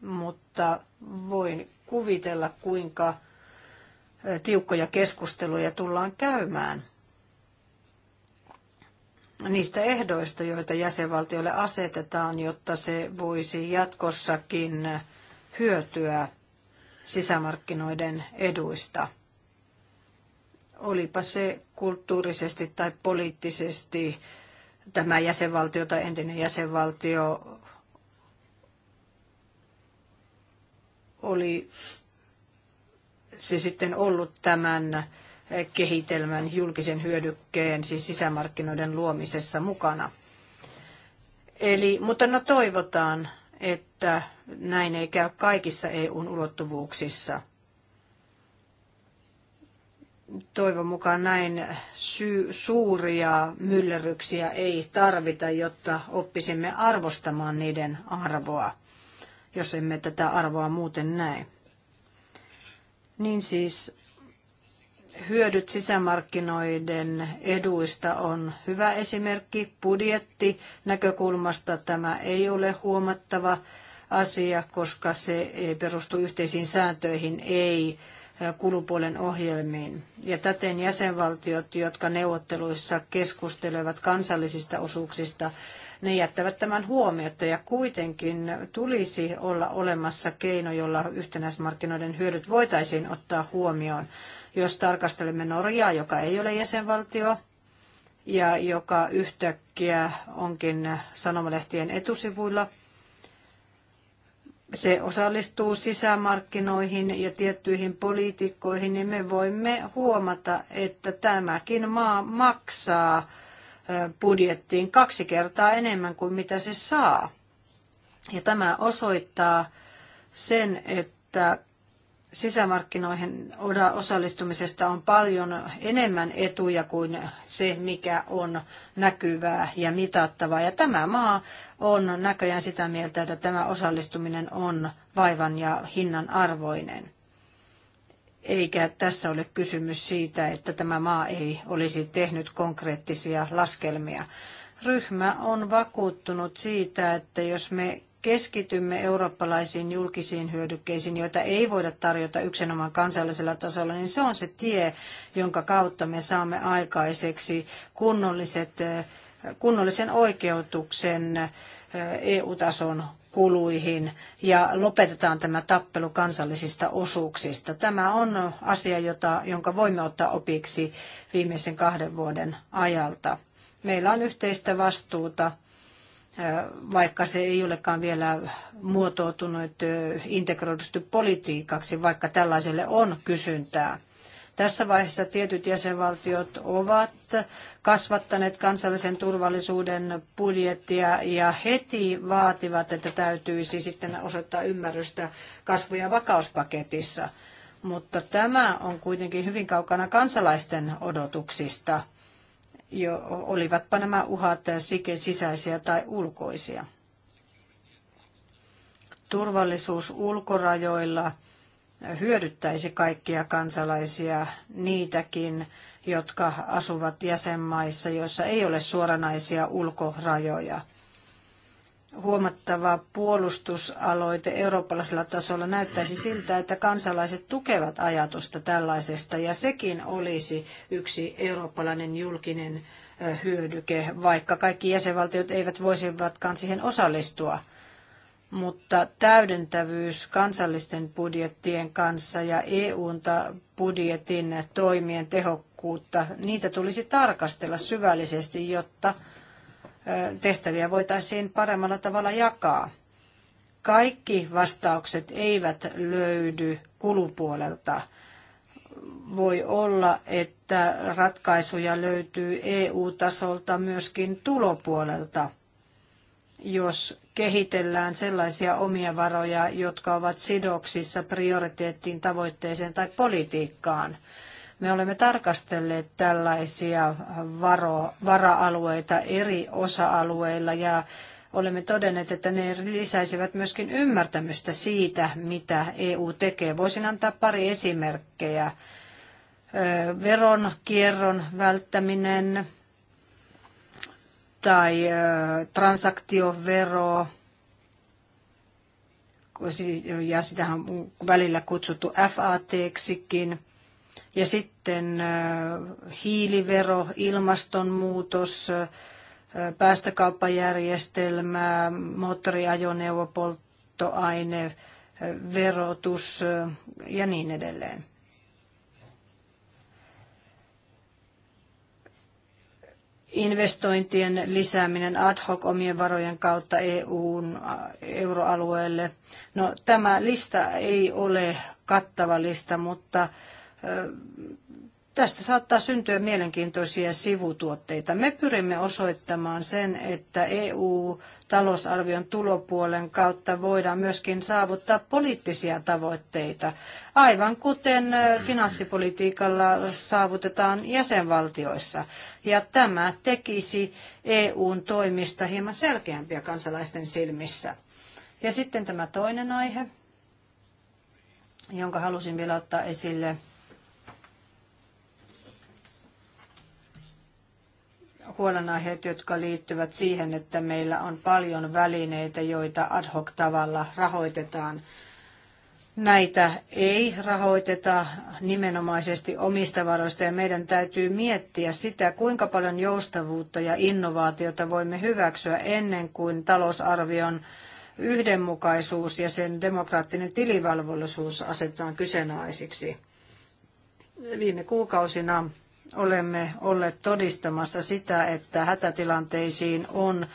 mutta voin kuvitella, kuinka tiukkoja keskusteluja tullaan käymään niistä ehdoista, joita jäsenvaltiolle asetetaan, jotta se voisi jatkossakin hyötyä sisämarkkinoiden eduista. Olipa se kulttuurisesti tai poliittisesti tämä jäsenvaltio tai entinen jäsenvaltio oli se sitten ollut tämän kehitelmän julkisen hyödykkeen, siis sisämarkkinoiden luomisessa mukana. Eli, mutta no toivotaan, että että näin ei käy kaikissa EUn ulottuvuuksissa. Toivon mukaan näin sy- suuria myllerryksiä ei tarvita, jotta oppisimme arvostamaan niiden arvoa, jos emme tätä arvoa muuten näe. Niin siis hyödyt sisämarkkinoiden eduista on hyvä esimerkki. Budjetti näkökulmasta tämä ei ole huomattava asia, koska se perustuu yhteisiin sääntöihin, ei kulupuolen ohjelmiin. Ja täten jäsenvaltiot, jotka neuvotteluissa keskustelevat kansallisista osuuksista, ne jättävät tämän huomiota ja kuitenkin tulisi olla olemassa keino, jolla yhtenäismarkkinoiden hyödyt voitaisiin ottaa huomioon. Jos tarkastelemme Norjaa, joka ei ole jäsenvaltio ja joka yhtäkkiä onkin sanomalehtien etusivuilla – se osallistuu sisämarkkinoihin ja tiettyihin poliitikkoihin, niin me voimme huomata, että tämäkin maa maksaa budjettiin kaksi kertaa enemmän kuin mitä se saa. Ja tämä osoittaa sen, että sisämarkkinoihin osallistumisesta on paljon enemmän etuja kuin se, mikä on näkyvää ja mitattavaa. Ja tämä maa on näköjään sitä mieltä, että tämä osallistuminen on vaivan ja hinnan arvoinen. Eikä tässä ole kysymys siitä, että tämä maa ei olisi tehnyt konkreettisia laskelmia ryhmä on vakuuttunut siitä, että jos me keskitymme eurooppalaisiin julkisiin hyödykkeisiin, joita ei voida tarjota yksinomaan kansallisella tasolla, niin se on se tie, jonka kautta me saamme aikaiseksi kunnolliset, eh, kunnollisen oikeutuksen eh, EU-tason kuluihin ja lopetetaan tämä tappelu kansallisista osuuksista. Tämä on asia, jota, jonka voimme ottaa opiksi viimeisen kahden vuoden ajalta. Meillä on yhteistä vastuuta vaikka se ei olekaan vielä muotoutunut integroidusti politiikaksi, vaikka tällaiselle on kysyntää. Tässä vaiheessa tietyt jäsenvaltiot ovat kasvattaneet kansallisen turvallisuuden budjettia ja heti vaativat, että täytyisi sitten osoittaa ymmärrystä kasvu- ja vakauspaketissa. Mutta tämä on kuitenkin hyvin kaukana kansalaisten odotuksista – jo, olivatpa nämä uhat sisäisiä tai ulkoisia. Turvallisuus ulkorajoilla hyödyttäisi kaikkia kansalaisia, niitäkin, jotka asuvat jäsenmaissa, joissa ei ole suoranaisia ulkorajoja – huomattava puolustusaloite eurooppalaisella tasolla näyttäisi siltä, että kansalaiset tukevat ajatusta tällaisesta ja sekin olisi yksi eurooppalainen julkinen hyödyke, vaikka kaikki jäsenvaltiot eivät voisivatkaan siihen osallistua. Mutta täydentävyys kansallisten budjettien kanssa ja EUn budjetin toimien tehokkuutta, niitä tulisi tarkastella syvällisesti, jotta tehtäviä voitaisiin paremmalla tavalla jakaa. Kaikki vastaukset eivät löydy kulupuolelta. Voi olla, että ratkaisuja löytyy EU-tasolta myöskin tulopuolelta, jos kehitellään sellaisia omia varoja, jotka ovat sidoksissa prioriteettiin, tavoitteeseen tai politiikkaan. Me olemme tarkastelleet tällaisia varo, vara-alueita eri osa-alueilla ja olemme todenneet, että ne lisäisivät myöskin ymmärtämystä siitä, mitä EU tekee. Voisin antaa pari esimerkkejä. kierron välttäminen tai transaktiovero, ja sitä on välillä kutsuttu FAT-ksikin. Ja sitten hiilivero, ilmastonmuutos, päästökauppajärjestelmä, moottoriajoneuvopolttoaine, verotus ja niin edelleen. investointien lisääminen ad hoc omien varojen kautta EUn euroalueelle. No, tämä lista ei ole kattava lista, mutta Tästä saattaa syntyä mielenkiintoisia sivutuotteita. Me pyrimme osoittamaan sen, että EU-talousarvion tulopuolen kautta voidaan myöskin saavuttaa poliittisia tavoitteita, aivan kuten finanssipolitiikalla saavutetaan jäsenvaltioissa. Ja tämä tekisi EUn toimista hieman selkeämpiä kansalaisten silmissä. Ja sitten tämä toinen aihe, jonka halusin vielä ottaa esille – huolenaiheet, jotka liittyvät siihen, että meillä on paljon välineitä, joita ad hoc tavalla rahoitetaan. Näitä ei rahoiteta nimenomaisesti omista varoista ja meidän täytyy miettiä sitä, kuinka paljon joustavuutta ja innovaatiota voimme hyväksyä ennen kuin talousarvion yhdenmukaisuus ja sen demokraattinen tilivalvollisuus asetetaan kyseenalaisiksi. Viime kuukausina olemme olleet todistamassa sitä, että hätätilanteisiin on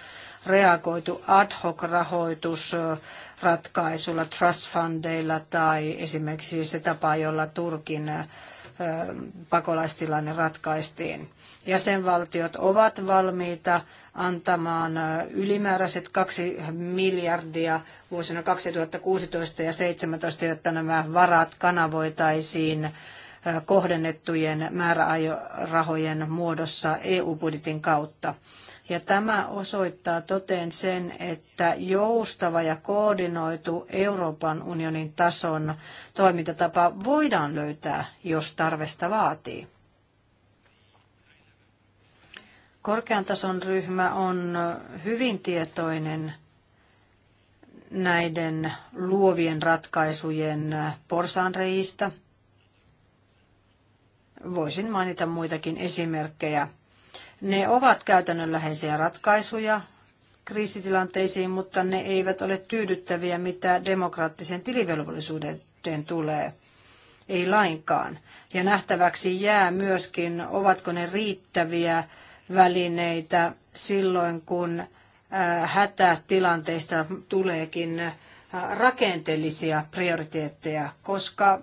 reagoitu ad hoc rahoitusratkaisulla, trust fundeilla tai esimerkiksi siis se tapa, jolla Turkin pakolaistilanne ratkaistiin. Jäsenvaltiot ovat valmiita antamaan ylimääräiset kaksi miljardia vuosina 2016 ja 2017, jotta nämä varat kanavoitaisiin kohdennettujen määrärahojen muodossa EU-budjetin kautta. Ja tämä osoittaa toteen sen, että joustava ja koordinoitu Euroopan unionin tason toimintatapa voidaan löytää, jos tarvesta vaatii. Korkean tason ryhmä on hyvin tietoinen näiden luovien ratkaisujen porsaanreiistä – Voisin mainita muitakin esimerkkejä. Ne ovat käytännönläheisiä ratkaisuja kriisitilanteisiin, mutta ne eivät ole tyydyttäviä, mitä demokraattisen tilivelvollisuuden tulee. Ei lainkaan. Ja nähtäväksi jää myöskin, ovatko ne riittäviä välineitä silloin, kun äh, hätätilanteista tuleekin äh, rakenteellisia prioriteetteja, koska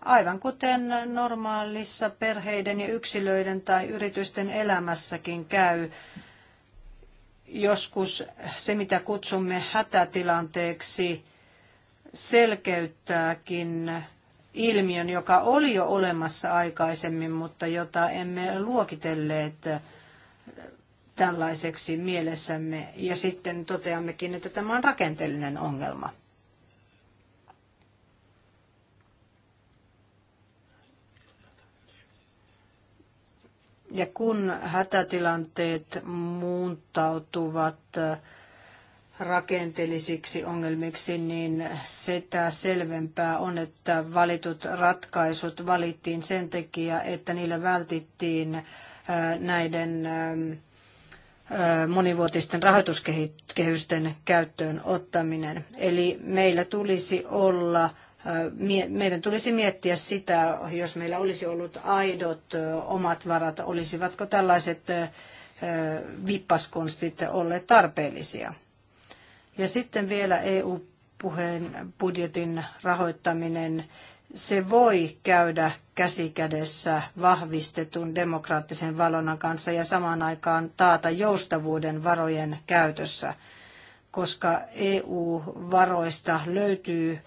aivan kuten normaalissa perheiden ja yksilöiden tai yritysten elämässäkin käy. Joskus se, mitä kutsumme hätätilanteeksi, selkeyttääkin ilmiön, joka oli jo olemassa aikaisemmin, mutta jota emme luokitelleet tällaiseksi mielessämme. Ja sitten toteammekin, että tämä on rakenteellinen ongelma. Ja kun hätätilanteet muuntautuvat äh, rakenteellisiksi ongelmiksi, niin sitä selvempää on, että valitut ratkaisut valittiin sen takia, että niillä vältittiin äh, näiden ähm, äh, monivuotisten rahoituskehysten käyttöön ottaminen. Eli meillä tulisi olla meidän tulisi miettiä sitä, jos meillä olisi ollut aidot omat varat, olisivatko tällaiset vippaskonstit olleet tarpeellisia. Ja sitten vielä EU-puheen budjetin rahoittaminen. Se voi käydä käsikädessä vahvistetun demokraattisen valonnan kanssa ja samaan aikaan taata joustavuuden varojen käytössä, koska EU-varoista löytyy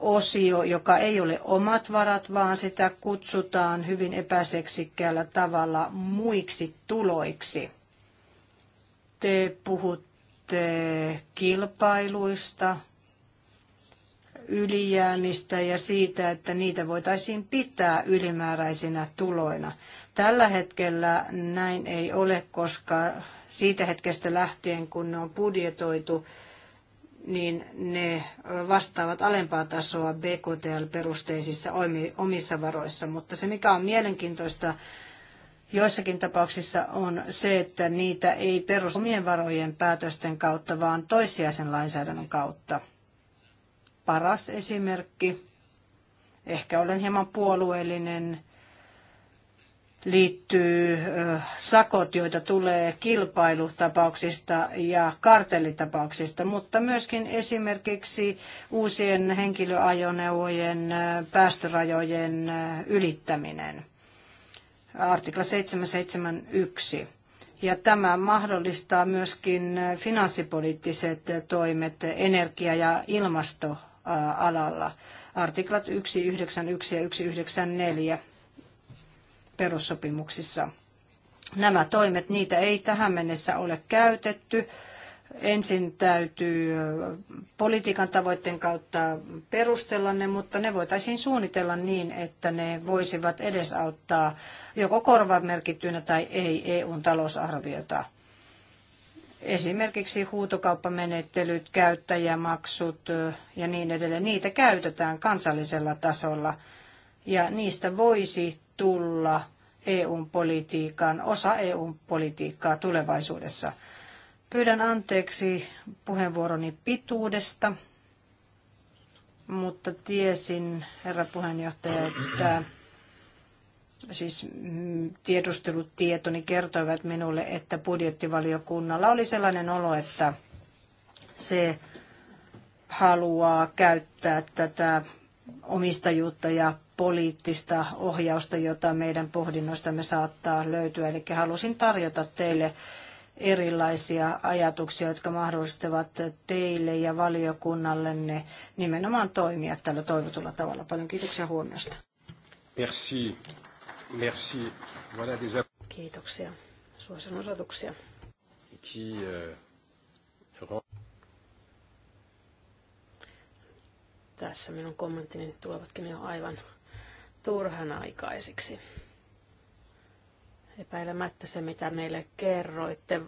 osio, joka ei ole omat varat, vaan sitä kutsutaan hyvin epäseksikkäällä tavalla muiksi tuloiksi. Te puhutte kilpailuista, ylijäämistä ja siitä, että niitä voitaisiin pitää ylimääräisinä tuloina. Tällä hetkellä näin ei ole, koska siitä hetkestä lähtien, kun ne on budjetoitu, niin ne vastaavat alempaa tasoa BKTL-perusteisissa omissa varoissa. Mutta se, mikä on mielenkiintoista joissakin tapauksissa, on se, että niitä ei perus omien varojen päätösten kautta, vaan toissijaisen lainsäädännön kautta. Paras esimerkki, ehkä olen hieman puolueellinen, liittyy sakot, joita tulee kilpailutapauksista ja kartellitapauksista, mutta myöskin esimerkiksi uusien henkilöajoneuvojen päästörajojen ylittäminen. Artikla 771. Ja tämä mahdollistaa myöskin finanssipoliittiset toimet energia- ja ilmastoalalla. Artiklat 191 ja 194 perussopimuksissa. Nämä toimet, niitä ei tähän mennessä ole käytetty. Ensin täytyy politiikan tavoitteen kautta perustella ne, mutta ne voitaisiin suunnitella niin, että ne voisivat edesauttaa joko korvamerkittyinä tai ei EUn talousarviota esimerkiksi huutokauppamenettelyt, käyttäjämaksut ja niin edelleen, niitä käytetään kansallisella tasolla. Ja niistä voisi tulla EU-politiikan, osa EU-politiikkaa tulevaisuudessa. Pyydän anteeksi puheenvuoroni pituudesta, mutta tiesin, herra puheenjohtaja, että siis tiedustelutietoni kertoivat minulle, että budjettivaliokunnalla oli sellainen olo, että se haluaa käyttää tätä omistajuutta ja poliittista ohjausta, jota meidän pohdinnoistamme saattaa löytyä. Eli halusin tarjota teille erilaisia ajatuksia, jotka mahdollistavat teille ja valiokunnallenne nimenomaan toimia tällä toivotulla tavalla. Paljon kiitoksia huomiosta. Merci. Merci. Voilà des... Kiitoksia. Suosin osoituksia. Qui, euh... Tässä minun kommenttini tulevatkin jo aivan turhanaikaisiksi. Epäilemättä se, mitä meille kerroitte,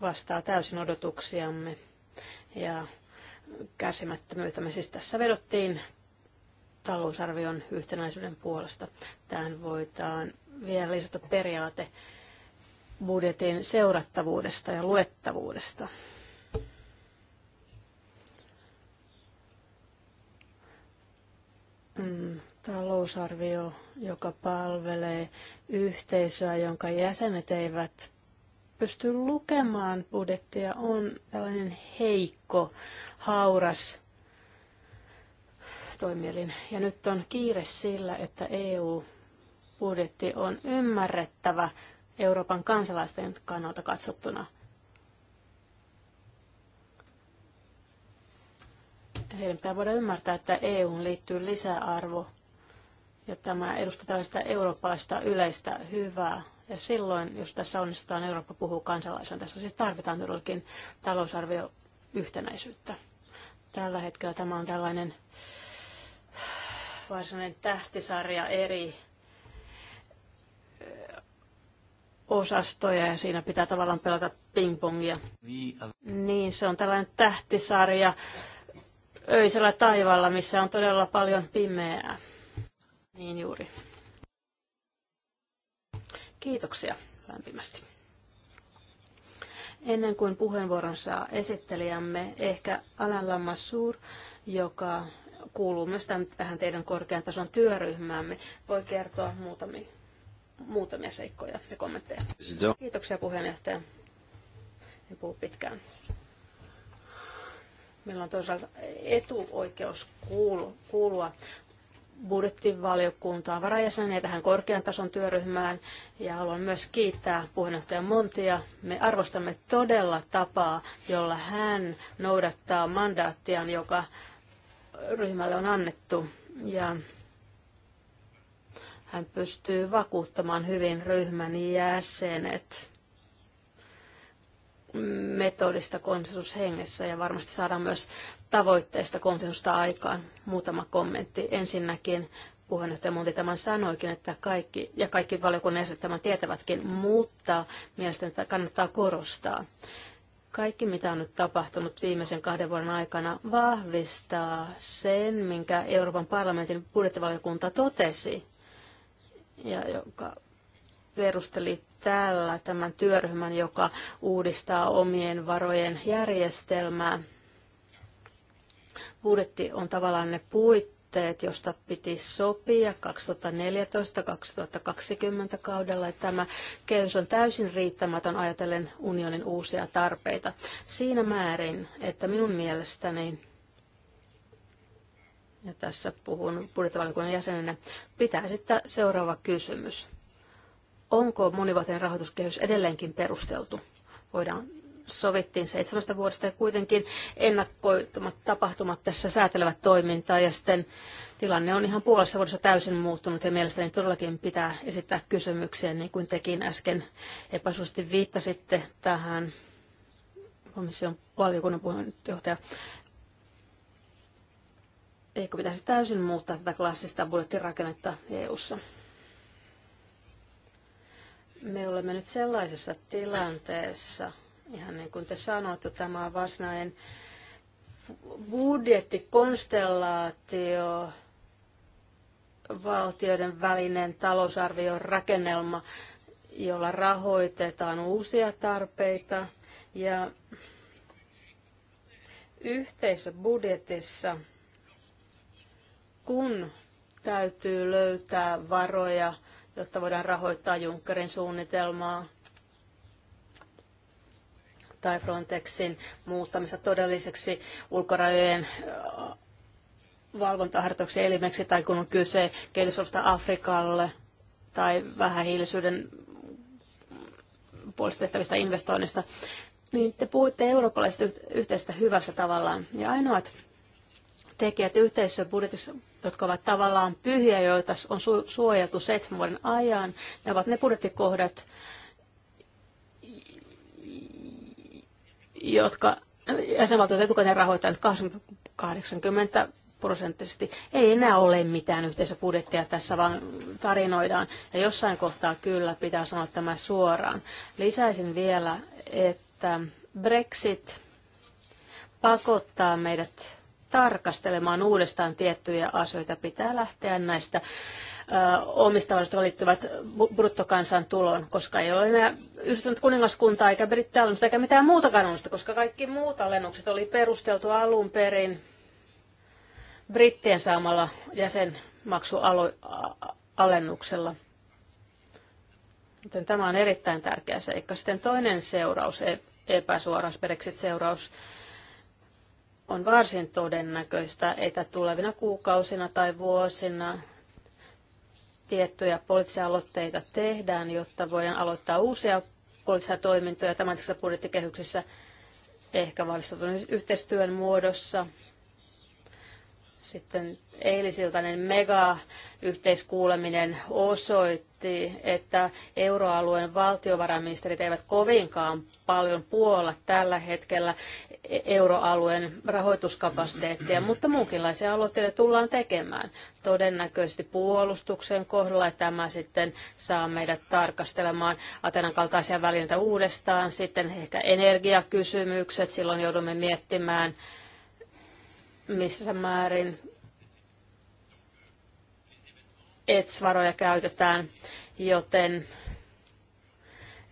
vastaa täysin odotuksiamme ja kärsimättömyyttämme. Siis tässä vedottiin talousarvion yhtenäisyyden puolesta. Tähän voitaan vielä lisätä periaate budjetin seurattavuudesta ja luettavuudesta. mm, talousarvio, joka palvelee yhteisöä, jonka jäsenet eivät pysty lukemaan budjettia, on tällainen heikko, hauras toimielin. Ja nyt on kiire sillä, että EU-budjetti on ymmärrettävä Euroopan kansalaisten kannalta katsottuna – Heidän pitää voida ymmärtää, että EUn liittyy lisäarvo ja tämä edustaa tällaista eurooppalaista yleistä hyvää. Ja silloin, jos tässä onnistutaan, Eurooppa puhuu kansalaisen Tässä siis tarvitaan todellakin yhtenäisyyttä. Tällä hetkellä tämä on tällainen varsinainen tähtisarja eri osastoja ja siinä pitää tavallaan pelata pingpongia. Niin, niin se on tällainen tähtisarja öisellä taivaalla, missä on todella paljon pimeää. Niin juuri. Kiitoksia lämpimästi. Ennen kuin puheenvuoron saa esittelijämme, ehkä Alan Lamassur, joka kuuluu myös tämän, tähän teidän korkean tason työryhmäämme, voi kertoa muutamia, muutamia seikkoja ja kommentteja. Kiitoksia puheenjohtaja. En puhu pitkään. Meillä on toisaalta etuoikeus kuulu, kuulua budjettivaliokuntaan ja tähän korkean tason työryhmään ja haluan myös kiittää puheenjohtaja Montia. Me arvostamme todella tapaa, jolla hän noudattaa mandaattiaan, joka ryhmälle on annettu ja hän pystyy vakuuttamaan hyvin ryhmän jäsenet metodista konsensushengessä ja varmasti saadaan myös tavoitteista konsensusta aikaan. Muutama kommentti. Ensinnäkin puheenjohtaja Monti tämän sanoikin, että kaikki, ja kaikki valiokunnan jäsenet tämän tietävätkin, mutta mielestäni tätä kannattaa korostaa. Kaikki, mitä on nyt tapahtunut viimeisen kahden vuoden aikana, vahvistaa sen, minkä Euroopan parlamentin budjettivaliokunta totesi, ja joka perusteli tällä tämän työryhmän, joka uudistaa omien varojen järjestelmää. Budjetti on tavallaan ne puitteet, josta piti sopia 2014-2020 kaudella. Tämä kehys on täysin riittämätön ajatellen unionin uusia tarpeita. Siinä määrin, että minun mielestäni ja tässä puhun budjettivaliokunnan jäsenenä, pitää sitten seuraava kysymys Onko monivuotinen rahoituskehys edelleenkin perusteltu? Voidaan sovittiin seitsemästä vuodesta ja kuitenkin ennakkoitumat tapahtumat tässä säätelevät toimintaa ja sitten tilanne on ihan puolessa vuodessa täysin muuttunut ja mielestäni todellakin pitää esittää kysymyksiä niin kuin tekin äsken epäsuosti viittasitte tähän komission valiokunnan puheenjohtaja. Eikö pitäisi täysin muuttaa tätä klassista budjettirakennetta EU-ssa? Me olemme nyt sellaisessa tilanteessa, ihan niin kuin te sanoitte, tämä on varsinainen budjettikonstellaatio, valtioiden välinen talousarvion rakennelma, jolla rahoitetaan uusia tarpeita. Ja yhteisöbudjetissa, kun täytyy löytää varoja – jotta voidaan rahoittaa Junckerin suunnitelmaa tai Frontexin muuttamista todelliseksi ulkorajojen äh, valvontaharjoituksen elimeksi tai kun on kyse kehitysalusta Afrikalle tai vähähiilisyyden puolesta tehtävistä investoinnista, niin te puhuitte eurooppalaisesta yhteisestä hyvästä tavallaan. Ja ainoat tekijät yhteisöbudjetissa jotka ovat tavallaan pyhiä, joita on su- suojeltu seitsemän vuoden ajan. Ne ovat ne budjettikohdat, jotka jäsenvaltiot etukäteen rahoittavat 80 prosenttisesti. Ei enää ole mitään yhteisöbudjettia tässä, vaan tarinoidaan. Ja jossain kohtaa kyllä pitää sanoa tämä suoraan. Lisäisin vielä, että Brexit pakottaa meidät tarkastelemaan uudestaan tiettyjä asioita. Pitää lähteä näistä omistavasta valittuvat bruttokansantulon, koska ei ole enää yhdistynyt kuningaskuntaa eikä brittialennusta eikä mitään muuta kannusta, koska kaikki muut alennukset oli perusteltu alun perin brittien saamalla jäsenmaksualennuksella. Joten tämä on erittäin tärkeä seikka. Sitten toinen seuraus, e-, epäsuoras Brexit-seuraus, on varsin todennäköistä, että tulevina kuukausina tai vuosina tiettyjä poliittisia aloitteita tehdään, jotta voidaan aloittaa uusia poliittisia toimintoja tämän budjettikehyksessä ehkä vahvistetun yhteistyön muodossa sitten eilisiltainen mega-yhteiskuuleminen osoitti, että euroalueen valtiovarainministerit eivät kovinkaan paljon puolla tällä hetkellä euroalueen rahoituskapasiteettia, mutta muunkinlaisia aloitteita tullaan tekemään. Todennäköisesti puolustuksen kohdalla ja tämä sitten saa meidät tarkastelemaan Atenan kaltaisia välineitä uudestaan. Sitten ehkä energiakysymykset, silloin joudumme miettimään, missä määrin ETS-varoja käytetään, joten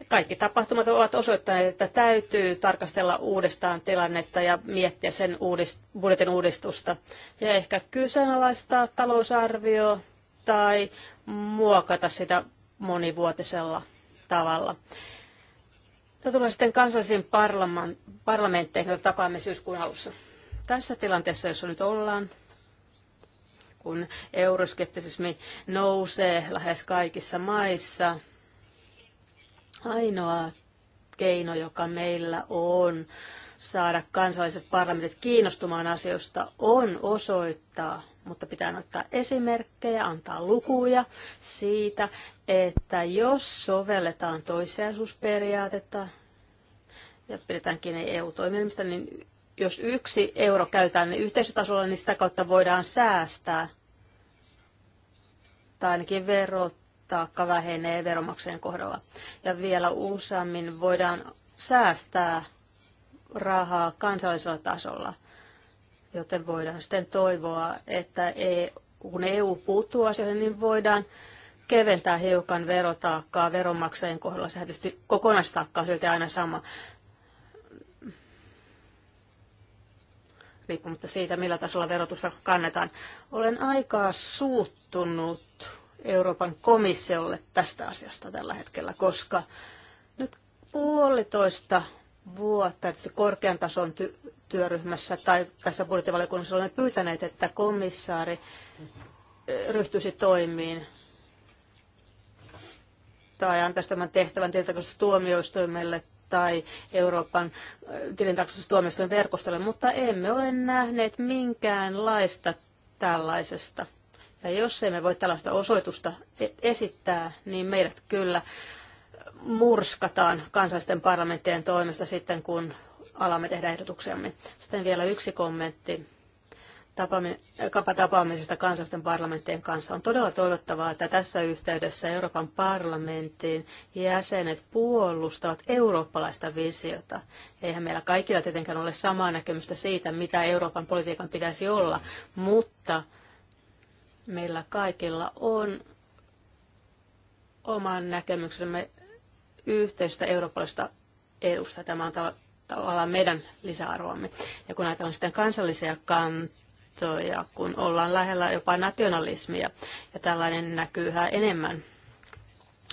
kaikki tapahtumat ovat osoittaneet, että täytyy tarkastella uudestaan tilannetta ja miettiä sen uudist- budjetin uudistusta. Ja ehkä kyseenalaistaa talousarvio tai muokata sitä monivuotisella tavalla. Tämä tulee sitten kansallisiin parlamentteihin, joita tapaamme syyskuun alussa. Tässä tilanteessa, jossa nyt ollaan, kun euroskeptisismi nousee lähes kaikissa maissa, ainoa keino, joka meillä on saada kansalliset parlamentit kiinnostumaan asioista, on osoittaa, mutta pitää ottaa esimerkkejä, antaa lukuja siitä, että jos sovelletaan toissijaisuusperiaatetta ja pidetään kiinni EU-toimielimistä, niin jos yksi euro käytetään niin yhteisötasolla, niin sitä kautta voidaan säästää. Tai ainakin verotaakka vähenee veromaksajien kohdalla. Ja vielä useammin voidaan säästää rahaa kansallisella tasolla, joten voidaan sitten toivoa, että EU, kun EU puuttuu asioihin, niin voidaan keventää hiukan verotaakkaa veronmaksajien kohdalla. Sehän tietysti kokonaistaakka on silti aina sama. riippumatta siitä, millä tasolla verotusta kannetaan. Olen aika suuttunut Euroopan komissiolle tästä asiasta tällä hetkellä, koska nyt puolitoista vuotta että korkean tason ty- työryhmässä tai tässä budjettivaliokunnassa olemme pyytäneet, että komissaari ryhtyisi toimiin tai antaisi tämän tehtävän tietokohdassa tuomioistuimelle tai Euroopan äh, tilintarkastustuomioistuimen verkostolle, mutta emme ole nähneet minkäänlaista tällaisesta. Ja jos emme voi tällaista osoitusta e- esittää, niin meidät kyllä murskataan kansallisten parlamenttien toimesta sitten, kun alamme tehdä ehdotuksiamme. Sitten vielä yksi kommentti tapaami, tapaamisesta kansallisten parlamenttien kanssa. On todella toivottavaa, että tässä yhteydessä Euroopan parlamentin jäsenet puolustavat eurooppalaista visiota. Eihän meillä kaikilla tietenkään ole samaa näkemystä siitä, mitä Euroopan politiikan pitäisi olla, mutta meillä kaikilla on oman näkemyksemme yhteistä eurooppalaista edusta. Tämä on tavallaan meidän lisäarvoamme. Ja kun näitä on sitten kansallisia kantoja, ja kun ollaan lähellä jopa nationalismia, ja tällainen näkyy yhä enemmän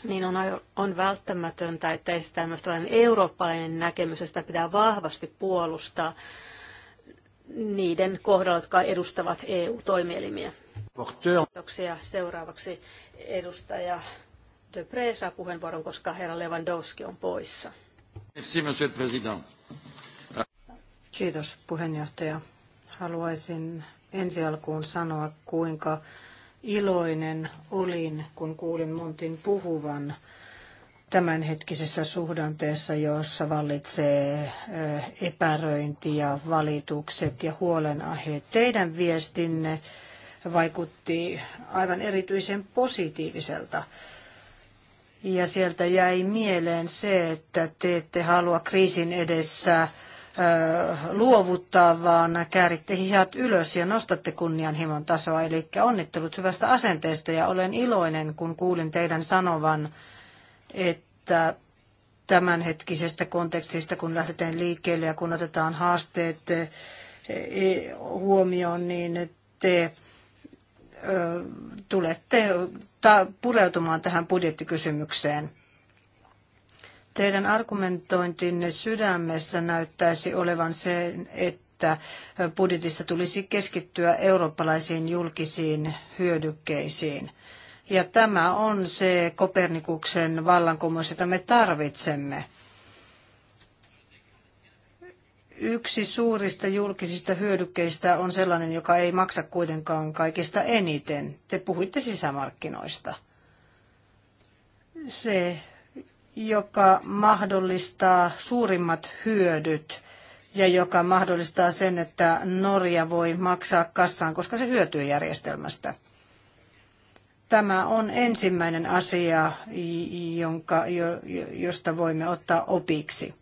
niin on, on välttämätöntä, että estetään myös tällainen eurooppalainen näkemys, ja sitä pitää vahvasti puolustaa niiden kohdalla, jotka edustavat EU-toimielimiä. Kiitoksia. Seuraavaksi edustaja De Pre saa puheenvuoron, koska herra Lewandowski on poissa. Merci, monsieur le président. Kiitos puheenjohtaja. Haluaisin ensi alkuun sanoa, kuinka iloinen olin, kun kuulin Montin puhuvan tämänhetkisessä suhdanteessa, jossa vallitsee eh, epäröinti ja valitukset ja huolenaiheet. Teidän viestinne vaikutti aivan erityisen positiiviselta. Ja sieltä jäi mieleen se, että te ette halua kriisin edessä luovuttaa, vaan kääritte hihat ylös ja nostatte kunnianhimon tasoa. Eli onnittelut hyvästä asenteesta ja olen iloinen, kun kuulin teidän sanovan, että tämänhetkisestä kontekstista, kun lähdetään liikkeelle ja kun otetaan haasteet e, huomioon, niin te tulette pureutumaan tähän budjettikysymykseen. Teidän argumentointinne sydämessä näyttäisi olevan se, että budjetissa tulisi keskittyä eurooppalaisiin julkisiin hyödykkeisiin. Ja tämä on se Kopernikuksen vallankumous, jota me tarvitsemme. Yksi suurista julkisista hyödykkeistä on sellainen, joka ei maksa kuitenkaan kaikista eniten. Te puhuitte sisämarkkinoista. Se joka mahdollistaa suurimmat hyödyt ja joka mahdollistaa sen, että Norja voi maksaa kassaan, koska se hyötyy järjestelmästä. Tämä on ensimmäinen asia, jonka, josta voimme ottaa opiksi.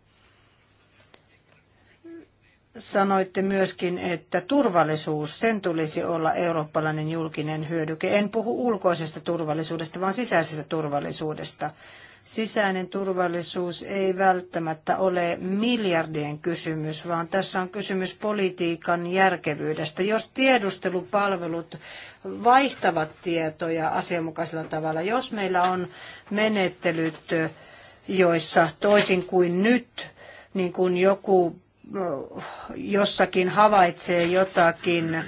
Sanoitte myöskin, että turvallisuus, sen tulisi olla eurooppalainen julkinen hyödyke. En puhu ulkoisesta turvallisuudesta, vaan sisäisestä turvallisuudesta sisäinen turvallisuus ei välttämättä ole miljardien kysymys, vaan tässä on kysymys politiikan järkevyydestä. Jos tiedustelupalvelut vaihtavat tietoja asianmukaisella tavalla, jos meillä on menettelyt, joissa toisin kuin nyt, niin kun joku jossakin havaitsee jotakin,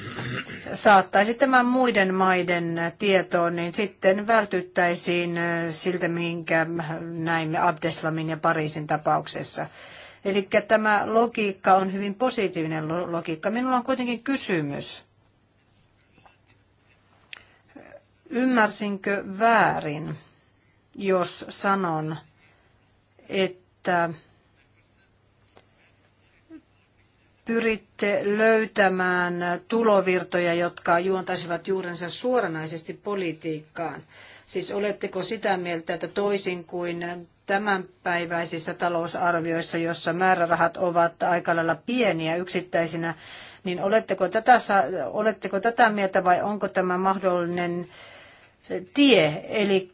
saattaisi tämän muiden maiden tietoon, niin sitten vältyttäisiin siltä, minkä näimme Abdeslamin ja Pariisin tapauksessa. Eli tämä logiikka on hyvin positiivinen logiikka. Minulla on kuitenkin kysymys. Ymmärsinkö väärin, jos sanon, että pyritte löytämään tulovirtoja, jotka juontaisivat juurensa suoranaisesti politiikkaan? Siis oletteko sitä mieltä, että toisin kuin tämänpäiväisissä talousarvioissa, jossa määrärahat ovat aika lailla pieniä yksittäisinä, niin oletteko tätä, oletteko tätä mieltä vai onko tämä mahdollinen tie, eli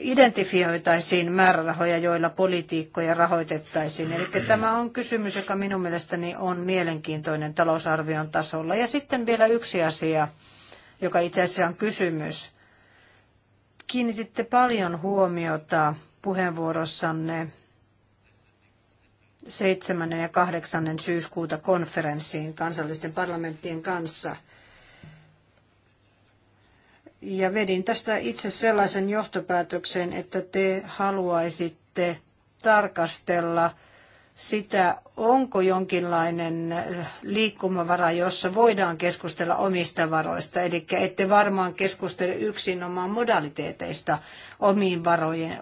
identifioitaisiin määrärahoja, joilla politiikkoja rahoitettaisiin. Eli tämä on kysymys, joka minun mielestäni on mielenkiintoinen talousarvion tasolla. Ja sitten vielä yksi asia, joka itse asiassa on kysymys. Kiinnititte paljon huomiota puheenvuorossanne 7. ja kahdeksannen syyskuuta konferenssiin kansallisten parlamenttien kanssa – ja vedin tästä itse sellaisen johtopäätöksen, että te haluaisitte tarkastella sitä, onko jonkinlainen eh, liikkumavara, jossa voidaan keskustella omista varoista. Eli ette varmaan keskustele yksinomaan modaliteeteista omiin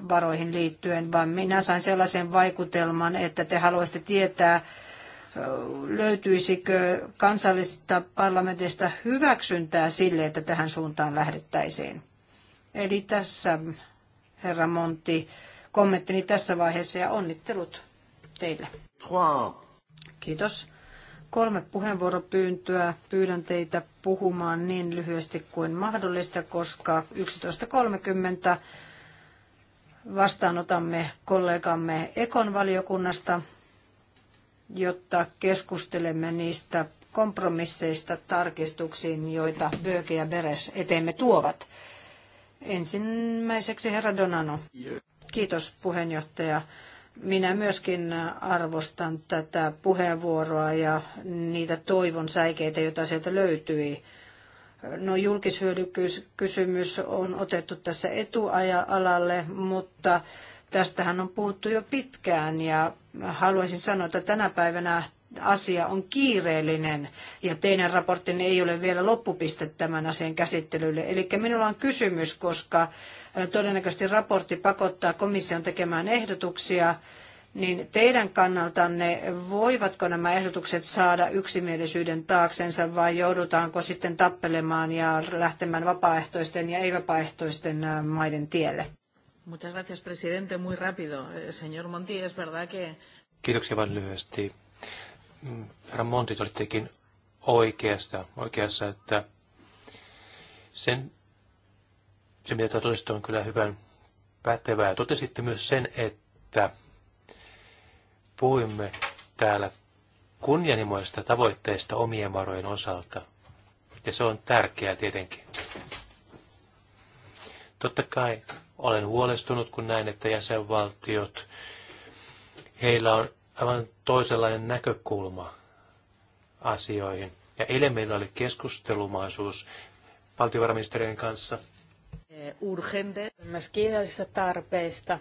varoihin liittyen, vaan minä sain sellaisen vaikutelman, että te haluaisitte tietää, löytyisikö kansallista parlamentista hyväksyntää sille, että tähän suuntaan lähdettäisiin? Eli tässä, herra Monti, kommenttini tässä vaiheessa ja onnittelut teille. Kiitos. Kolme puheenvuoropyyntöä. Pyydän teitä puhumaan niin lyhyesti kuin mahdollista, koska 11.30 vastaanotamme kollegamme Ekon valiokunnasta jotta keskustelemme niistä kompromisseista tarkistuksiin, joita Böke ja Beres eteemme tuovat. Ensimmäiseksi herra Donano. Kiitos puheenjohtaja. Minä myöskin arvostan tätä puheenvuoroa ja niitä toivon säikeitä, joita sieltä löytyi. No julkishyödykysymys on otettu tässä etualalle, mutta tästähän on puhuttu jo pitkään ja haluaisin sanoa, että tänä päivänä asia on kiireellinen ja teidän raporttinne ei ole vielä loppupiste tämän asian käsittelylle. Eli minulla on kysymys, koska todennäköisesti raportti pakottaa komission tekemään ehdotuksia, niin teidän kannaltanne voivatko nämä ehdotukset saada yksimielisyyden taaksensa vai joudutaanko sitten tappelemaan ja lähtemään vapaaehtoisten ja ei-vapaaehtoisten maiden tielle? Muchas gracias, presidente. Muy rápido. Eh, señor Monti, es verdad que... Kiitoksia vain lyhyesti. Mm, herra Monti, olittekin oikeassa, oikeassa, että sen, se mitä totesitte on kyllä hyvän pätevää. Ja totesitte myös sen, että puhuimme täällä kunnianhimoista tavoitteista omien varojen osalta. Ja se on tärkeää tietenkin. Totta kai olen huolestunut, kun näen, että jäsenvaltiot, heillä on aivan toisenlainen näkökulma asioihin. Ja eilen meillä oli keskustelumaisuus valtiovarainministeriön kanssa. Urgente. Myös kiireellisistä tarpeista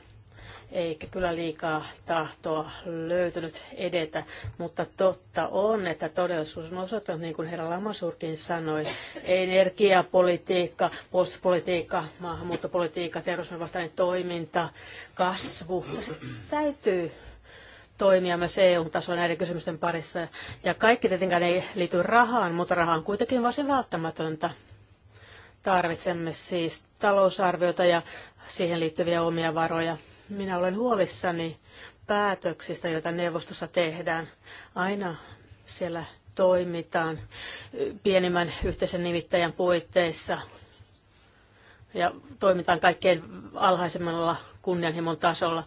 eikä kyllä liikaa tahtoa löytynyt edetä, mutta totta on, että todellisuus on osoittanut, niin kuin herra Lamasurkin sanoi, energiapolitiikka, postpolitiikka, maahanmuuttopolitiikka, terrorismin vastainen toiminta, kasvu, se täytyy toimia myös EU-tasolla näiden kysymysten parissa. Ja kaikki tietenkään ei liity rahaan, mutta raha on kuitenkin varsin välttämätöntä. Tarvitsemme siis talousarviota ja siihen liittyviä omia varoja. Minä olen huolissani päätöksistä, joita neuvostossa tehdään. Aina siellä toimitaan pienimmän yhteisen nimittäjän puitteissa ja toimitaan kaikkein alhaisemmalla kunnianhimon tasolla.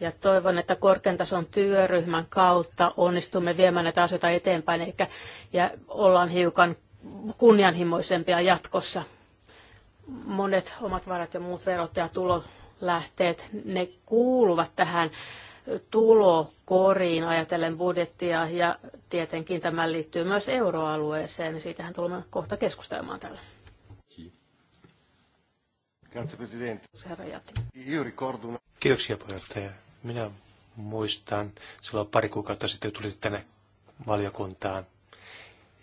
Ja toivon, että korkean tason työryhmän kautta onnistumme viemään näitä asioita eteenpäin, eikä, ja ollaan hiukan kunnianhimoisempia jatkossa. Monet omat varat ja muut verot ja tulot lähteet, ne kuuluvat tähän tulokoriin ajatellen budjettia ja tietenkin tämä liittyy myös euroalueeseen. niin Siitähän tulemme kohta keskustelemaan täällä. Kiitoksia puheenjohtaja. Minä muistan, silloin pari kuukautta sitten tulit tänne valiokuntaan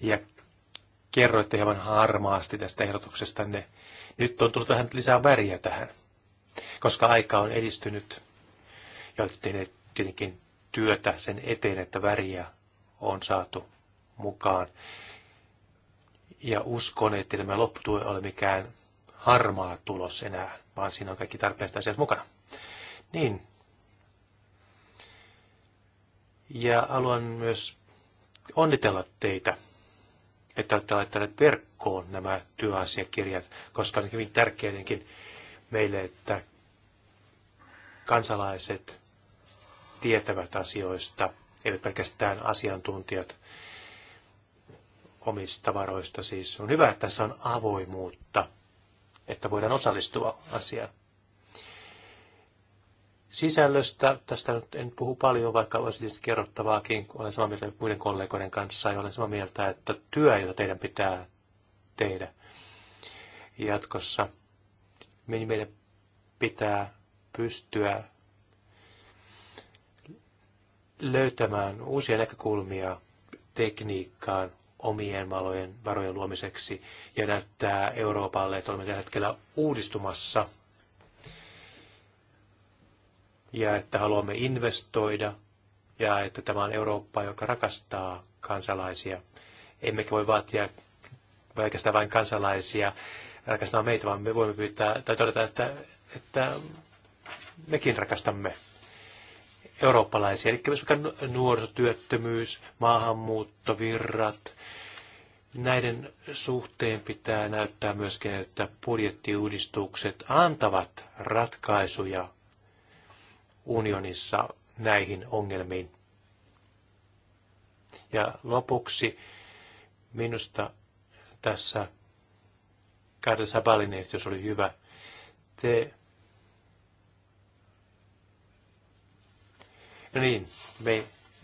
ja kerroitte hieman harmaasti tästä ehdotuksesta. Nyt on tullut vähän lisää väriä tähän koska aika on edistynyt ja olette tehneet tietenkin työtä sen eteen, että väriä on saatu mukaan. Ja uskon, että tämä lopputue ei ole mikään harmaa tulos enää, vaan siinä on kaikki tarpeelliset asiat mukana. Niin. Ja haluan myös onnitella teitä, että olette laittaneet verkkoon nämä työasiakirjat, koska on hyvin tärkeätenkin meille, että kansalaiset tietävät asioista, eivät pelkästään asiantuntijat omista varoista. Siis on hyvä, että tässä on avoimuutta, että voidaan osallistua asiaan. Sisällöstä, tästä nyt en puhu paljon, vaikka olisi tietysti kerrottavaakin, olen samaa mieltä muiden kollegoiden kanssa ja olen samaa mieltä, että työ, jota teidän pitää tehdä jatkossa – niin meidän pitää pystyä löytämään uusia näkökulmia tekniikkaan omien malojen varojen luomiseksi ja näyttää Euroopalle, että olemme tällä hetkellä uudistumassa ja että haluamme investoida ja että tämä on Eurooppa, joka rakastaa kansalaisia. Emmekä voi vaatia pelkästään vain kansalaisia rakastamaan meitä, vaan me voimme pyytää tai todeta, että, että mekin rakastamme eurooppalaisia. Eli myös vaikka nuorisotyöttömyys, maahanmuuttovirrat, näiden suhteen pitää näyttää myöskin, että budjettiuudistukset antavat ratkaisuja unionissa näihin ongelmiin. Ja lopuksi minusta tässä Karl Sabalin jos oli hyvä. Te... No niin, me,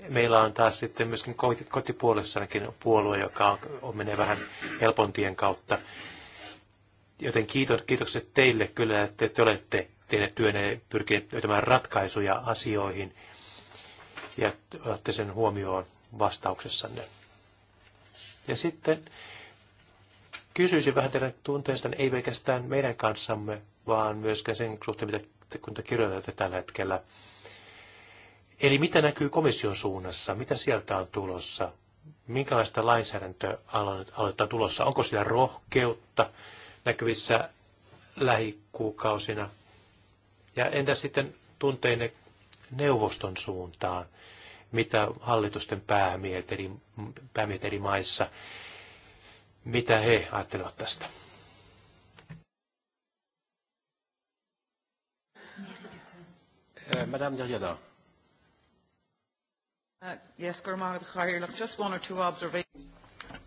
meillä on taas sitten myöskin kotipuolessanakin puolue, joka on, on menee vähän helpontien kautta. Joten kiitos, kiitokset teille kyllä, että te olette tehneet työnne pyrkineet löytämään ratkaisuja asioihin ja otatte sen huomioon vastauksessanne. Ja sitten kysyisin vähän teidän tunteista, ei pelkästään meidän kanssamme, vaan myöskään sen suhteen, mitä kun te kirjoitatte tällä hetkellä. Eli mitä näkyy komission suunnassa? Mitä sieltä on tulossa? Minkälaista lainsäädäntöä tulossa? Onko siellä rohkeutta näkyvissä lähikuukausina? Ja entä sitten tunteine neuvoston suuntaan? Mitä hallitusten päämiehet eri, päämiehet eri maissa mitä he ajattelevat tästä. Eh, Madame Derrida. Uh, yes, Just one or two observations.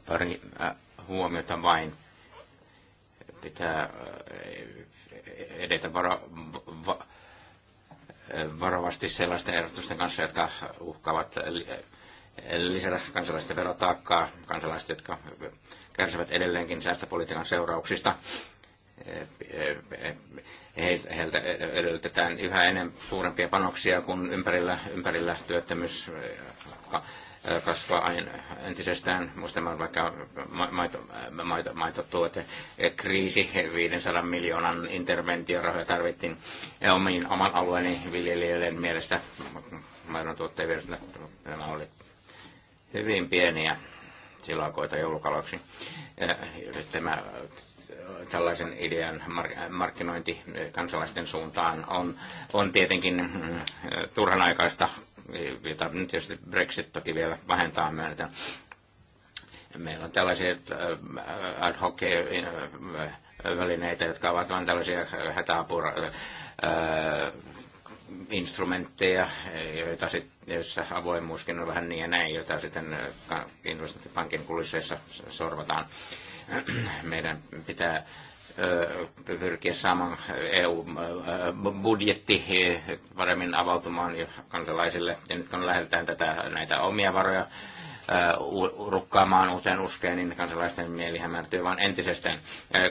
Pari äh, huomiota vain. Pitää äh, edetä varo, va, äh, varovasti sellaisten ehdotusten kanssa, jotka uhkaavat lisätä kansalaisten verotaakkaa, kansalaiset, jotka kärsivät edelleenkin säästöpolitiikan seurauksista. Heiltä edellytetään yhä enemmän suurempia panoksia, kun ympärillä, ympärillä työttömyys kasvaa entisestään. Muistamme vaikka maito, maito, kriisi, 500 miljoonan interventiorahoja tarvittiin omiin, oman alueeni viljelijöiden mielestä. Maidon tuotteen Nämä olivat hyvin pieniä silakoita joulukaloiksi. Tämä äh, tällaisen idean markkinointi kansalaisten suuntaan on, on tietenkin mm, turhanaikaista, jota nyt tietysti Brexit toki vielä vähentää myötä. Meillä on tällaisia äh, ad hoc äh, välineitä, jotka ovat vain tällaisia hätäapura instrumentteja, joita sit, jossa avoimuuskin on vähän niin ja näin, jota sitten äh, investointipankin kulisseissa sorvataan. Meidän pitää äh, pyrkiä saamaan äh, EU-budjetti paremmin avautumaan jo kansalaisille. Ja nyt kun lähdetään tätä, näitä omia varoja rukkaamaan uuteen uskeen, niin kansalaisten mieli hämärtyy vaan entisestään.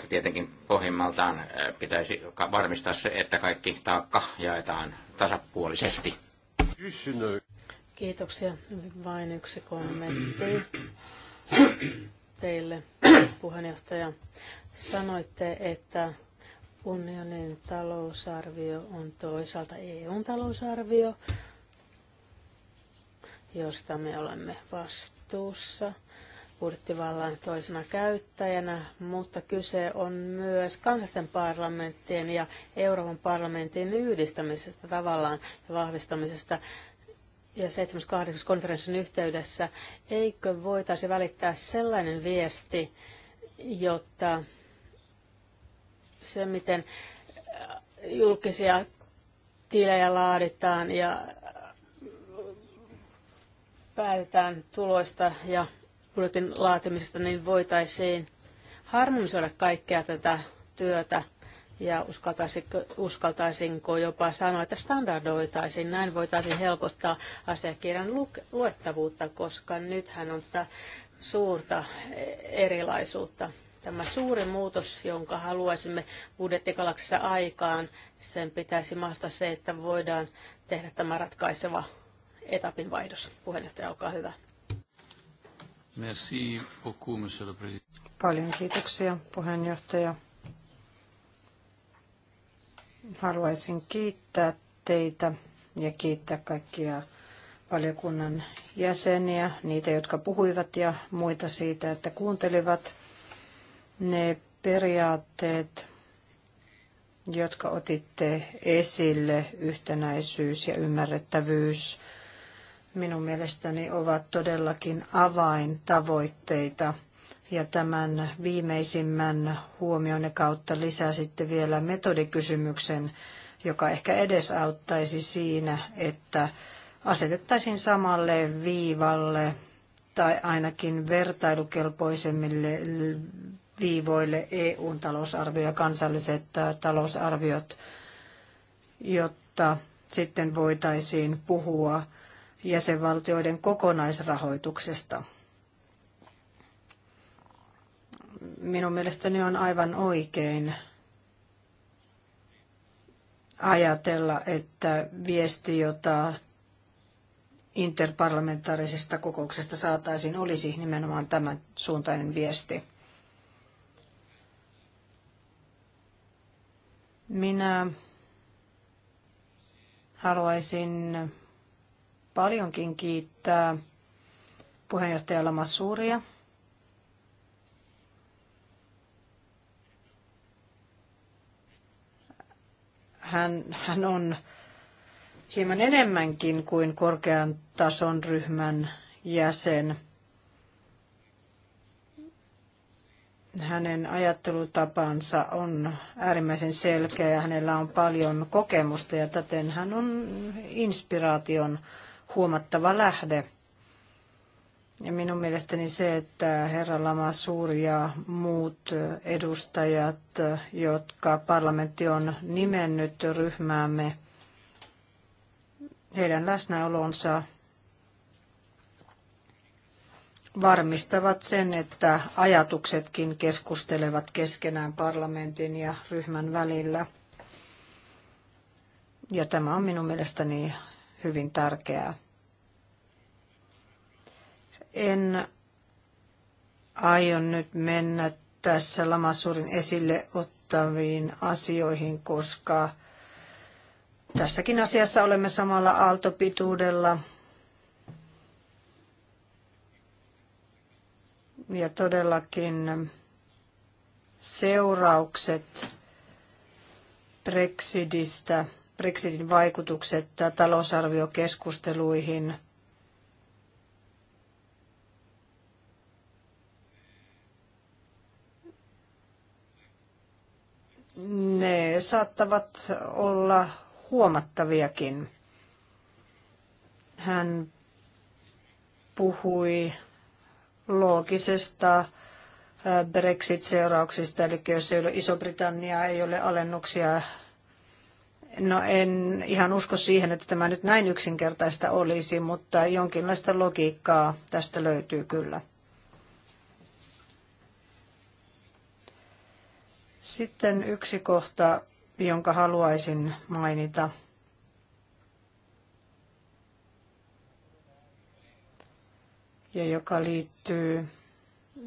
Tietenkin pohjimmaltaan pitäisi varmistaa se, että kaikki taakka jaetaan tasapuolisesti. Kiitoksia. Vain yksi kommentti teille, puheenjohtaja. Sanoitte, että unionin talousarvio on toisaalta EUn talousarvio, josta me olemme vastuussa budjettivallan toisena käyttäjänä, mutta kyse on myös kansallisten parlamenttien ja Euroopan parlamentin yhdistämisestä tavallaan ja vahvistamisesta ja 7.8. konferenssin yhteydessä. Eikö voitaisi välittää sellainen viesti, jotta se, miten äh, julkisia tilejä laaditaan ja äh, päätetään tuloista ja budjetin laatimisesta, niin voitaisiin harmonisoida kaikkea tätä työtä ja uskaltaisinko, uskaltaisinko jopa sanoa, että standardoitaisiin. Näin voitaisiin helpottaa asiakirjan luettavuutta, koska nythän on tätä suurta erilaisuutta. Tämä suuri muutos, jonka haluaisimme budjettikalaksissa aikaan, sen pitäisi maasta se, että voidaan tehdä tämä ratkaiseva etapin vaihdos. Puheenjohtaja, olkaa hyvä. Merci beaucoup, monsieur le président. Paljon kiitoksia, puheenjohtaja. Haluaisin kiittää teitä ja kiittää kaikkia valiokunnan jäseniä, niitä, jotka puhuivat ja muita siitä, että kuuntelivat ne periaatteet, jotka otitte esille, yhtenäisyys ja ymmärrettävyys, minun mielestäni ovat todellakin avaintavoitteita. Ja tämän viimeisimmän huomioon kautta lisää sitten vielä metodikysymyksen, joka ehkä edesauttaisi siinä, että asetettaisiin samalle viivalle tai ainakin vertailukelpoisemmille viivoille EUn talousarvio ja kansalliset talousarviot, jotta sitten voitaisiin puhua jäsenvaltioiden kokonaisrahoituksesta. Minun mielestäni on aivan oikein ajatella, että viesti, jota interparlamentaarisesta kokouksesta saataisiin, olisi nimenomaan tämän suuntainen viesti. Minä haluaisin paljonkin kiittää puheenjohtaja Lamassuuria. Hän, hän on hieman enemmänkin kuin korkean tason ryhmän jäsen. Hänen ajattelutapansa on äärimmäisen selkeä ja hänellä on paljon kokemusta ja täten hän on inspiraation äh, huomattava lähde. Ja minun mielestäni se, että herra Lama Suuri ja muut edustajat, jotka parlamentti on nimennyt ryhmäämme, heidän läsnäolonsa varmistavat sen, että ajatuksetkin keskustelevat keskenään parlamentin ja ryhmän välillä. Ja tämä on minun mielestäni hyvin tärkeää. En aion nyt mennä tässä Lamassurin esille ottaviin asioihin, koska tässäkin asiassa olemme samalla aaltopituudella. Ja todellakin seuraukset Brexitistä – Brexitin vaikutukset talousarviokeskusteluihin. Ne saattavat olla huomattaviakin. Hän puhui loogisesta äh, Brexit-seurauksista, eli jos Iso-Britannia ei ole alennuksia No en ihan usko siihen, että tämä nyt näin yksinkertaista olisi, mutta jonkinlaista logiikkaa tästä löytyy kyllä. Sitten yksi kohta, jonka haluaisin mainita. Ja joka liittyy,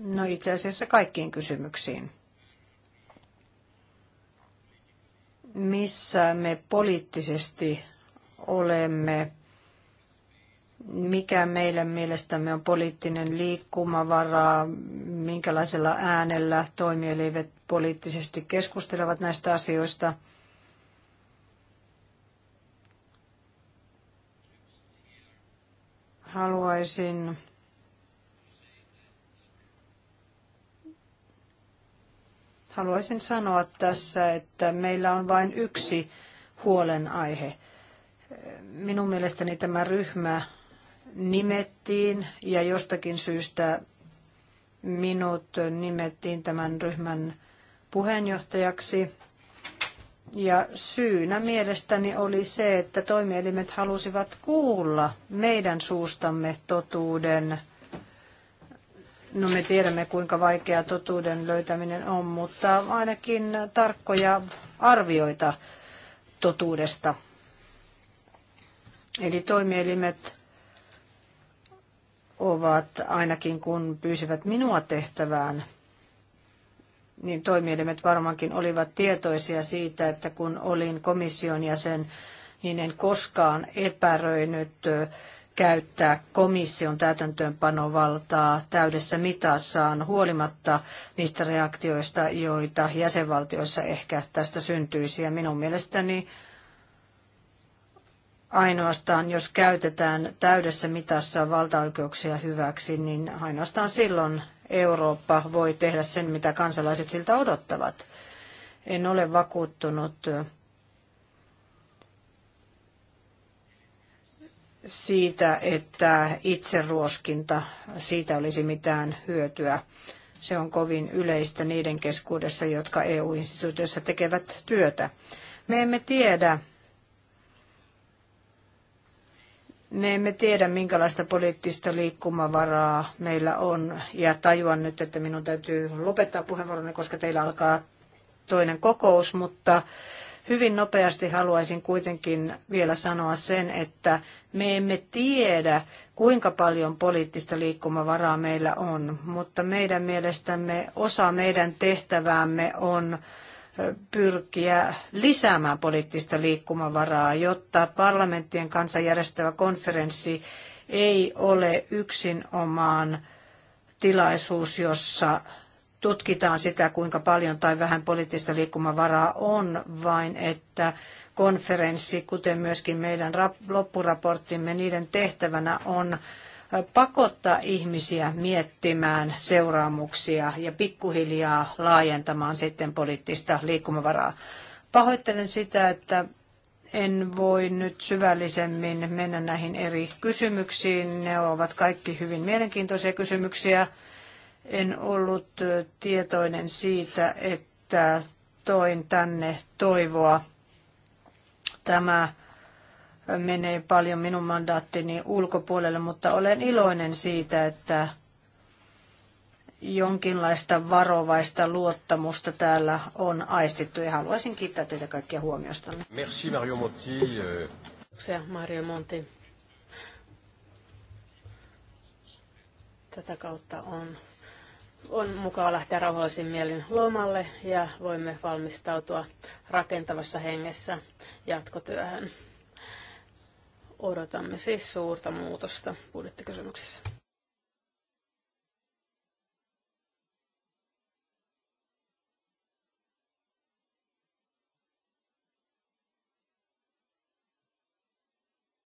no itse asiassa kaikkiin kysymyksiin. missä me poliittisesti olemme, mikä meidän mielestämme on poliittinen liikkumavara, minkälaisella äänellä toimielivet poliittisesti keskustelevat näistä asioista. Haluaisin Haluaisin sanoa tässä, että meillä on vain yksi huolenaihe. Minun mielestäni tämä ryhmä nimettiin ja jostakin syystä minut nimettiin tämän ryhmän puheenjohtajaksi. Ja syynä mielestäni oli se, että toimielimet halusivat kuulla meidän suustamme totuuden No me tiedämme, kuinka vaikea totuuden löytäminen on, mutta ainakin tarkkoja arvioita totuudesta. Eli toimielimet ovat, ainakin kun pyysivät minua tehtävään, niin toimielimet varmaankin olivat tietoisia siitä, että kun olin komission jäsen, niin en koskaan epäröinyt käyttää komission täytäntöönpanovaltaa täydessä mitassaan huolimatta niistä reaktioista, joita jäsenvaltioissa ehkä tästä syntyisi. Ja minun mielestäni ainoastaan, jos käytetään täydessä mitassa valtaoikeuksia hyväksi, niin ainoastaan silloin Eurooppa voi tehdä sen, mitä kansalaiset siltä odottavat. En ole vakuuttunut siitä, että itseruoskinta, siitä olisi mitään hyötyä. Se on kovin yleistä niiden keskuudessa, jotka EU-instituutioissa tekevät työtä. Me emme tiedä, me emme tiedä, minkälaista poliittista liikkumavaraa meillä on. Ja tajuan nyt, että minun täytyy lopettaa puheenvuoroni, koska teillä alkaa toinen kokous, mutta Hyvin nopeasti haluaisin kuitenkin vielä sanoa sen, että me emme tiedä, kuinka paljon poliittista liikkumavaraa meillä on, mutta meidän mielestämme osa meidän tehtäväämme on pyrkiä lisäämään poliittista liikkumavaraa, jotta parlamenttien kanssa järjestävä konferenssi ei ole yksinomaan tilaisuus, jossa tutkitaan sitä, kuinka paljon tai vähän poliittista liikkumavaraa on, vain että konferenssi, kuten myöskin meidän loppuraporttimme, niiden tehtävänä on pakottaa ihmisiä miettimään seuraamuksia ja pikkuhiljaa laajentamaan sitten poliittista liikkumavaraa. Pahoittelen sitä, että en voi nyt syvällisemmin mennä näihin eri kysymyksiin. Ne ovat kaikki hyvin mielenkiintoisia kysymyksiä. En ollut tietoinen siitä, että toin tänne toivoa. Tämä menee paljon minun mandaattini ulkopuolelle, mutta olen iloinen siitä, että jonkinlaista varovaista luottamusta täällä on aistittu ja haluaisin kiittää teitä kaikkia huomiostanne. Merci Mario Monti. Kiitoksia Mario Monti. Tätä kautta on on mukava lähteä rauhallisin mielin lomalle ja voimme valmistautua rakentavassa hengessä jatkotyöhön. Odotamme siis suurta muutosta budjettikysymyksessä.